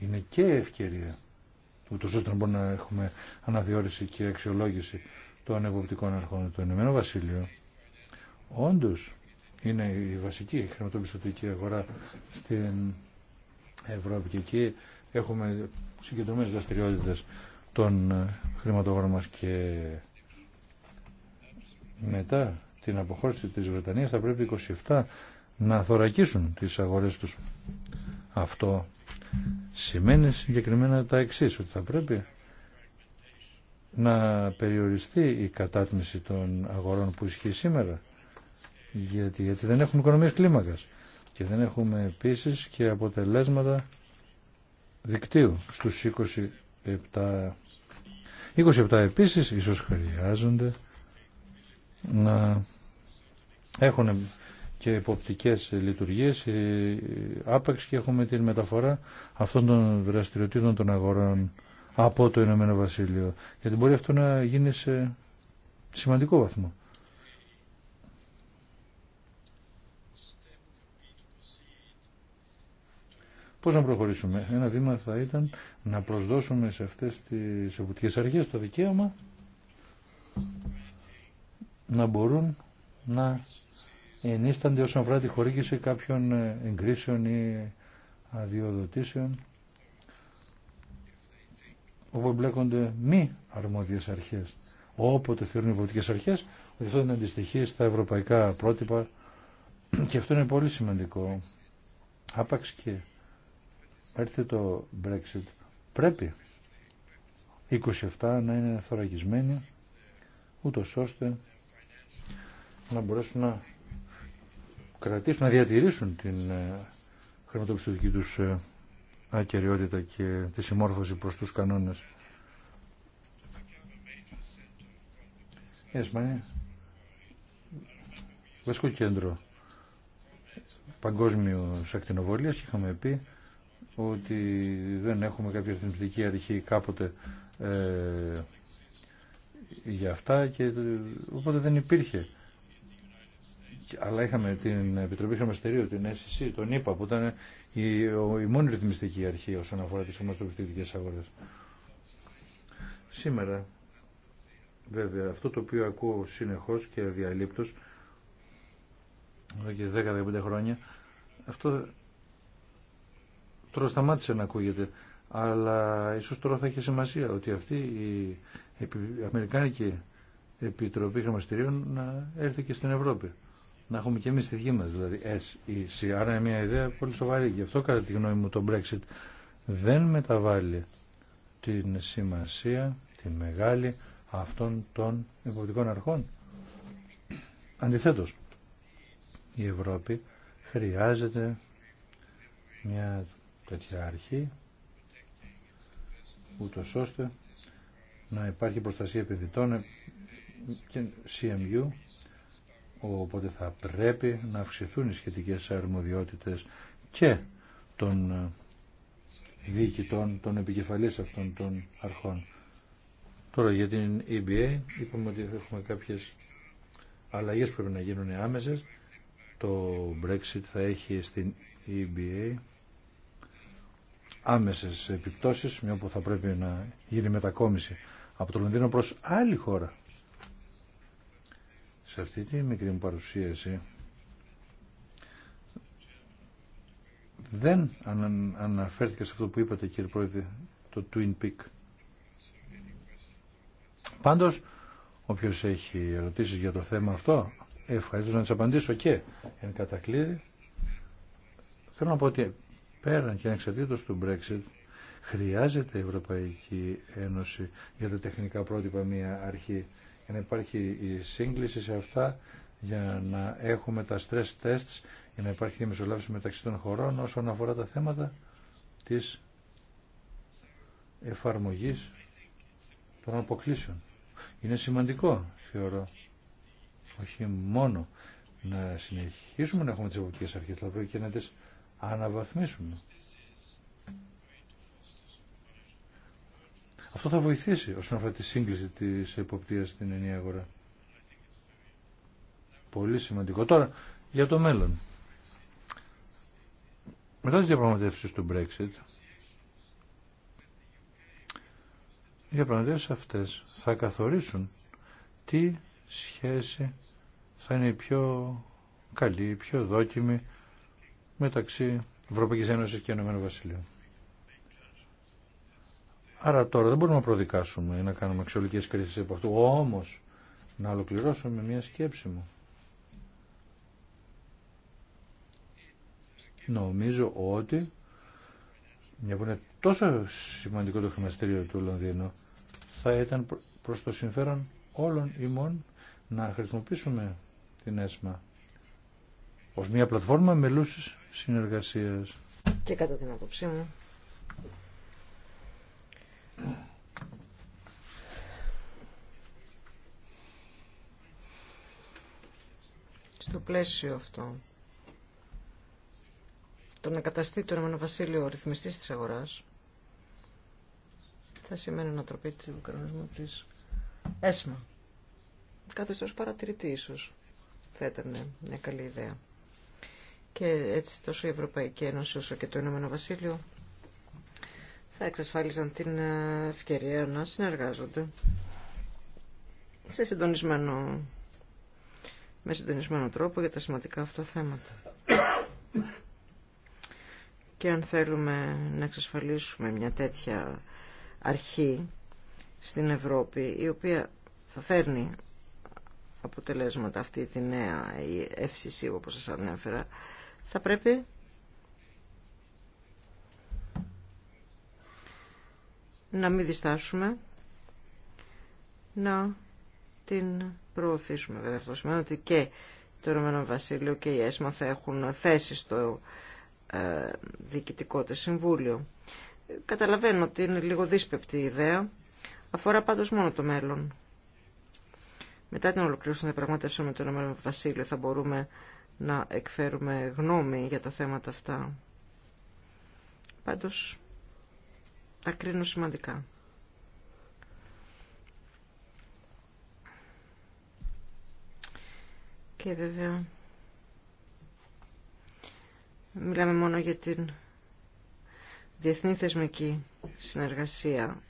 Είναι και ευκαιρία ούτως ώστε να μπορούμε να έχουμε αναδιόριση και αξιολόγηση των εποπτικών αρχών του Ενωμένου Βασίλειου. Όντω είναι η βασική χρηματοπιστωτική αγορά στην Ευρώπη και εκεί έχουμε συγκεντρωμένες δραστηριότητε των χρηματογόρων μας και μετά την αποχώρηση της Βρετανίας θα πρέπει 27 να θωρακίσουν τις αγορές τους. Αυτό σημαίνει συγκεκριμένα τα εξή. ότι θα πρέπει να περιοριστεί η κατάτμιση των αγορών που ισχύει σήμερα, γιατί γιατί δεν έχουμε οικονομίες κλίμακας και δεν έχουμε επίσης και αποτελέσματα δικτύου στους 27. 27 επίσης ίσως χρειάζονται να έχουν και υποπτικές λειτουργίες ε, άπαξ και έχουμε την μεταφορά αυτών των δραστηριοτήτων των αγορών από το Ηνωμένο Βασίλειο γιατί μπορεί αυτό να γίνει σε σημαντικό βαθμό. Πώς να προχωρήσουμε. Ένα βήμα θα ήταν να προσδώσουμε σε αυτές τις εποπτικές αρχές το δικαίωμα να μπορούν να ενίστανται όσον αφορά τη χορήγηση κάποιων ε, εγκρίσεων ή αδειοδοτήσεων όπου εμπλέκονται μη αρμόδιες αρχές. Όποτε θεωρούν οι πολιτικές αρχές ότι αυτό είναι αντιστοιχεί στα ευρωπαϊκά πρότυπα και αυτό είναι πολύ σημαντικό. Άπαξ και έρθει το Brexit. Πρέπει 27 να είναι θωρακισμένοι ούτως ώστε να μπορέσουν να κρατήσουν, να διατηρήσουν την ε, χρηματοπιστωτική τους ε, ακεραιότητα και τη συμμόρφωση προς τους κανόνες. Η ε, βασικό κέντρο παγκόσμιου ακτινοβολία. είχαμε πει ότι δεν έχουμε κάποια ρυθμιστική αρχή κάποτε ε, για αυτά και οπότε δεν υπήρχε. Αλλά είχαμε την Επιτροπή Χρημαστερίου, την SEC, τον ΙΠΑ που ήταν η, η μόνη ρυθμιστική αρχή όσον αφορά τις χρηματοπιστωτικές αγορές. Σήμερα, βέβαια, αυτό το οποίο ακούω συνεχώς και διαλείπτως εδώ και 10-15 χρόνια, αυτό τώρα σταμάτησε να ακούγεται. Αλλά ίσως τώρα θα έχει σημασία ότι αυτή η Αμερικάνικη Επιτροπή Χρημαστηρίων να έρθει και στην Ευρώπη. Να έχουμε και εμεί τη δική μας δηλαδή SEC. Άρα είναι μια ιδέα πολύ σοβαρή. Γι' αυτό κατά τη γνώμη μου το Brexit δεν μεταβάλλει την σημασία, την μεγάλη αυτών των υποπτικών αρχών. Αντιθέτως, η Ευρώπη χρειάζεται μια τέτοια αρχή ούτως ώστε να υπάρχει προστασία επενδυτών και CMU, οπότε θα πρέπει να αυξηθούν οι σχετικές αρμοδιότητες και των ε, διοικητών, των επικεφαλής αυτών των αρχών. Τώρα για την EBA είπαμε ότι έχουμε κάποιες αλλαγές που πρέπει να γίνουν άμεσες. Το Brexit θα έχει στην EBA άμεσες επιπτώσεις, μια που θα πρέπει να γίνει μετακόμιση από το Λονδίνο προς άλλη χώρα. Σε αυτή τη μικρή μου παρουσίαση δεν αναφέρθηκα σε αυτό που είπατε κύριε Πρόεδρε, το Twin Peak. Πάντως, όποιος έχει ερωτήσεις για το θέμα αυτό, ευχαριστώ να τις απαντήσω και εν κατακλείδη. Θέλω να πω ότι πέραν και ανεξαρτήτως του Brexit, Χρειάζεται η Ευρωπαϊκή Ένωση για τα τεχνικά πρότυπα μια αρχή για να υπάρχει η σύγκληση σε αυτά, για να έχουμε τα stress tests, για να υπάρχει η μεσολάβηση μεταξύ των χωρών όσον αφορά τα θέματα της εφαρμογής των αποκλήσεων. Είναι σημαντικό, θεωρώ, όχι μόνο να συνεχίσουμε να έχουμε τις ευρωπαϊκέ αρχές, αλλά και να τις αναβαθμίσουμε. Αυτό θα βοηθήσει όσον αφορά τη σύγκληση της εποπτείας στην ενιαία αγορά. Πολύ σημαντικό. Τώρα, για το μέλλον. Μετά τις διαπραγματεύσεις του Brexit, οι διαπραγματεύσεις αυτές θα καθορίσουν τι σχέση θα είναι η πιο καλή, η πιο δόκιμη μεταξύ Ευρωπαϊκής Ένωσης και Ενωμένου Βασιλείου. Άρα τώρα δεν μπορούμε να προδικάσουμε ή να κάνουμε αξιολογικές κρίσει από αυτού. Όμως, να ολοκληρώσω με μια σκέψη μου. Νομίζω ότι, μια που είναι τόσο σημαντικό το χρηματιστήριο του Λονδίνου, θα ήταν προς το συμφέρον όλων ημών να χρησιμοποιήσουμε την ΕΣΜΑ ως μια πλατφόρμα μελούσης συνεργασίας. Και κατά την άποψή μου, στο πλαίσιο αυτό το να καταστεί το Ρωμανό Βασίλειο ρυθμιστής της αγοράς θα σημαίνει τροπεί του κανονισμού της ΕΣΜΑ. Καθεστώς παρατηρητή ίσως θα ήταν μια καλή ιδέα. Και έτσι τόσο η Ευρωπαϊκή Ένωση όσο και το Ηνωμένο Βασίλειο θα εξασφάλιζαν την ε, ευκαιρία να συνεργάζονται σε συντονισμένο με συντονισμένο τρόπο για τα σημαντικά αυτά θέματα. Και αν θέλουμε να εξασφαλίσουμε μια τέτοια αρχή στην Ευρώπη, η οποία θα φέρνει αποτελέσματα αυτή τη νέα η FCC όπως σας ανέφερα, θα πρέπει να μην διστάσουμε να την προωθήσουμε. Βέβαια αυτό σημαίνει ότι και το Ρωμανό Βασίλειο και η ΕΣΜΑ θα έχουν θέση στο ε, διοικητικό της Συμβούλιο. Καταλαβαίνω ότι είναι λίγο δύσπεπτη η ιδέα. Αφορά πάντως μόνο το μέλλον. Μετά την ολοκλήρωση των διαπραγματεύσεων με το Ρωμανό Βασίλειο θα μπορούμε να εκφέρουμε γνώμη για τα θέματα αυτά. Πάντως τα κρίνω σημαντικά. Και βέβαια μιλάμε μόνο για την διεθνή θεσμική συνεργασία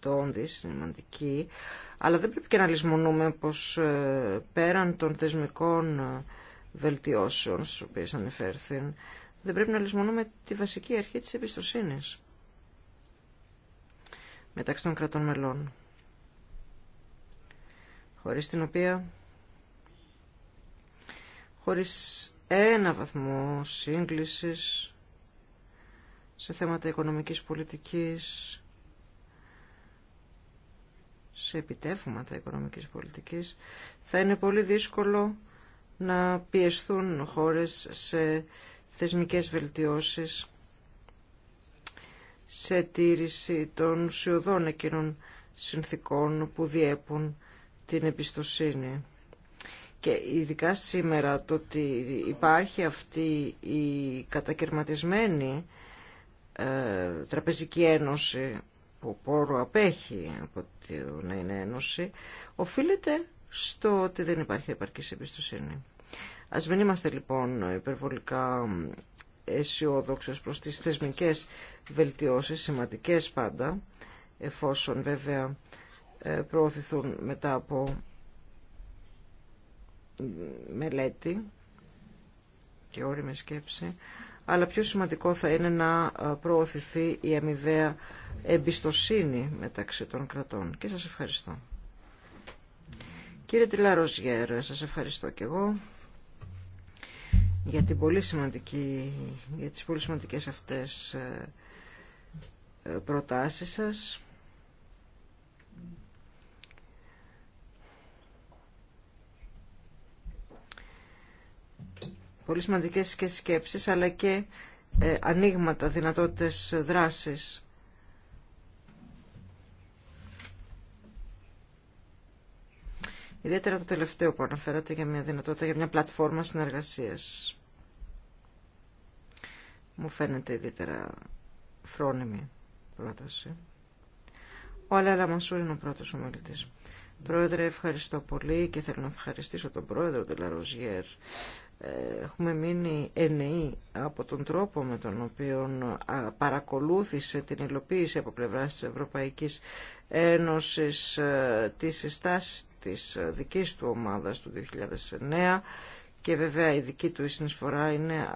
το όντι, σημαντική, αλλά δεν πρέπει και να λησμονούμε πως ε, πέραν των θεσμικών ε, βελτιώσεων στις οποίες ανεφέρθην, δεν πρέπει να λησμονούμε τη βασική αρχή της εμπιστοσύνης μεταξύ των κρατών μελών, χωρίς την οποία χωρίς ένα βαθμό σύγκλησης σε θέματα οικονομικής πολιτικής, σε επιτεύγματα οικονομικής πολιτικής, θα είναι πολύ δύσκολο να πιεστούν χώρες σε θεσμικές βελτιώσεις, σε τήρηση των ουσιοδών εκείνων συνθήκων που διέπουν την εμπιστοσύνη. Και ειδικά σήμερα το ότι υπάρχει αυτή η κατακαιρματισμένη ε, τραπεζική ένωση που πόρο απέχει από το να είναι ένωση, οφείλεται στο ότι δεν υπάρχει επαρκής εμπιστοσύνη. Ας μην είμαστε λοιπόν υπερβολικά αισιόδοξε προς τις θεσμικές βελτιώσεις, σημαντικές πάντα, εφόσον βέβαια ε, προώθηθούν μετά από μελέτη και όριμη σκέψη, αλλά πιο σημαντικό θα είναι να ε, προωθηθεί η αμοιβαία εμπιστοσύνη μεταξύ των κρατών. Και σας ευχαριστώ. Κύριε Τιλαροζιέρ, σας ευχαριστώ και εγώ για, την πολύ σημαντική, για τις πολύ σημαντικές αυτές ε, ε, προτάσεις σας. πολύ σημαντικές και σκέψεις αλλά και ε, ανοίγματα, δυνατότητες δράσης. Ιδιαίτερα το τελευταίο που αναφέρατε για μια δυνατότητα, για μια πλατφόρμα συνεργασίας. Μου φαίνεται ιδιαίτερα φρόνιμη πρόταση. Ο Αλέλα Μασούρ είναι ο πρώτος ομιλητής. Πρόεδρε, ευχαριστώ πολύ και θέλω να ευχαριστήσω τον πρόεδρο Τελαροζιέρ έχουμε μείνει εννοεί από τον τρόπο με τον οποίο παρακολούθησε την υλοποίηση από πλευρά της Ευρωπαϊκής Ένωσης ε, τις συστάσεις της δικής του ομάδας του 2009 και βέβαια η δική του συνεισφορά είναι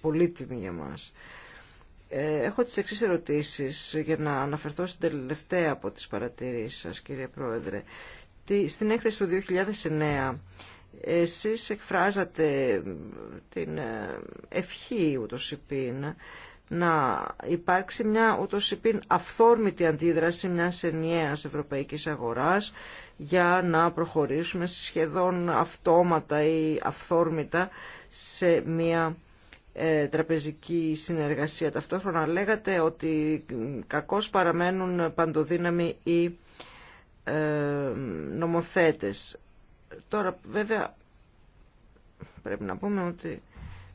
πολύτιμη για μας. Ε, έχω τις εξής ερωτήσεις για να αναφερθώ στην τελευταία από τις παρατηρήσεις σας κύριε Πρόεδρε. Στην έκθεση του 2009 εσείς εκφράζατε την ε, ευχή ούτως υπήν να υπάρξει μια ούτως υπήν αυθόρμητη αντίδραση μιας ενιαίας ευρωπαϊκής αγοράς για να προχωρήσουμε σχεδόν αυτόματα ή αυθόρμητα σε μια ε, τραπεζική συνεργασία. Ταυτόχρονα λέγατε ότι κακώς παραμένουν παντοδύναμοι οι ε, νομοθέτες. Τώρα βέβαια πρέπει να πούμε ότι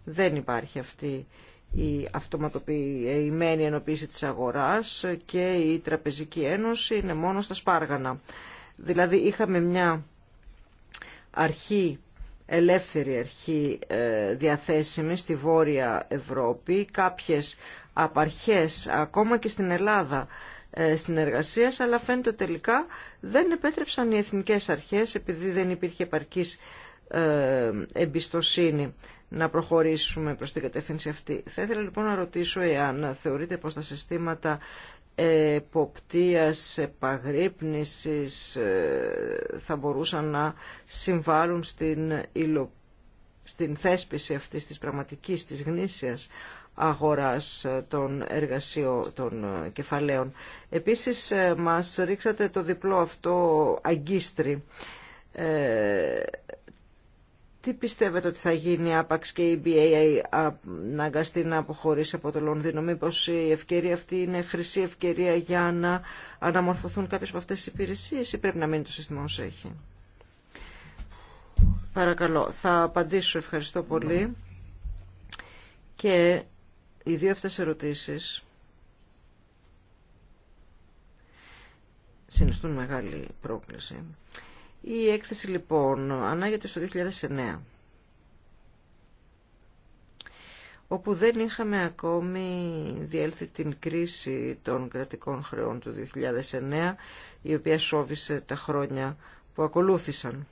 δεν υπάρχει αυτή η αυτοματοποιημένη ενοποίηση της αγοράς και η Τραπεζική Ένωση είναι μόνο στα σπάργανα. Δηλαδή είχαμε μια αρχή, ελεύθερη αρχή ε, διαθέσιμη στη Βόρεια Ευρώπη, κάποιες απαρχές ακόμα και στην Ελλάδα ε, συνεργασίας, αλλά φαίνεται τελικά δεν επέτρεψαν οι εθνικές αρχές, επειδή δεν υπήρχε επαρκής ε, εμπιστοσύνη να προχωρήσουμε προς την κατεύθυνση αυτή. Θα ήθελα λοιπόν να ρωτήσω εάν θεωρείτε πως τα συστήματα εποπτείας, επαγρύπνησης ε, θα μπορούσαν να συμβάλλουν στην, στην θέσπιση αυτής της πραγματικής, της γνήσιας αγοράς ε, των εργασίων των ε, κεφαλαίων. Επίσης ε, μας ρίξατε το διπλό αυτό αγκίστρι. Ε, τι πιστεύετε ότι θα γίνει άπαξ και η BA να αγκαστεί να αποχωρήσει από το Λονδίνο. Μήπως η ευκαιρία αυτή είναι χρυσή ευκαιρία για να αναμορφωθούν κάποιες από αυτές τις υπηρεσίες ή πρέπει να μείνει το σύστημα όσο έχει. Παρακαλώ. Θα απαντήσω. Ευχαριστώ πολύ. Ναι. Και οι δύο αυτές ερωτήσεις συνιστούν μεγάλη πρόκληση. Η έκθεση λοιπόν ανάγεται στο 2009 όπου δεν είχαμε ακόμη διέλθει την κρίση των κρατικών χρεών του 2009, η οποία σώβησε τα χρόνια που ακολούθησαν.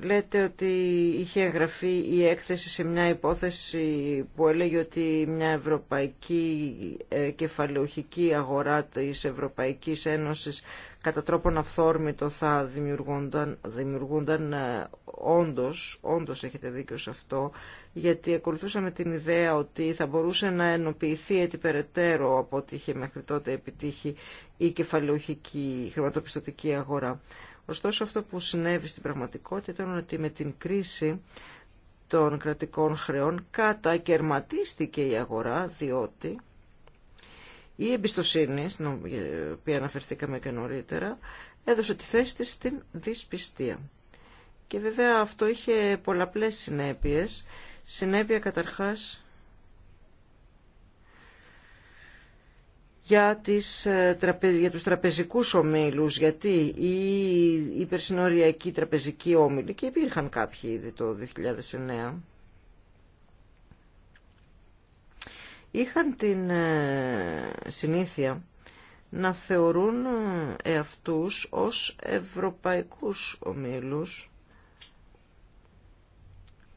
Λέτε ότι είχε εγγραφεί η έκθεση σε μια υπόθεση που έλεγε ότι μια ευρωπαϊκή ε, κεφαλαιοχική αγορά της Ευρωπαϊκής Ένωσης κατά τρόπον αυθόρμητο θα δημιουργούνταν, δημιουργούνταν ε, όντως, όντως έχετε δίκιο σε αυτό, γιατί ακολουθούσαμε την ιδέα ότι θα μπορούσε να ενοποιηθεί έτσι περαιτέρω από ό,τι είχε μέχρι τότε επιτύχει η κεφαλαιοχική χρηματοπιστωτική αγορά. Ωστόσο αυτό που συνέβη στην πραγματικότητα ήταν ότι με την κρίση των κρατικών χρεών κατακαιρματίστηκε η αγορά διότι η εμπιστοσύνη, στην ε, οποία αναφερθήκαμε και νωρίτερα, έδωσε τη θέση της στην δυσπιστία. Και βέβαια αυτό είχε πολλαπλές συνέπειες. Συνέπεια καταρχάς για, τις, ε, για τους τραπεζικούς ομίλους, γιατί οι υπερσυνοριακοί τραπεζικοί όμιλη, και υπήρχαν κάποιοι ήδη το 2009, είχαν την ε, συνήθεια να θεωρούν εαυτούς ως ευρωπαϊκούς ομίλους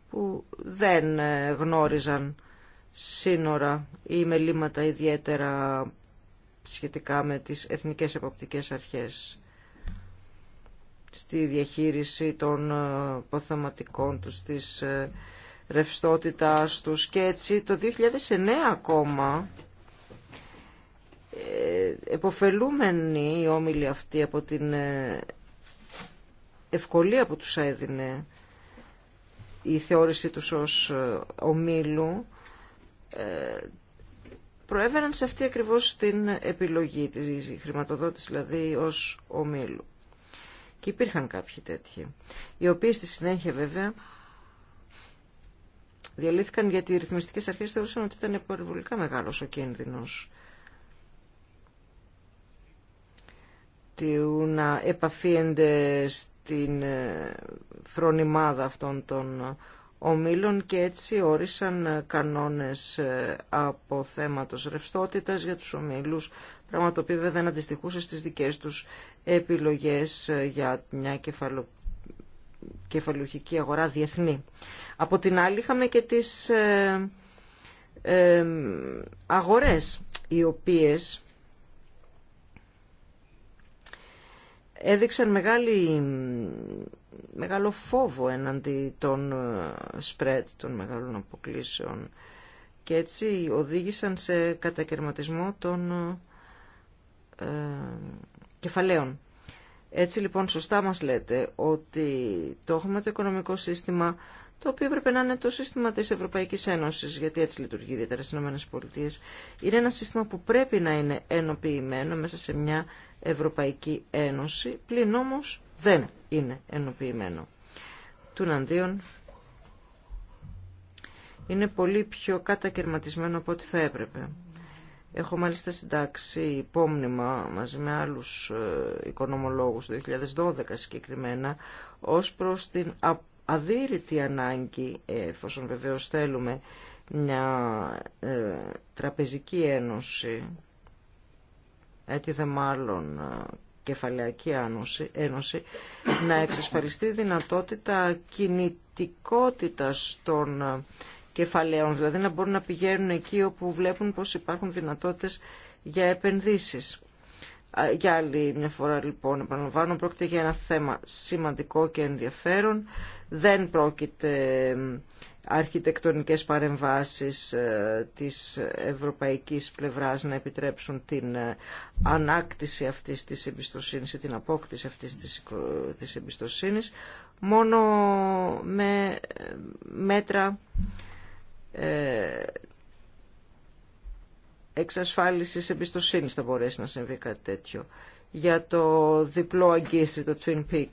που δεν ε, γνώριζαν σύνορα ή μελήματα ιδιαίτερα σχετικά με τις εθνικές εποπτικές αρχές στη διαχείριση των ε, ποθαματικών τους, της ε, ρευστότητάς τους και έτσι το 2009 ακόμα ε, εποφελούμενοι οι όμιλοι αυτοί από την ευκολία που τους έδινε η θεώρησή τους ως ομίλου προέβαιναν σε αυτή ακριβώς την επιλογή της χρηματοδότησης, δηλαδή ως ομίλου. Και υπήρχαν κάποιοι τέτοιοι, οι οποίοι στη συνέχεια βέβαια διαλύθηκαν γιατί οι ρυθμιστικές αρχές θεωρούσαν ότι ήταν υπερβολικά μεγάλος ο κίνδυνος του να επαφίενται στην ε, φρονιμάδα αυτών των ομίλων και έτσι όρισαν ε, κανόνες ε, από θέματος ρευστότητας για τους ομίλους, πράγμα το οποίο δεν αντιστοιχούσε στις δικές τους επιλογές ε, για μια κεφαλο... κεφαλουχική αγορά διεθνή. Από την άλλη είχαμε και τις ε, αγορές οι οποίες έδειξαν μεγάλη μεγάλο φόβο εναντί των ε, spread, των μεγάλων αποκλήσεων και έτσι οδήγησαν σε κατακαιρματισμό των ε, ε, κεφαλαίων. Έτσι λοιπόν σωστά μας λέτε ότι το έχουμε το οικονομικό σύστημα το οποίο έπρεπε να είναι το σύστημα της Ευρωπαϊκής Ένωσης, γιατί έτσι λειτουργεί ιδιαίτερα στις ΗΠΑ. Είναι ένα σύστημα που πρέπει να είναι ενοποιημένο μέσα σε μια Ευρωπαϊκή Ένωση, πλην όμως δεν είναι ενοποιημένο. Τουναντίον είναι πολύ πιο κατακαιρματισμένο από ό,τι θα έπρεπε. Έχω μάλιστα συντάξει υπόμνημα μαζί με άλλους ε, οικονομολόγους το 2012 συγκεκριμένα ως προς την αδύρυτη ανάγκη, εφόσον βεβαίως θέλουμε μια ε, τραπεζική ένωση έτσι μάλλον ε, κεφαλαιακή ένωση, να εξασφαλιστεί δυνατότητα κινητικότητας των ε, κεφαλαίων, δηλαδή να μπορούν να πηγαίνουν εκεί όπου βλέπουν πως υπάρχουν δυνατότητες για επενδύσεις. Για άλλη μια φορά λοιπόν, επαναλαμβάνω, πρόκειται για ένα θέμα σημαντικό και ενδιαφέρον. Δεν πρόκειται ε, αρχιτεκτονικές παρεμβάσεις ε, της ευρωπαϊκής πλευράς να επιτρέψουν την ε, ανάκτηση αυτής της εμπιστοσύνης ή την απόκτηση αυτής της εμπιστοσύνης μόνο με ε, μέτρα εξασφάλισης εμπιστοσύνης θα μπορέσει να συμβεί κάτι τέτοιο. Για το διπλό αγγίση, το Twin Peak,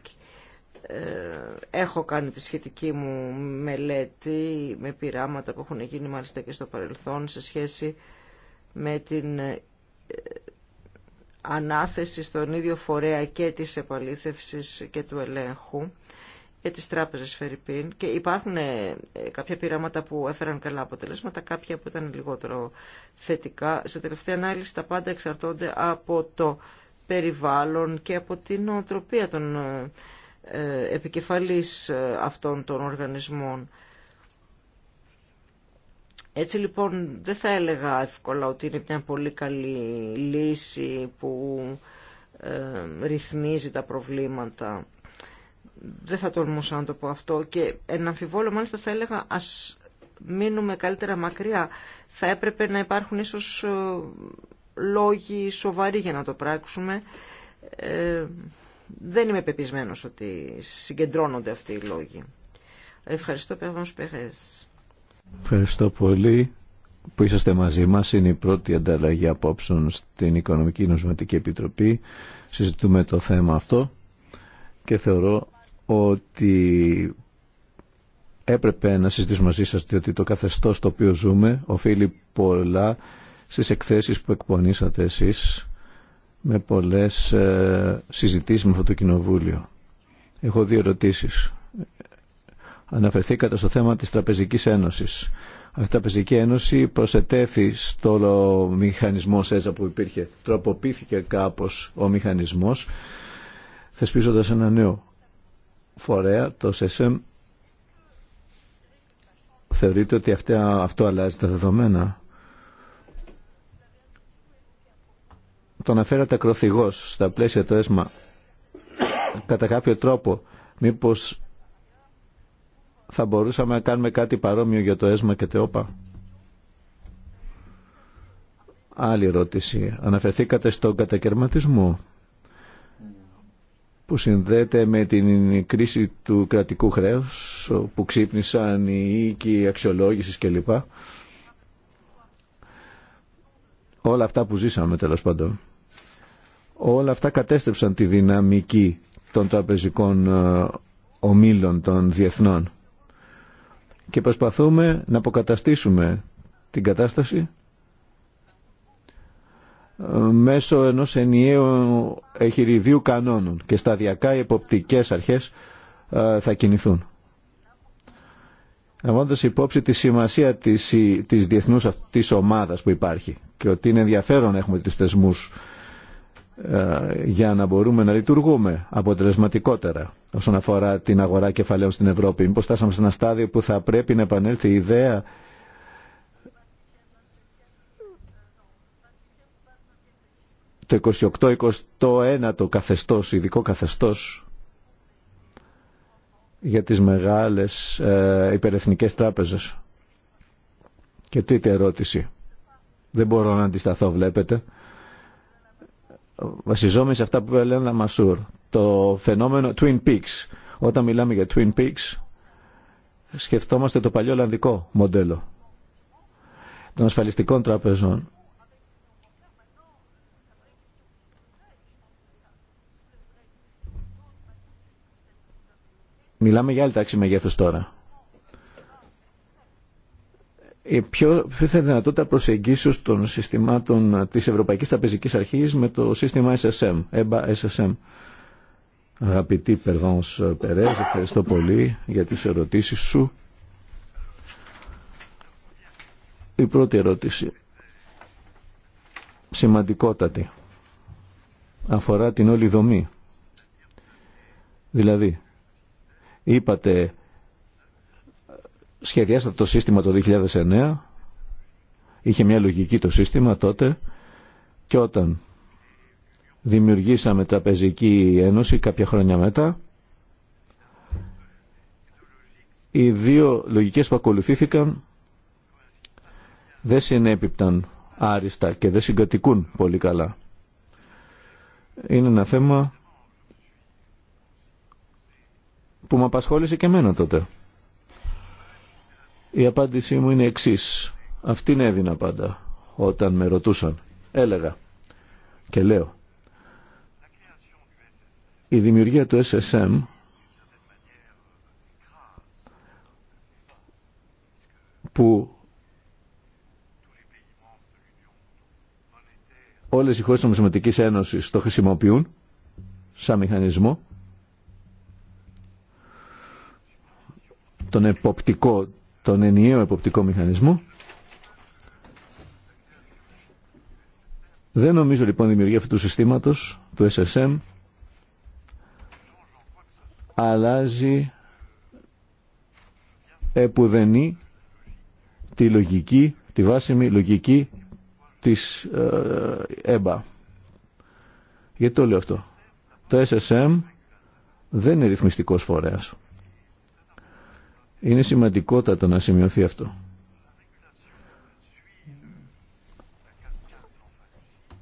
ε, έχω κάνει τη σχετική μου μελέτη με πειράματα που έχουν γίνει μάλιστα και στο παρελθόν σε σχέση με την ε, ανάθεση στον ίδιο φορέα και της επαλήθευσης και του ελέγχου για τις τράπεζες Φερρυπίν και υπάρχουν ε, κάποια πειράματα που έφεραν καλά αποτελέσματα, κάποια που ήταν λιγότερο θετικά. Σε τελευταία ανάλυση τα πάντα εξαρτώνται από το περιβάλλον και από την οτροπία των ε, επικεφαλής ε, αυτών των οργανισμών. Έτσι λοιπόν δεν θα έλεγα εύκολα ότι είναι μια πολύ καλή λύση που ε, ρυθμίζει τα προβλήματα. Δεν θα τολμούσα να το πω αυτό και εν αμφιβόλω μάλιστα θα έλεγα ας μείνουμε καλύτερα μακριά. Θα έπρεπε να υπάρχουν ίσως λόγοι σοβαροί για να το πράξουμε δεν είμαι πεπισμένο ότι συγκεντρώνονται αυτοί οι λόγοι. Ευχαριστώ, Περβάνος πέχές Ευχαριστώ πολύ που είσαστε μαζί μας. Είναι η πρώτη ανταλλαγή απόψεων στην Οικονομική Νοσηματική Επιτροπή. Συζητούμε το θέμα αυτό και θεωρώ ότι έπρεπε να συζητήσουμε μαζί σας διότι το καθεστώς το οποίο ζούμε οφείλει πολλά στις εκθέσεις που εκπονήσατε εσείς με πολλές ε, συζητήσεις με αυτό το κοινοβούλιο. Έχω δύο ερωτήσεις. Αναφερθήκατε στο θέμα της Τραπεζικής Ένωσης. Αυτή η Τραπεζική Ένωση προσετέθη στο μηχανισμό ΣΕΖΑ που υπήρχε. Τροποποιήθηκε κάπως ο μηχανισμός θεσπίζοντας ένα νέο φορέα, το ΣΕΣΕΜ. Θεωρείτε ότι αυτά, αυτό αλλάζει τα δεδομένα. το αναφέρατε ακροθυγό στα πλαίσια του ΕΣΜΑ κατά κάποιο τρόπο μήπως θα μπορούσαμε να κάνουμε κάτι παρόμοιο για το ΕΣΜΑ και το ΕΟΠΑ. Άλλη ερώτηση. Αναφερθήκατε στον κατακαιρματισμό που συνδέεται με την κρίση του κρατικού χρέους που ξύπνησαν οι οίκοι αξιολόγησης κλπ. Όλα αυτά που ζήσαμε τέλος πάντων όλα αυτά κατέστρεψαν τη δυναμική των τραπεζικών ε, ομίλων των διεθνών. Και προσπαθούμε να αποκαταστήσουμε την κατάσταση ε, μέσω ενός ενιαίου εχειριδίου κανόνων και σταδιακά οι εποπτικές αρχές ε, θα κινηθούν. Λαμβάνοντας υπόψη τη σημασία της, της διεθνούς αυτής ομάδας που υπάρχει και ότι είναι ενδιαφέρον να έχουμε τους θεσμούς ε, για να μπορούμε να λειτουργούμε αποτελεσματικότερα όσον αφορά την αγορά κεφαλαίων στην Ευρώπη. Μήπως στάσαμε σε ένα στάδιο που θα πρέπει να επανέλθει η ιδέα το 28-21 το καθεστώς, ειδικό καθεστώς για τις μεγάλες ε, υπερεθνικές τράπεζες. Και τρίτη ερώτηση. Δεν μπορώ να αντισταθώ, βλέπετε βασιζόμενοι σε αυτά που έλεγε ένα Μασούρ, το φαινόμενο Twin Peaks. Όταν μιλάμε για Twin Peaks, σκεφτόμαστε το παλιό Ολλανδικό μοντέλο των ασφαλιστικών τραπεζών. Μιλάμε για άλλη τάξη μεγέθους τώρα. Ε, ποιο, είναι θα δυνατότητα προσεγγίσεως των συστημάτων ε, της Ευρωπαϊκής Τραπεζική Αρχής με το σύστημα SSM, εμπα SSM. Αγαπητή Περβάν ε, Περέζ, ευχαριστώ πολύ για τις ερωτήσεις σου. Η πρώτη ερώτηση, σημαντικότατη, αφορά την όλη δομή. Δηλαδή, είπατε σχεδιάσατε το σύστημα το 2009, είχε μια λογική το σύστημα τότε και όταν δημιουργήσαμε τραπεζική ένωση κάποια χρόνια μετά, οι δύο λογικές που ακολουθήθηκαν δεν συνέπιπταν άριστα και δεν συγκατοικούν πολύ καλά. Είναι ένα θέμα που με απασχόλησε και εμένα τότε. Η απάντησή μου είναι εξή. Αυτήν έδινα πάντα όταν με ρωτούσαν. Έλεγα και λέω. Η δημιουργία του SSM που όλες οι χώρες της Νομισματικής Ένωσης το χρησιμοποιούν σαν μηχανισμό τον εποπτικό τον ενιαίο εποπτικό μηχανισμό. Δεν νομίζω λοιπόν η δημιουργία αυτού του συστήματος, του SSM, αλλάζει επουδενή τη λογική, τη βάσιμη λογική της ε, ΕΜΠΑ. Γιατί το λέω αυτό. Το SSM δεν είναι ρυθμιστικός φορέας. Είναι σημαντικότατο να σημειωθεί αυτό.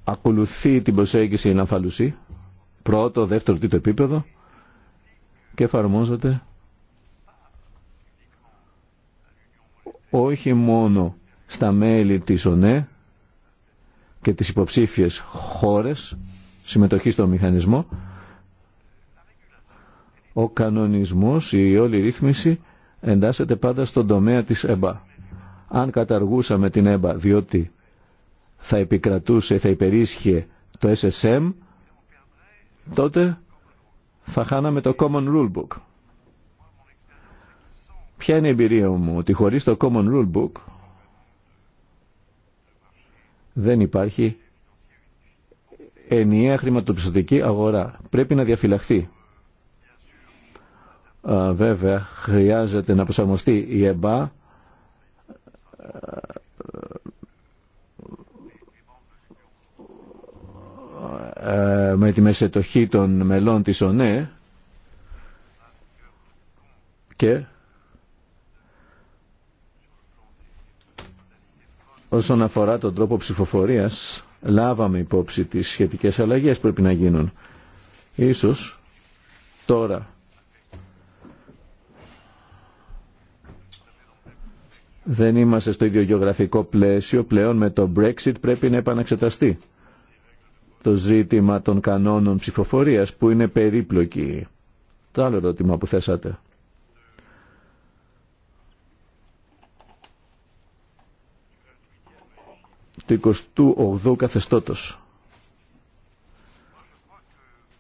Ακολουθεί την προσέγγιση η Λαμφαλουσή, πρώτο, δεύτερο, τρίτο επίπεδο και εφαρμόζεται όχι μόνο στα μέλη της ΟΝΕ και τις υποψήφιες χώρες συμμετοχή στο μηχανισμό, ο κανονισμός, η όλη ρύθμιση εντάσσεται πάντα στον τομέα της ΕΜΠΑ. Αν καταργούσαμε την ΕΜΠΑ διότι θα επικρατούσε, θα υπερίσχυε το SSM, τότε θα χάναμε το Common Rule Book. Ποια είναι η εμπειρία μου, ότι χωρίς το Common Rule Book δεν υπάρχει ενιαία χρηματοπιστωτική αγορά. Πρέπει να διαφυλαχθεί. Βέβαια, χρειάζεται να προσαρμοστεί η ΕΜΠΑ με τη μεσετοχή των μελών της ΟΝΕ και όσον αφορά τον τρόπο ψηφοφορίας λάβαμε υπόψη τις σχετικές αλλαγές που πρέπει να γίνουν. Ίσως τώρα δεν είμαστε στο ίδιο γεωγραφικό πλαίσιο πλέον με το Brexit πρέπει να επαναξεταστεί το ζήτημα των κανόνων ψηφοφορίας που είναι περίπλοκη. Το άλλο ερώτημα που θέσατε. του 28ου καθεστώτος.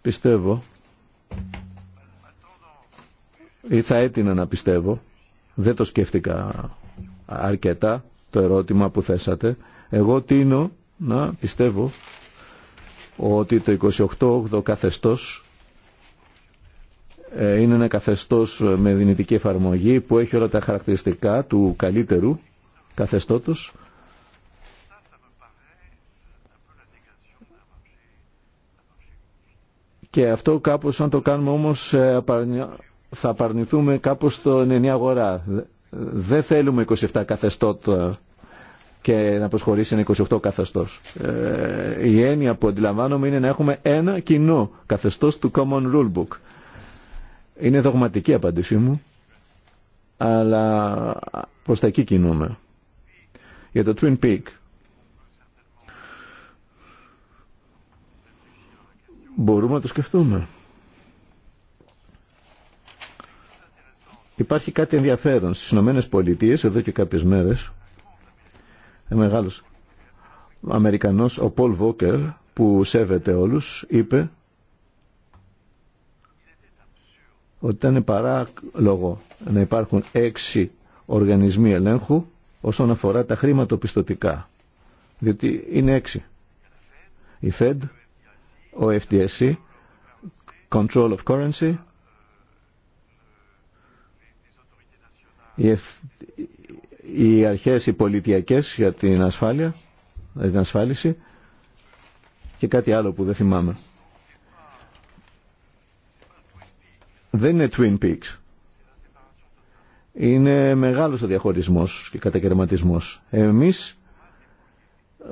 Πιστεύω ή θα έτεινα να πιστεύω δεν το σκέφτηκα αρκετά το ερώτημα που θέσατε. Εγώ τίνω να πιστεύω ότι το 28-8 καθεστώς ε, είναι ένα καθεστώς με δυνητική εφαρμογή που έχει όλα τα χαρακτηριστικά του καλύτερου καθεστώτος και αυτό κάπως αν το κάνουμε όμως ε, θα απαρνηθούμε κάπως στον 9 αγορά δεν θέλουμε 27 καθεστώτα και να προσχωρήσει ένα 28 καθεστώς. Ε, η έννοια που αντιλαμβάνομαι είναι να έχουμε ένα κοινό καθεστώς του Common Rule Book. Είναι δογματική απάντησή μου, αλλά προς τα εκεί κινούμε. Για το Twin Peak. Μπορούμε να το σκεφτούμε. Υπάρχει κάτι ενδιαφέρον. Στις Ηνωμένε Πολιτείες, εδώ και κάποιες μέρες, μεγάλος Αμερικανός, ο Πολ Βόκερ, που σέβεται όλους, είπε ότι ήταν παράλογο να υπάρχουν έξι οργανισμοί ελέγχου όσον αφορά τα χρηματοπιστωτικά. Διότι είναι έξι. Η Fed, ο FDSC, Control of Currency, οι αρχές οι πολιτιακές για την ασφάλεια, για την ασφάλιση και κάτι άλλο που δεν θυμάμαι. Δεν είναι Twin Peaks. Είναι μεγάλος ο διαχωρισμός και κατακαιρματισμός. Εμείς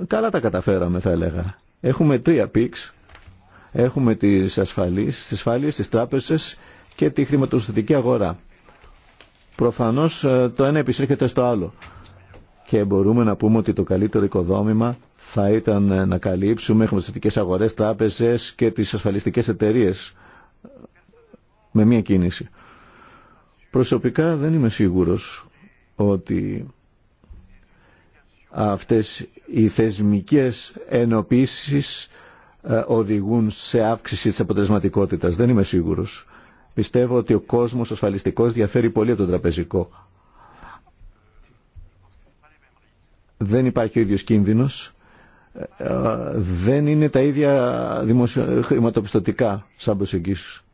καλά τα καταφέραμε θα έλεγα. Έχουμε τρία peaks. Έχουμε τις ασφαλείς, τις ασφάλειες, τις τράπεζες και τη χρηματοσυντητική αγορά. Προφανώς ε, το ένα επισύρχεται στο άλλο. Και μπορούμε να πούμε ότι το καλύτερο οικοδόμημα θα ήταν ε, να καλύψουμε χρηματιστικές αγορές, τράπεζες και τις ασφαλιστικές εταιρείες ε, με μία κίνηση. Προσωπικά δεν είμαι σίγουρος ότι αυτές οι θεσμικές ενοποίησεις οδηγούν σε αύξηση της αποτελεσματικότητας. Δεν είμαι σίγουρος. Πιστεύω ότι ο κόσμος ασφαλιστικός διαφέρει πολύ από τον τραπεζικό. Δεν υπάρχει ο ίδιος κίνδυνος. Δεν είναι τα ίδια δημοσιο... χρηματοπιστωτικά σαν προσεγγίσεις.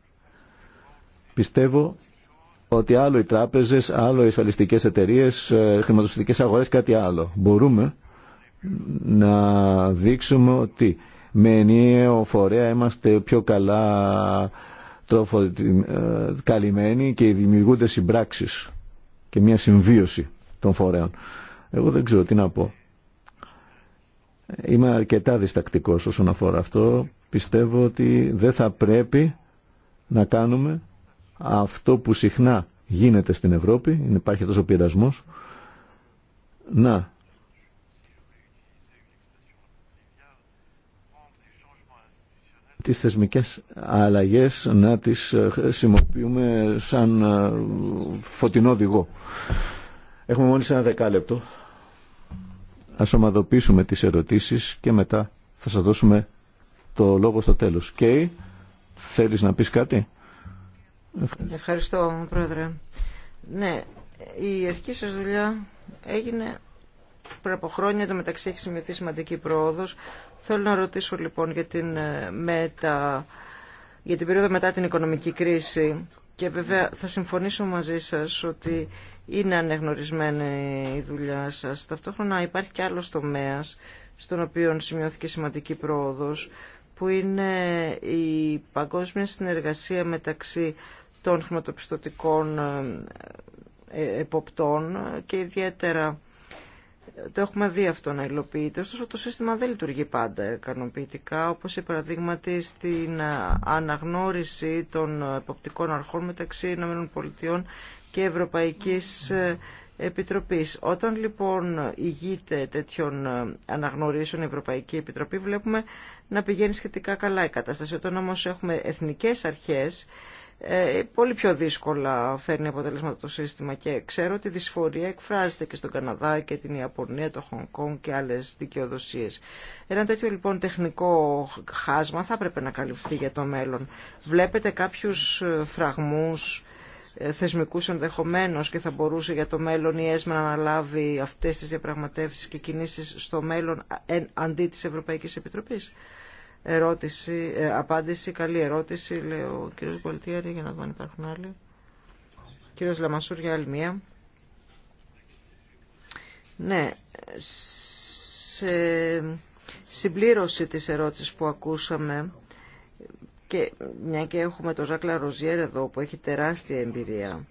Πιστεύω ότι άλλο οι τράπεζες, άλλο οι ασφαλιστικές εταιρείες, ε, χρηματοπιστωτικές αγορές, κάτι άλλο. Μπορούμε να δείξουμε ότι με ενιαίο φορέα είμαστε πιο καλά τρόφο ε, καλυμμένοι και δημιουργούνται συμπράξεις και μια συμβίωση των φορέων. Εγώ δεν ξέρω τι να πω. Είμαι αρκετά διστακτικός όσον αφορά αυτό. Πιστεύω ότι δεν θα πρέπει να κάνουμε αυτό που συχνά γίνεται στην Ευρώπη, υπάρχει τόσο πειρασμός, να τις θεσμικές αλλαγές να τις ε, χρησιμοποιούμε σαν ε, φωτεινό οδηγό. Έχουμε μόλις ένα δεκάλεπτο. Ας ομαδοποιήσουμε τις ερωτήσεις και μετά θα σας δώσουμε το λόγο στο τέλος. Κέι, θέλεις να πεις κάτι? Ευχαριστώ, Πρόεδρε. Ναι, η αρχική σας δουλειά έγινε πριν από χρόνια, το μεταξύ έχει σημειωθεί σημαντική πρόοδος. Θέλω να ρωτήσω λοιπόν για την, ε, μετα... για την περίοδο μετά την οικονομική κρίση και βέβαια θα συμφωνήσω μαζί σας ότι είναι ανεγνωρισμένη η δουλειά σας. Ταυτόχρονα υπάρχει και άλλος τομέας στον οποίο σημειώθηκε σημαντική πρόοδος που είναι η παγκόσμια συνεργασία μεταξύ των χρηματοπιστωτικών ε, ε, εποπτών και ιδιαίτερα το έχουμε δει αυτό να υλοποιείται, ωστόσο το σύστημα δεν λειτουργεί πάντα ικανοποιητικά, όπως η παραδείγματι στην ε, αναγνώριση των εποπτικών αρχών μεταξύ ΗΠΑ και Ευρωπαϊκής ε, Επιτροπής. Όταν λοιπόν ηγείται τέτοιων ε, αναγνωρίσεων η Ευρωπαϊκή Επιτροπή βλέπουμε να πηγαίνει σχετικά καλά η κατάσταση. Όταν όμως έχουμε εθνικές αρχές ε, πολύ πιο δύσκολα φέρνει αποτελέσματα το σύστημα και ξέρω ότι η δυσφορία εκφράζεται και στον Καναδά και την Ιαπωνία, το Χονγκ Κονγκ και άλλες δικαιοδοσίες. Ένα τέτοιο λοιπόν τεχνικό χάσμα θα έπρεπε να καλυφθεί για το μέλλον. Βλέπετε κάποιους ε, φραγμούς ε, θεσμικούς ενδεχομένως και θα μπορούσε για το μέλλον η ΕΣΜΑ να αναλάβει αυτές τις διαπραγματεύσεις και κινήσεις στο μέλλον αντί της Ευρωπαϊκής Επιτροπής ερώτηση, ε, απάντηση, καλή ερώτηση, λέει ο κύριος Πολιτιέρη, για να δούμε αν υπάρχουν άλλοι. Κύριος Λαμασούρ, για άλλη μία. Ναι, σε συμπλήρωση της ερώτησης που ακούσαμε, και μια και έχουμε τον Ζάκλα Ροζιέρ εδώ που έχει τεράστια εμπειρία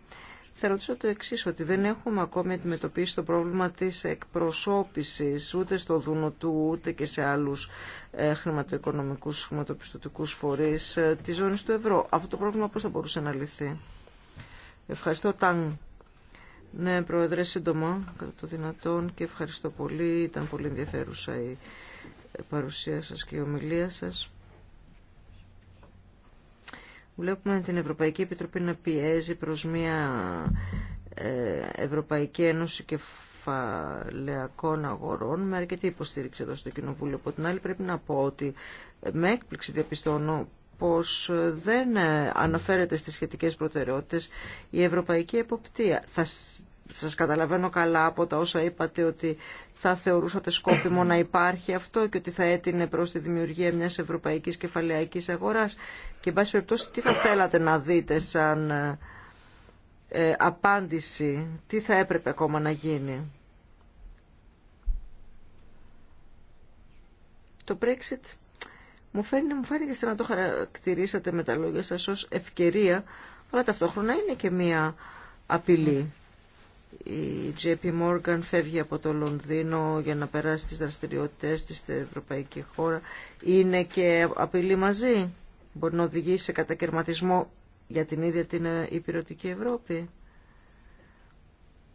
θα ρωτήσω το εξή, ότι δεν έχουμε ακόμη αντιμετωπίσει το πρόβλημα της εκπροσώπησης ούτε στο Δουνοτού ούτε και σε άλλους ε, χρηματοοικονομικούς, χρηματοπιστωτικούς φορείς ε, της ζώνης του ευρώ. Αυτό το πρόβλημα πώς θα μπορούσε να λυθεί. Ευχαριστώ, Τάν. Ναι, Πρόεδρε, σύντομα, κατά το δυνατόν και ευχαριστώ πολύ. Ήταν πολύ ενδιαφέρουσα η παρουσία σας και η ομιλία σας. Βλέπουμε την Ευρωπαϊκή Επιτροπή να πιέζει προς μια ε, Ευρωπαϊκή Ένωση κεφαλαιακών αγορών με αρκετή υποστήριξη εδώ στο Κοινοβούλιο. Από την άλλη πρέπει να πω ότι ε, με έκπληξη διαπιστώνω πως ε, δεν αναφέρεται στις σχετικές προτεραιότητες η ευρωπαϊκή εποπτεία. Θα σας καταλαβαίνω καλά από τα όσα είπατε ότι θα θεωρούσατε σκόπιμο να υπάρχει αυτό και ότι θα έτεινε προς τη δημιουργία μιας ευρωπαϊκής κεφαλαϊκής αγοράς και εν πάση περιπτώσει τι θα θέλατε να δείτε σαν ε, ε, απάντηση, τι θα έπρεπε ακόμα να γίνει. Το Brexit μου φαίνεται, μου να το χαρακτηρίσατε με τα λόγια σας ως ευκαιρία αλλά ταυτόχρονα είναι και μία απειλή η JP Morgan φεύγει από το Λονδίνο για να περάσει τις δραστηριότητες της στην Ευρωπαϊκή χώρα είναι και απειλή μαζί μπορεί να οδηγήσει σε κατακαιρματισμό για την ίδια την ε, υπηρετική Ευρώπη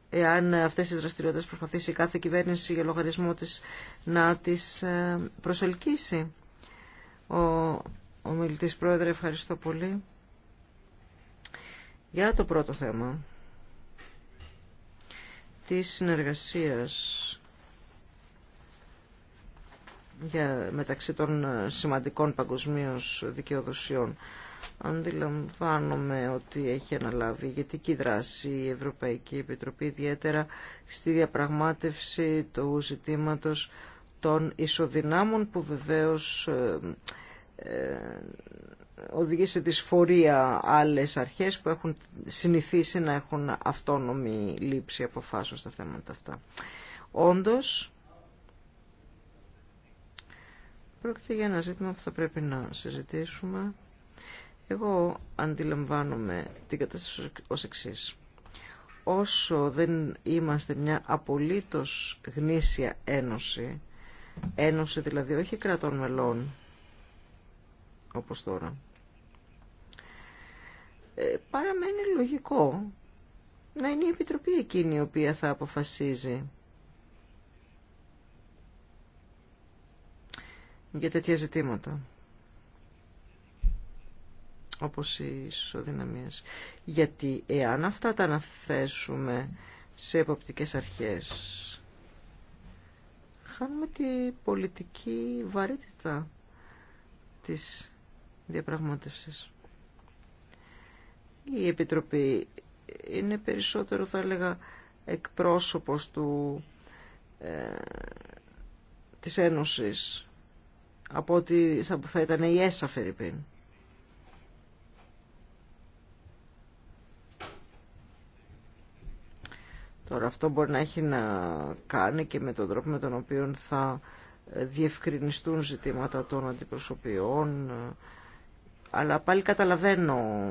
εάν αυτές τις δραστηριότητες προσπαθήσει κάθε κυβέρνηση για λογαριασμό της να τις ε, προσελκύσει ο, ο πρόεδρε ευχαριστώ πολύ για το πρώτο θέμα της συνεργασίας για, μεταξύ των σημαντικών παγκοσμίω δικαιοδοσιών. Αντιλαμβάνομαι ότι έχει αναλάβει ηγετική δράση η Ευρωπαϊκή Επιτροπή, ιδιαίτερα στη διαπραγμάτευση του ζητήματος των ισοδυνάμων που βεβαίως ε, ε, οδηγεί σε δυσφορία άλλες αρχές που έχουν συνηθίσει να έχουν αυτόνομη λήψη αποφάσεων στα θέματα αυτά. Όντως, πρόκειται για ένα ζήτημα που θα πρέπει να συζητήσουμε. Εγώ αντιλαμβάνομαι την κατάσταση ως εξή. Όσο δεν είμαστε μια απολύτως γνήσια ένωση, ένωση δηλαδή όχι κρατών μελών, όπως τώρα, ε, παραμένει λογικό να είναι η Επιτροπή εκείνη η οποία θα αποφασίζει για τέτοια ζητήματα όπως οι ισοδυναμίες. Γιατί εάν αυτά τα αναθέσουμε σε εποπτικές αρχές, χάνουμε τη πολιτική βαρύτητα της διαπραγμάτευσης η Επιτροπή είναι περισσότερο θα έλεγα εκπρόσωπος του, ε, της Ένωσης από ότι θα, θα ήταν η ΕΣΑ Φερρυπίν. Τώρα αυτό μπορεί να έχει να κάνει και με τον τρόπο με τον οποίο θα διευκρινιστούν ζητήματα των αντιπροσωπιών ε, αλλά πάλι καταλαβαίνω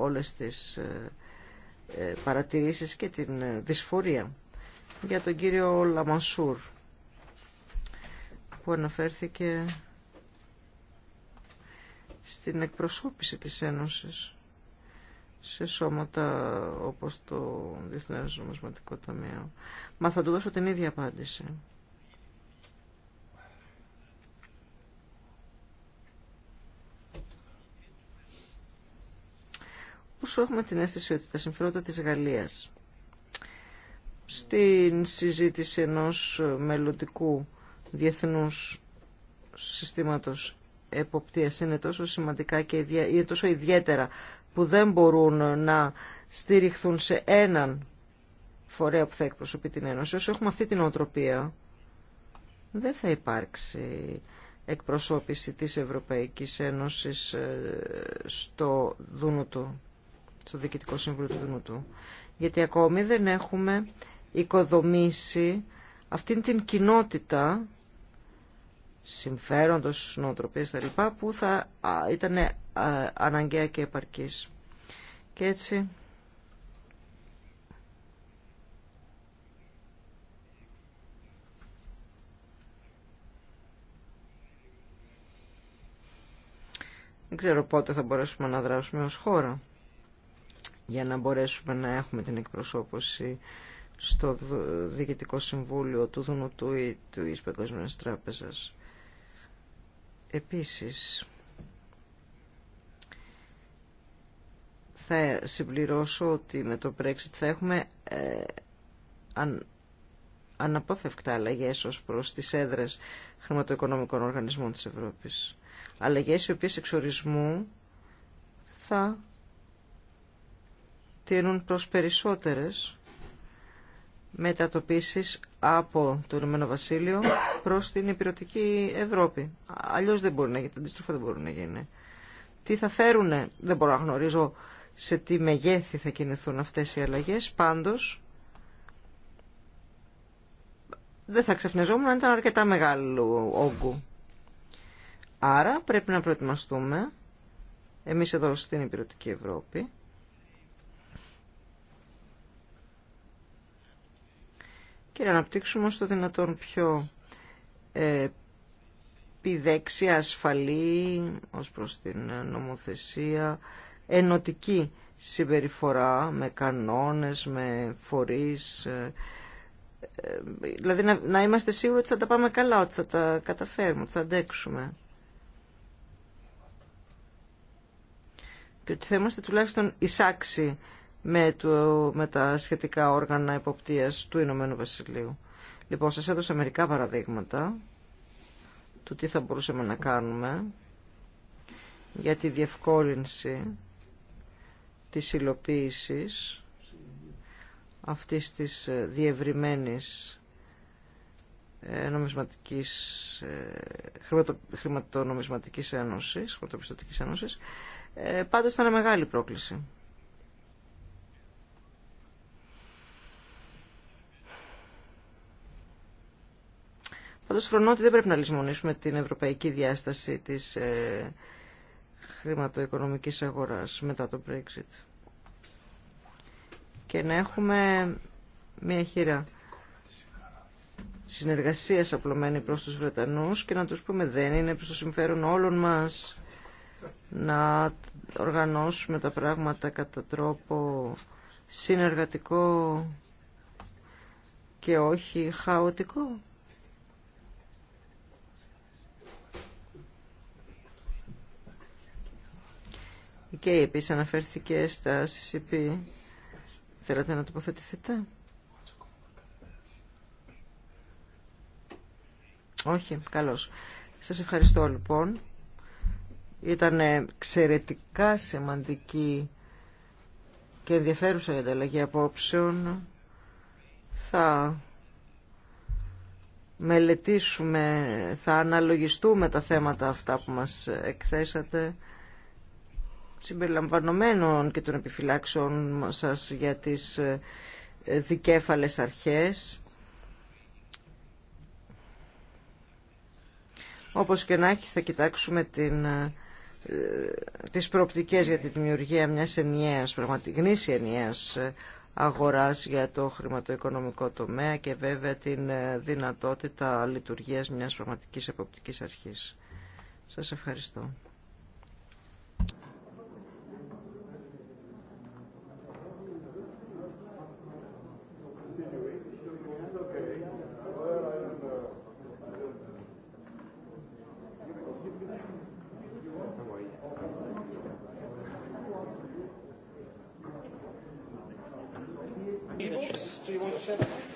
όλες τις ε, ε, παρατηρήσεις και την ε, δυσφορία για τον κύριο Λαμανσούρ, που αναφέρθηκε στην εκπροσώπηση της Ένωσης σε σώματα όπως το Διεθνές Νομισματικό Ταμείο. Μα θα του δώσω την ίδια απάντηση. σου έχουμε την αίσθηση ότι τα συμφέροντα της Γαλλίας στην συζήτηση ενός μελλοντικού διεθνούς συστήματος εποπτείας είναι τόσο σημαντικά και είναι τόσο ιδιαίτερα που δεν μπορούν να στηριχθούν σε έναν φορέα που θα εκπροσωπεί την Ένωση. Όσο έχουμε αυτή την οτροπία δεν θα υπάρξει εκπροσώπηση της Ευρωπαϊκής Ένωσης ε, στο Δούνο του στο Διοικητικό σύμβουλο του ΔΝΤ Γιατί ακόμη δεν έχουμε οικοδομήσει αυτήν την κοινότητα συμφέροντος, τα λοιπά, που θα ήταν αναγκαία και επαρκής. Και έτσι... Δεν ξέρω πότε θα μπορέσουμε να δράσουμε ως χώρα για να μπορέσουμε να έχουμε την εκπροσώπωση στο Διοικητικό Συμβούλιο του Δουνουτού ή του Παγκόσμιας Τράπεζας. Επίσης, θα συμπληρώσω ότι με το Brexit θα έχουμε ε, αν, αναπόφευκτα αλλαγές ως προς τις έδρες χρηματοοικονομικών οργανισμών της Ευρώπης. Αλλαγές οι οποίες εξορισμού θα τείνουν προς περισσότερες μετατοπίσεις από το Ηνωμένο Βασίλειο προς την υπηρετική Ευρώπη. Αλλιώς δεν μπορεί να γίνει, αντίστροφα δεν μπορεί να γίνει. Τι θα φέρουνε, δεν μπορώ να γνωρίζω σε τι μεγέθη θα κινηθούν αυτές οι αλλαγές, πάντως δεν θα ξεφνιζόμουν, αν ήταν αρκετά μεγάλο όγκου. Άρα πρέπει να προετοιμαστούμε εμείς εδώ στην υπηρετική Ευρώπη και να αναπτύξουμε όσο το δυνατόν πιο ε, πιδέξια, ασφαλή ως προς την νομοθεσία, ενωτική συμπεριφορά με κανόνες, με φορείς, ε, ε, δηλαδή να, είμαστε σίγουροι ότι θα τα πάμε καλά, ότι θα τα καταφέρουμε, ότι θα αντέξουμε. Και ότι θα είμαστε τουλάχιστον εισάξιοι με, το, με τα σχετικά όργανα υποπτίας του Ηνωμένου Βασιλείου. Λοιπόν, σας έδωσα μερικά παραδείγματα του τι θα μπορούσαμε να κάνουμε για τη διευκόλυνση της υλοποίησης αυτής της ε, διευρυμένης ε, νομισματικής, ε, χρηματο, χρηματονομισματικής ένωσης, χρηματοπιστωτικής ένωσης, πάντως ήταν μεγάλη πρόκληση. Πάντως φρονώ ότι δεν πρέπει να λησμονήσουμε την ευρωπαϊκή διάσταση της ε, χρηματοοικονομικής αγοράς μετά το Brexit. Και να έχουμε μια χείρα συνεργασίας απλωμένη προς τους Βρετανούς και να τους πούμε δεν είναι προς το συμφέρον όλων μας να οργανώσουμε τα πράγματα κατά τρόπο συνεργατικό και όχι χαοτικό. και επίση αναφέρθηκε στα CCP. Θέλετε να τοποθετηθείτε. Όχι, καλώς. Σας ευχαριστώ λοιπόν. Ήταν εξαιρετικά σημαντική και ενδιαφέρουσα η ανταλλαγή απόψεων. Θα μελετήσουμε, θα αναλογιστούμε τα θέματα αυτά που μας εκθέσατε συμπεριλαμβανομένων και των επιφυλάξεων σας για τις ε, δικέφαλες αρχές. Όπως και να έχει θα κοιτάξουμε την, ε, τις προοπτικές για τη δημιουργία μιας ενιαίας, πραγματικής ενιαίας ε, αγοράς για το χρηματοοικονομικό τομέα και βέβαια την δυνατότητα λειτουργίας μιας πραγματικής εποπτικής αρχής. Σας ευχαριστώ.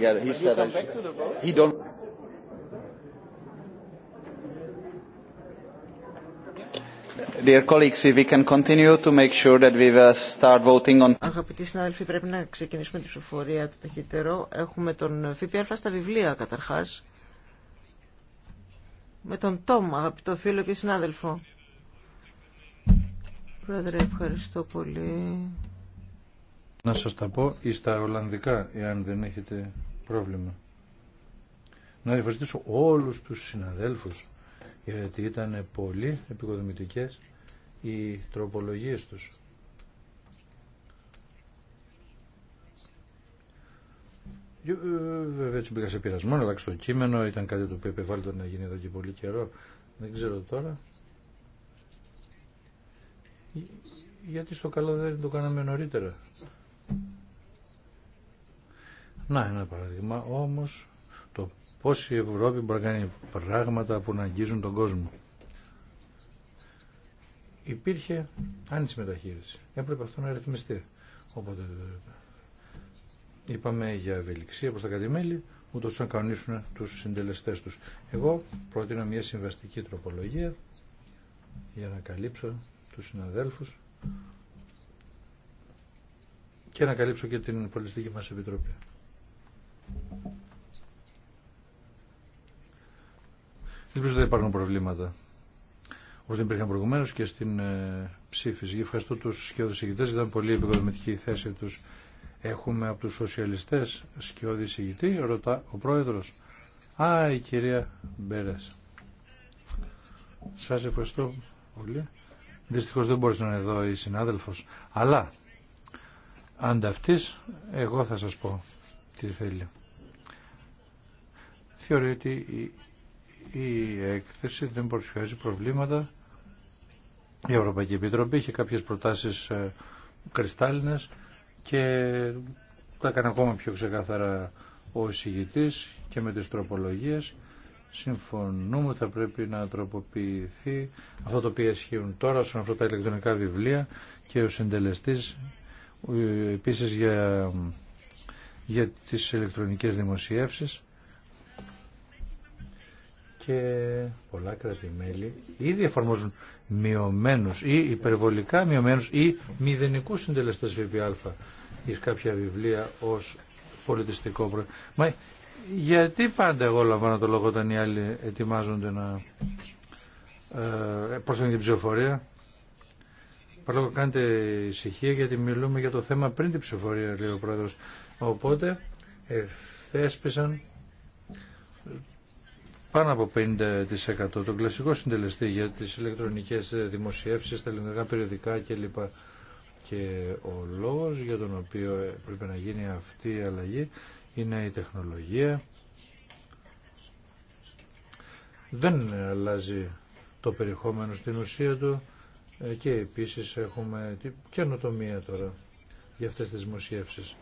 Yeah, he said I should. He don't. Dear colleagues, if we can continue to make sure that we will start voting on. Αγαπητοί συνάδελφοι, πρέπει να ξεκινήσουμε τη ψηφοφορία το ταχύτερο. Έχουμε τον ΦΠΑ στα βιβλία καταρχάς. Με τον Τόμ, αγαπητό φίλο και συνάδελφο. Πρόεδρε, ευχαριστώ πολύ. Να σας τα πω ή στα Ολλανδικά, εάν δεν έχετε πρόβλημα. Να ευχαριστήσω όλους τους συναδέλφους γιατί ήταν πολύ επικοδομητικές οι τροπολογίες τους. Ε, βέβαια έτσι μπήκα σε πειρασμό, αλλά το κείμενο ήταν κάτι το οποίο επιβάλλεται να γίνει εδώ και πολύ καιρό. Δεν ξέρω τώρα. Γιατί στο καλό δεν το κάναμε νωρίτερα. Να, ένα παράδειγμα όμως το πώς η Ευρώπη μπορεί να κάνει πράγματα που να αγγίζουν τον κόσμο. Υπήρχε άνηση μεταχείριση. Έπρεπε αυτό να ρυθμιστεί. Οπότε είπαμε για ευελιξία προ τα κατημέλη, ούτω να κανονίσουν του συντελεστέ τους. Εγώ πρότεινα μια συμβαστική τροπολογία για να καλύψω του συναδέλφου. και να καλύψω και την πολιτιστική μας επιτροπή. Ελπίζω δεν υπάρχουν προβλήματα. Όπω δεν υπήρχαν προηγουμένω και στην ε, ψήφιση. Ευχαριστώ του σκιώδει ηγητέ. Ήταν πολύ επικοδομητική η θέση του. Έχουμε από του σοσιαλιστέ σκιώδη ηγητή, ρωτά ο πρόεδρο. Α, η κυρία Μπερέ. Σα ευχαριστώ πολύ. Δυστυχώ δεν μπορεί να είναι εδώ η συνάδελφο. Αλλά ανταυτή, εγώ θα σα πω τι θέλει. Θεωρεί ότι η, η έκθεση δεν παρουσιάζει προβλήματα. Η Ευρωπαϊκή Επιτροπή είχε κάποιες προτάσεις ε, κρυστάλλινες και τα έκανε ακόμα πιο ξεκάθαρα ο εισηγητής και με τις τροπολογίες. Συμφωνούμε ότι θα πρέπει να τροποποιηθεί αυτό το οποίο ισχύουν τώρα όσον αυτά τα ηλεκτρονικά βιβλία και ο συντελεστής ε, επίσης για για τις ηλεκτρονικές δημοσιεύσεις και πολλα κρατημέλη ήδη εφαρμόζουν μειωμένους ή υπερβολικά μειωμένους ή μηδενικούς συντελεστές ΒΠΑ ή κάποια βιβλία ως πολιτιστικό προ... Μα γιατί πάντα εγώ λαμβάνω το λόγο όταν οι άλλοι ετοιμάζονται να ε, προσθέτουν την ψηφοφορία. Παρακαλώ κάντε ησυχία γιατί μιλούμε για το θέμα πριν την ψηφοφορία, λέει ο Πρόεδρος. Οπότε θέσπισαν πάνω από 50% τον κλασικό συντελεστή για τις ηλεκτρονικές δημοσιεύσεις, τα ελληνικά περιοδικά κλπ. Και ο λόγος για τον οποίο πρέπει να γίνει αυτή η αλλαγή είναι η τεχνολογία. Δεν αλλάζει το περιεχόμενο στην ουσία του ε, και επίσης έχουμε καινοτομία τώρα για αυτές τις δημοσιεύσεις.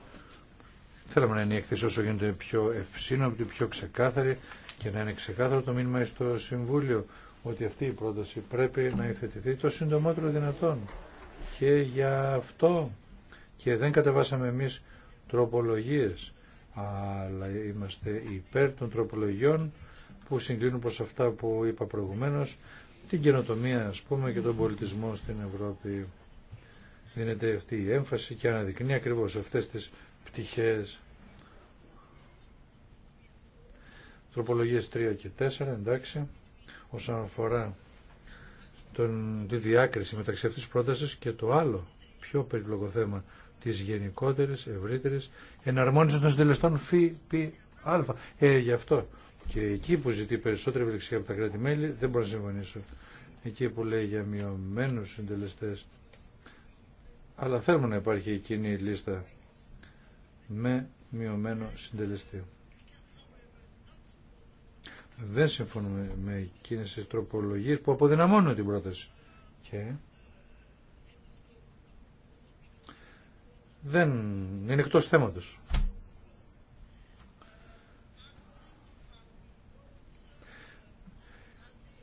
Θέλαμε να είναι η έκθεση όσο γίνεται πιο ευσύνοπτη, πιο ξεκάθαρη και να είναι ξεκάθαρο το μήνυμα στο Συμβούλιο ότι αυτή η πρόταση πρέπει να υφετηθεί το συντομότερο δυνατόν. Και για αυτό και δεν κατεβάσαμε εμείς τροπολογίες, αλλά είμαστε υπέρ των τροπολογιών που συγκλίνουν προς αυτά που είπα προηγουμένως, την καινοτομία ας πούμε και τον πολιτισμό στην Ευρώπη. Δίνεται αυτή η έμφαση και αναδεικνύει ακριβώ αυτές τι πτυχές. Τροπολογίες 3 και 4, εντάξει, όσον αφορά τον, τη διάκριση μεταξύ αυτής της πρότασης και το άλλο πιο περίπλοκο θέμα της γενικότερης, ευρύτερης εναρμόνισης των συντελεστών φι, πι, α. Ε, γι' αυτό και εκεί που ζητεί περισσότερη ευελιξία από τα κράτη-μέλη δεν μπορώ να συμφωνήσω. Εκεί που λέει για μειωμένους συντελεστές αλλά θέλουμε να υπάρχει η κοινή λίστα με μειωμένο συντελεστή. Δεν συμφωνούμε με εκείνες τις τροπολογίες που αποδυναμώνουν την πρόταση. Και δεν είναι εκτός θέματος.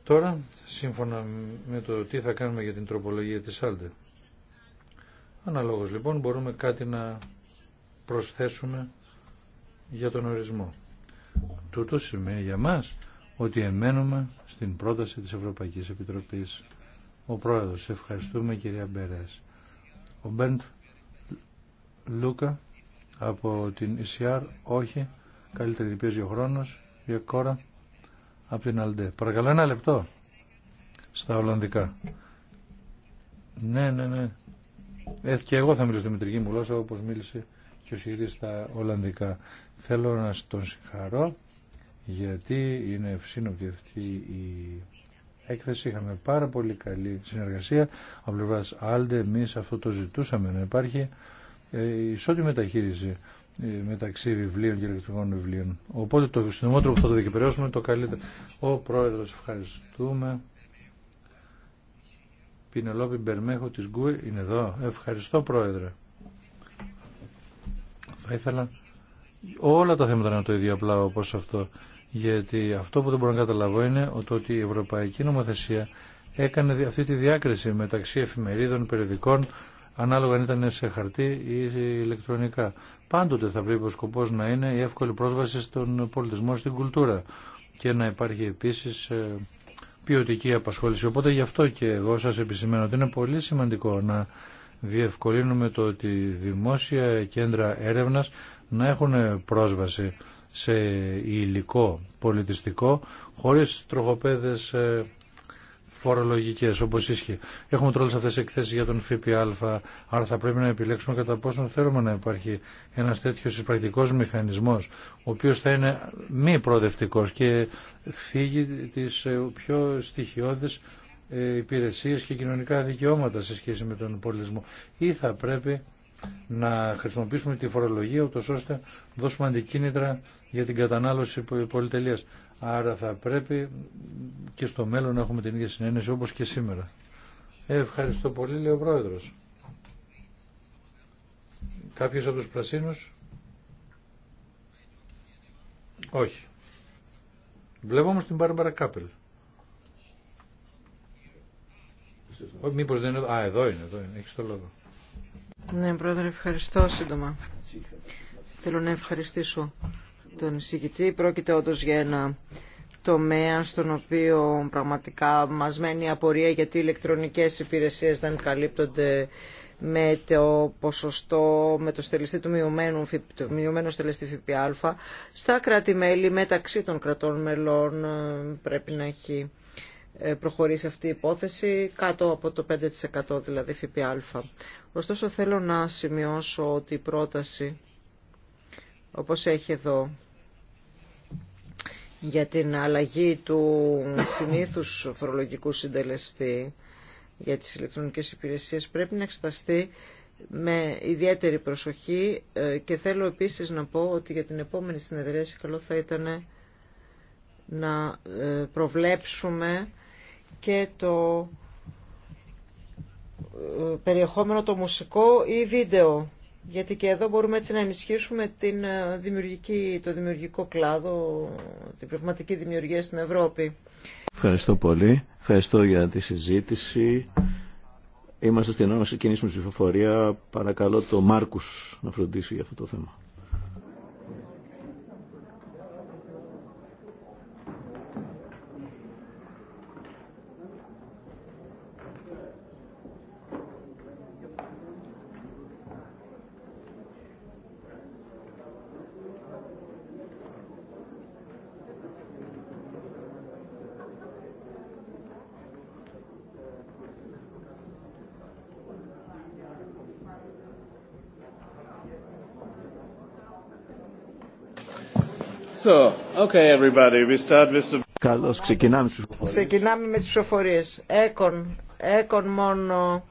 Τώρα, σύμφωνα με το τι θα κάνουμε για την τροπολογία της Άλτε. Αναλόγως λοιπόν μπορούμε κάτι να προσθέσουμε για τον ορισμό. Τούτο σημαίνει για μας ότι εμένουμε στην πρόταση της Ευρωπαϊκής Επιτροπής. Ο Πρόεδρος, ευχαριστούμε κυρία Μπερές. Ο Μπέντ Λούκα από την ECR, όχι, καλύτερη πίεση ο χρόνος, για κόρα από την Αλντέ. Παρακαλώ ένα λεπτό στα Ολλανδικά. Ναι, ναι, ναι. Εθ και εγώ θα μιλήσω στη μητρική μου γλώσσα όπως μίλησε και ο στα Ολλανδικά. Θέλω να τον συγχαρώ γιατί είναι ευσύνοπτη αυτή η έκθεση. Είχαμε πάρα πολύ καλή συνεργασία. Από πλευρά Άλντε, εμεί αυτό το ζητούσαμε να υπάρχει ε, ισότιμη μεταχείριση ε, μεταξύ βιβλίων και ηλεκτρικών βιβλίων. Οπότε το συντομότερο που θα το δικαιπεραιώσουμε το καλύτερο. Ο πρόεδρο, ευχαριστούμε. Πινελόπι Μπερμέχο της Γκουε είναι εδώ. Ευχαριστώ πρόεδρε. Θα ήθελα όλα τα θέματα να είναι το ίδιο απλά όπως αυτό. Γιατί αυτό που δεν μπορώ να καταλαβώ είναι ότι η Ευρωπαϊκή Νομοθεσία έκανε αυτή τη διάκριση μεταξύ εφημερίδων, περιοδικών, ανάλογα αν ήταν σε χαρτί ή ηλεκτρονικά. Πάντοτε θα πρέπει ο σκοπός να είναι η εύκολη πρόσβαση στον πολιτισμό, στην κουλτούρα και να υπάρχει επίση ε, ποιοτική απασχόληση. Οπότε γι' αυτό και εγώ σα επισημαίνω ότι είναι πολύ σημαντικό να διευκολύνουμε το ότι δημόσια κέντρα έρευνας να έχουν πρόσβαση σε υλικό πολιτιστικό χωρίς τροχοπέδες ε, φορολογικές όπως ίσχυε. Έχουμε τρόλες αυτές τις εκθέσεις για τον ΦΠΑ, άρα θα πρέπει να επιλέξουμε κατά πόσο θέλουμε να υπάρχει ένας τέτοιος εισπρακτικός μηχανισμός, ο οποίος θα είναι μη προοδευτικός και φύγει τις ε, πιο στοιχειώδεις ε, υπηρεσίες και κοινωνικά δικαιώματα σε σχέση με τον πολιτισμό ή θα πρέπει να χρησιμοποιήσουμε τη φορολογία ούτως ώστε να δώσουμε αντικίνητρα για την κατανάλωση πολυτελείας. Άρα θα πρέπει και στο μέλλον να έχουμε την ίδια συνένεση όπως και σήμερα. Ε, ευχαριστώ πολύ, λέει ο Πρόεδρος. Κάποιος από τους Πρασίνους. Όχι. Βλέπω όμως την Μπάρμπαρα Κάπελ. Μήπως δεν είναι... Α, εδώ είναι, εδώ είναι. Έχεις το λόγο. Ναι, πρόεδρε, ευχαριστώ σύντομα. Θέλω να ευχαριστήσω τον εισηγητή. Πρόκειται όντω για ένα τομέα στον οποίο πραγματικά μας μένει η απορία γιατί οι ηλεκτρονικές υπηρεσίες δεν καλύπτονται με το ποσοστό, με το στελεστή του μειωμένου, στελεστή ΦΠΑ στα κράτη-μέλη μεταξύ των κρατών μελών ε, πρέπει να έχει ε, προχωρήσει αυτή η υπόθεση, κάτω από το 5% δηλαδή ΦΠΑ. Ωστόσο θέλω να σημειώσω ότι η πρόταση, όπως έχει εδώ, για την αλλαγή του συνήθους φορολογικού συντελεστή για τις ηλεκτρονικές υπηρεσίες πρέπει να εξεταστεί με ιδιαίτερη προσοχή ε, και θέλω επίσης να πω ότι για την επόμενη συνεδρίαση καλό θα ήταν να ε, προβλέψουμε και το ε, περιεχόμενο το μουσικό ή βίντεο. Γιατί και εδώ μπορούμε έτσι να ενισχύσουμε την ε, δημιουργική, το δημιουργικό κλάδο, την πνευματική δημιουργία στην Ευρώπη. Ευχαριστώ πολύ. Ευχαριστώ για τη συζήτηση. Είμαστε στην ώρα να ξεκινήσουμε τη ψηφοφορία. Παρακαλώ τον Μάρκους να φροντίσει για αυτό το θέμα. So, okay everybody, we start with the... Καλώς ξεκινάμε τις ψηφοφορίες. Ξεκινάμε με τις ψηφοφορίες. Έκον, έκον μόνο.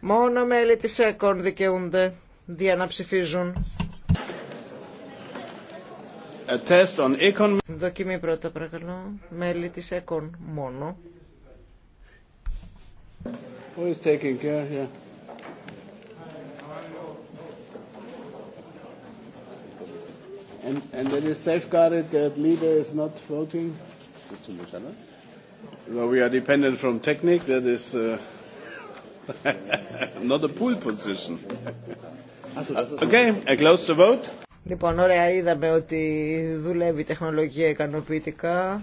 Μόνο μέλη της έκον δικαιούνται για να ψηφίζουν. A test on Econ. Δοκιμή πρώτα παρακαλώ. Μέλη της έκον μόνο. Who is taking care here? And, and then is safeguarded that leader is not voting? This too much, Well, we are dependent from technique. That is uh, not a pool position. okay, I close the vote. Λοιπόν, ωραία, είδαμε ότι δουλεύει η τεχνολογία ικανοποιητικά.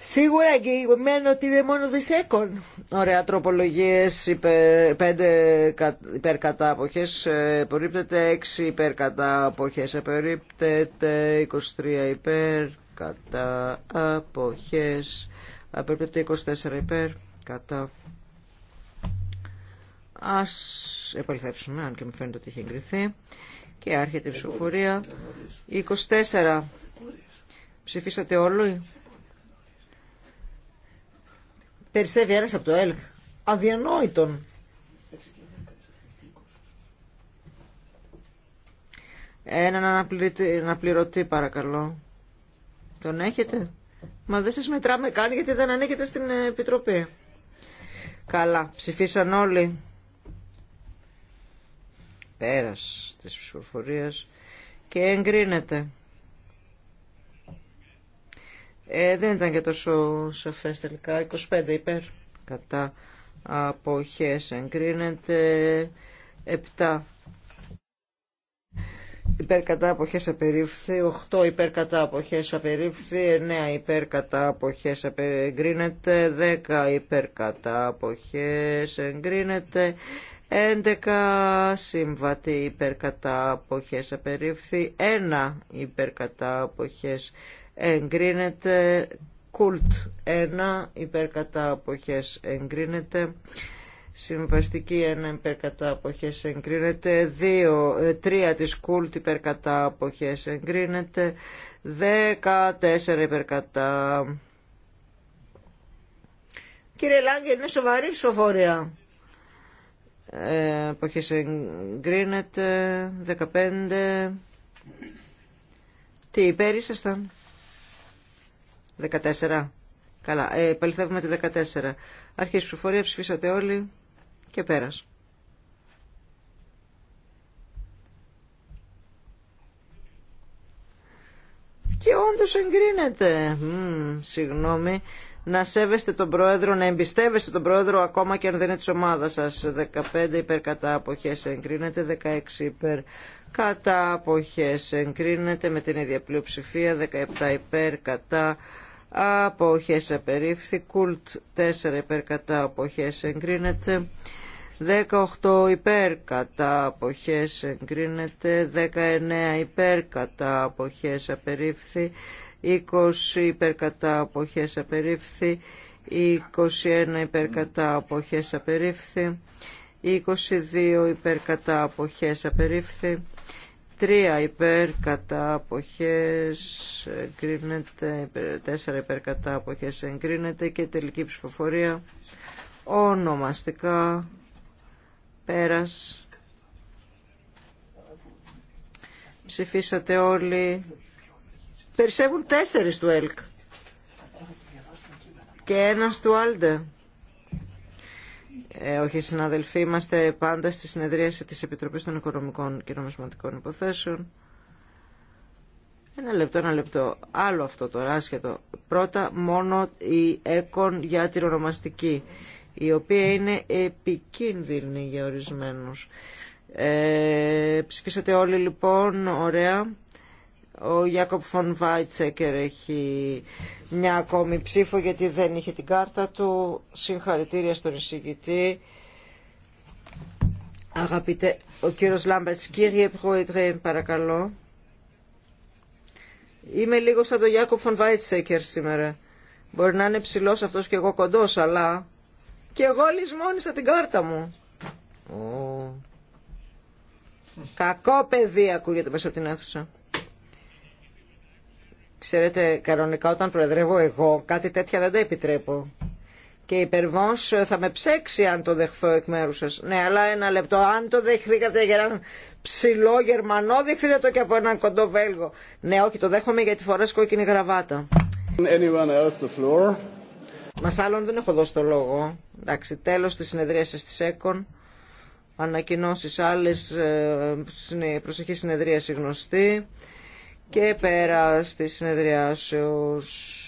Σίγουρα εγγυημένο ότι είναι μόνο δισεκον. Ωραία, τροπολογίε υπέρ, 5 υπερ αποχέ. Ε, απορρίπτεται 6 υπερ Απορρίπτεται 23 υπέρ κατά αποχέ. Απορρίπτεται 24 υπέρ κατά. Α επαληθεύσουμε, αν και μου φαίνεται ότι έχει εγκριθεί. Και άρχεται η ψηφοφορία. 24. Ψηφίσατε όλοι. Περισσεύει ένας από το ΕΛΚ. Αδιανόητον. Έναν αναπληρωτή, αναπληρωτή παρακαλώ. Τον έχετε. Μα δεν σας μετράμε καν γιατί δεν ανήκετε στην Επιτροπή. Καλά. Ψηφίσαν όλοι. Πέρας της ψηφοφορίας. Και εγκρίνεται. Ε, δεν ήταν και τόσο σαφέ. τελικά. 25 υπέρ κατά αποχές εγκρίνεται. 7 υπέρ κατά αποχές απερίφθη. 8 υπέρ κατά αποχές απερίφθη. 9 υπέρ κατά αποχές εγκρίνεται. 10 υπέρ κατά αποχές εγκρίνεται. 11 συμβατή κατά αποχές απερίφθη, 1 κατά αποχές εγκρίνεται κουλτ 1 υπέρ κατά αποχές εγκρίνεται συμβαστική 1 υπέρ κατά αποχές εγκρίνεται 2, 3 ε, της κουλτ υπέρ κατά εγκρίνεται 14 υπερκατά. Κύριε Λάγκη, είναι σοβαρή η Ε, αποχές εγκρίνεται 15 Τι υπέρ ήσασταν 14. Καλά, ε, επαληθεύουμε τη 14. η ψηφοφορία, ψηφίσατε όλοι και πέρας. Και όντω εγκρίνεται. συγγνώμη. Να σέβεστε τον πρόεδρο, να εμπιστεύεστε τον πρόεδρο ακόμα και αν δεν είναι τη ομάδα σα. 15 υπέρ κατά αποχές εγκρίνεται, 16 υπέρ κατά αποχές εγκρίνεται με την ίδια πλειοψηφία, 17 υπέρ κατά αποχές απερίφθη, κουλτ 4 υπέρ κατά αποχές εγκρίνεται, 18 υπέρ κατά αποχές εγκρίνεται, 19 υπέρ κατά αποχές απερίφθη, 20 υπέρ κατά αποχές απερίφθη, 21 υπέρ κατά αποχές απερίφθη, 22 υπέρ κατά αποχές απερίφθη, Τρία υπέρ κατά αποχές εγκρίνεται, τέσσερα υπέρ κατά αποχές εγκρίνεται και τελική ψηφοφορία ονομαστικά πέρας. Ψηφίσατε όλοι. Περισσεύουν τέσσερις του ΕΛΚ. Και ένας του Άλντε. Ε, όχι συναδελφοί, είμαστε πάντα στη συνεδρίαση της Επιτροπής των Οικονομικών και Νομισματικών Υποθέσεων. Ένα λεπτό, ένα λεπτό. Άλλο αυτό τώρα, άσχετο. Πρώτα μόνο η έκον για την ονομαστική, η οποία είναι επικίνδυνη για ορισμένους. Ε, ψηφίσατε όλοι λοιπόν, ωραία. Ο Ιάκοπ Φον Βάιτσεκερ έχει μια ακόμη ψήφο γιατί δεν είχε την κάρτα του. Συγχαρητήρια στον εισηγητή. Αγαπητέ, ο κύριος Λάμπερτς, κύριε Πρόεδρε, παρακαλώ. Είμαι λίγο σαν τον Ιάκοπ Φον Βάιτσεκερ σήμερα. Μπορεί να είναι ψηλό αυτός και εγώ κοντός, αλλά... Και εγώ λησμόνισα την κάρτα μου. Oh. Κακό παιδί ακούγεται μέσα από την αίθουσα. Ξέρετε, κανονικά όταν προεδρεύω εγώ, κάτι τέτοια δεν τα επιτρέπω. Και η ε, θα με ψέξει αν το δεχθώ εκ μέρου σα. Ναι, αλλά ένα λεπτό. Αν το δεχθήκατε για έναν ψηλό Γερμανό, δεχθείτε το και από έναν κοντό Βέλγο. Ναι, όχι, το δέχομαι γιατί φοράς κόκκινη γραβάτα. Μα άλλον δεν έχω δώσει το λόγο. Εντάξει, τέλος της συνεδρίασης της ΕΚΟΝ. Ανακοινώσεις άλλες, ε, προσεχή συνεδρίαση γνωστή και πέρα στη συνεδριάσεως.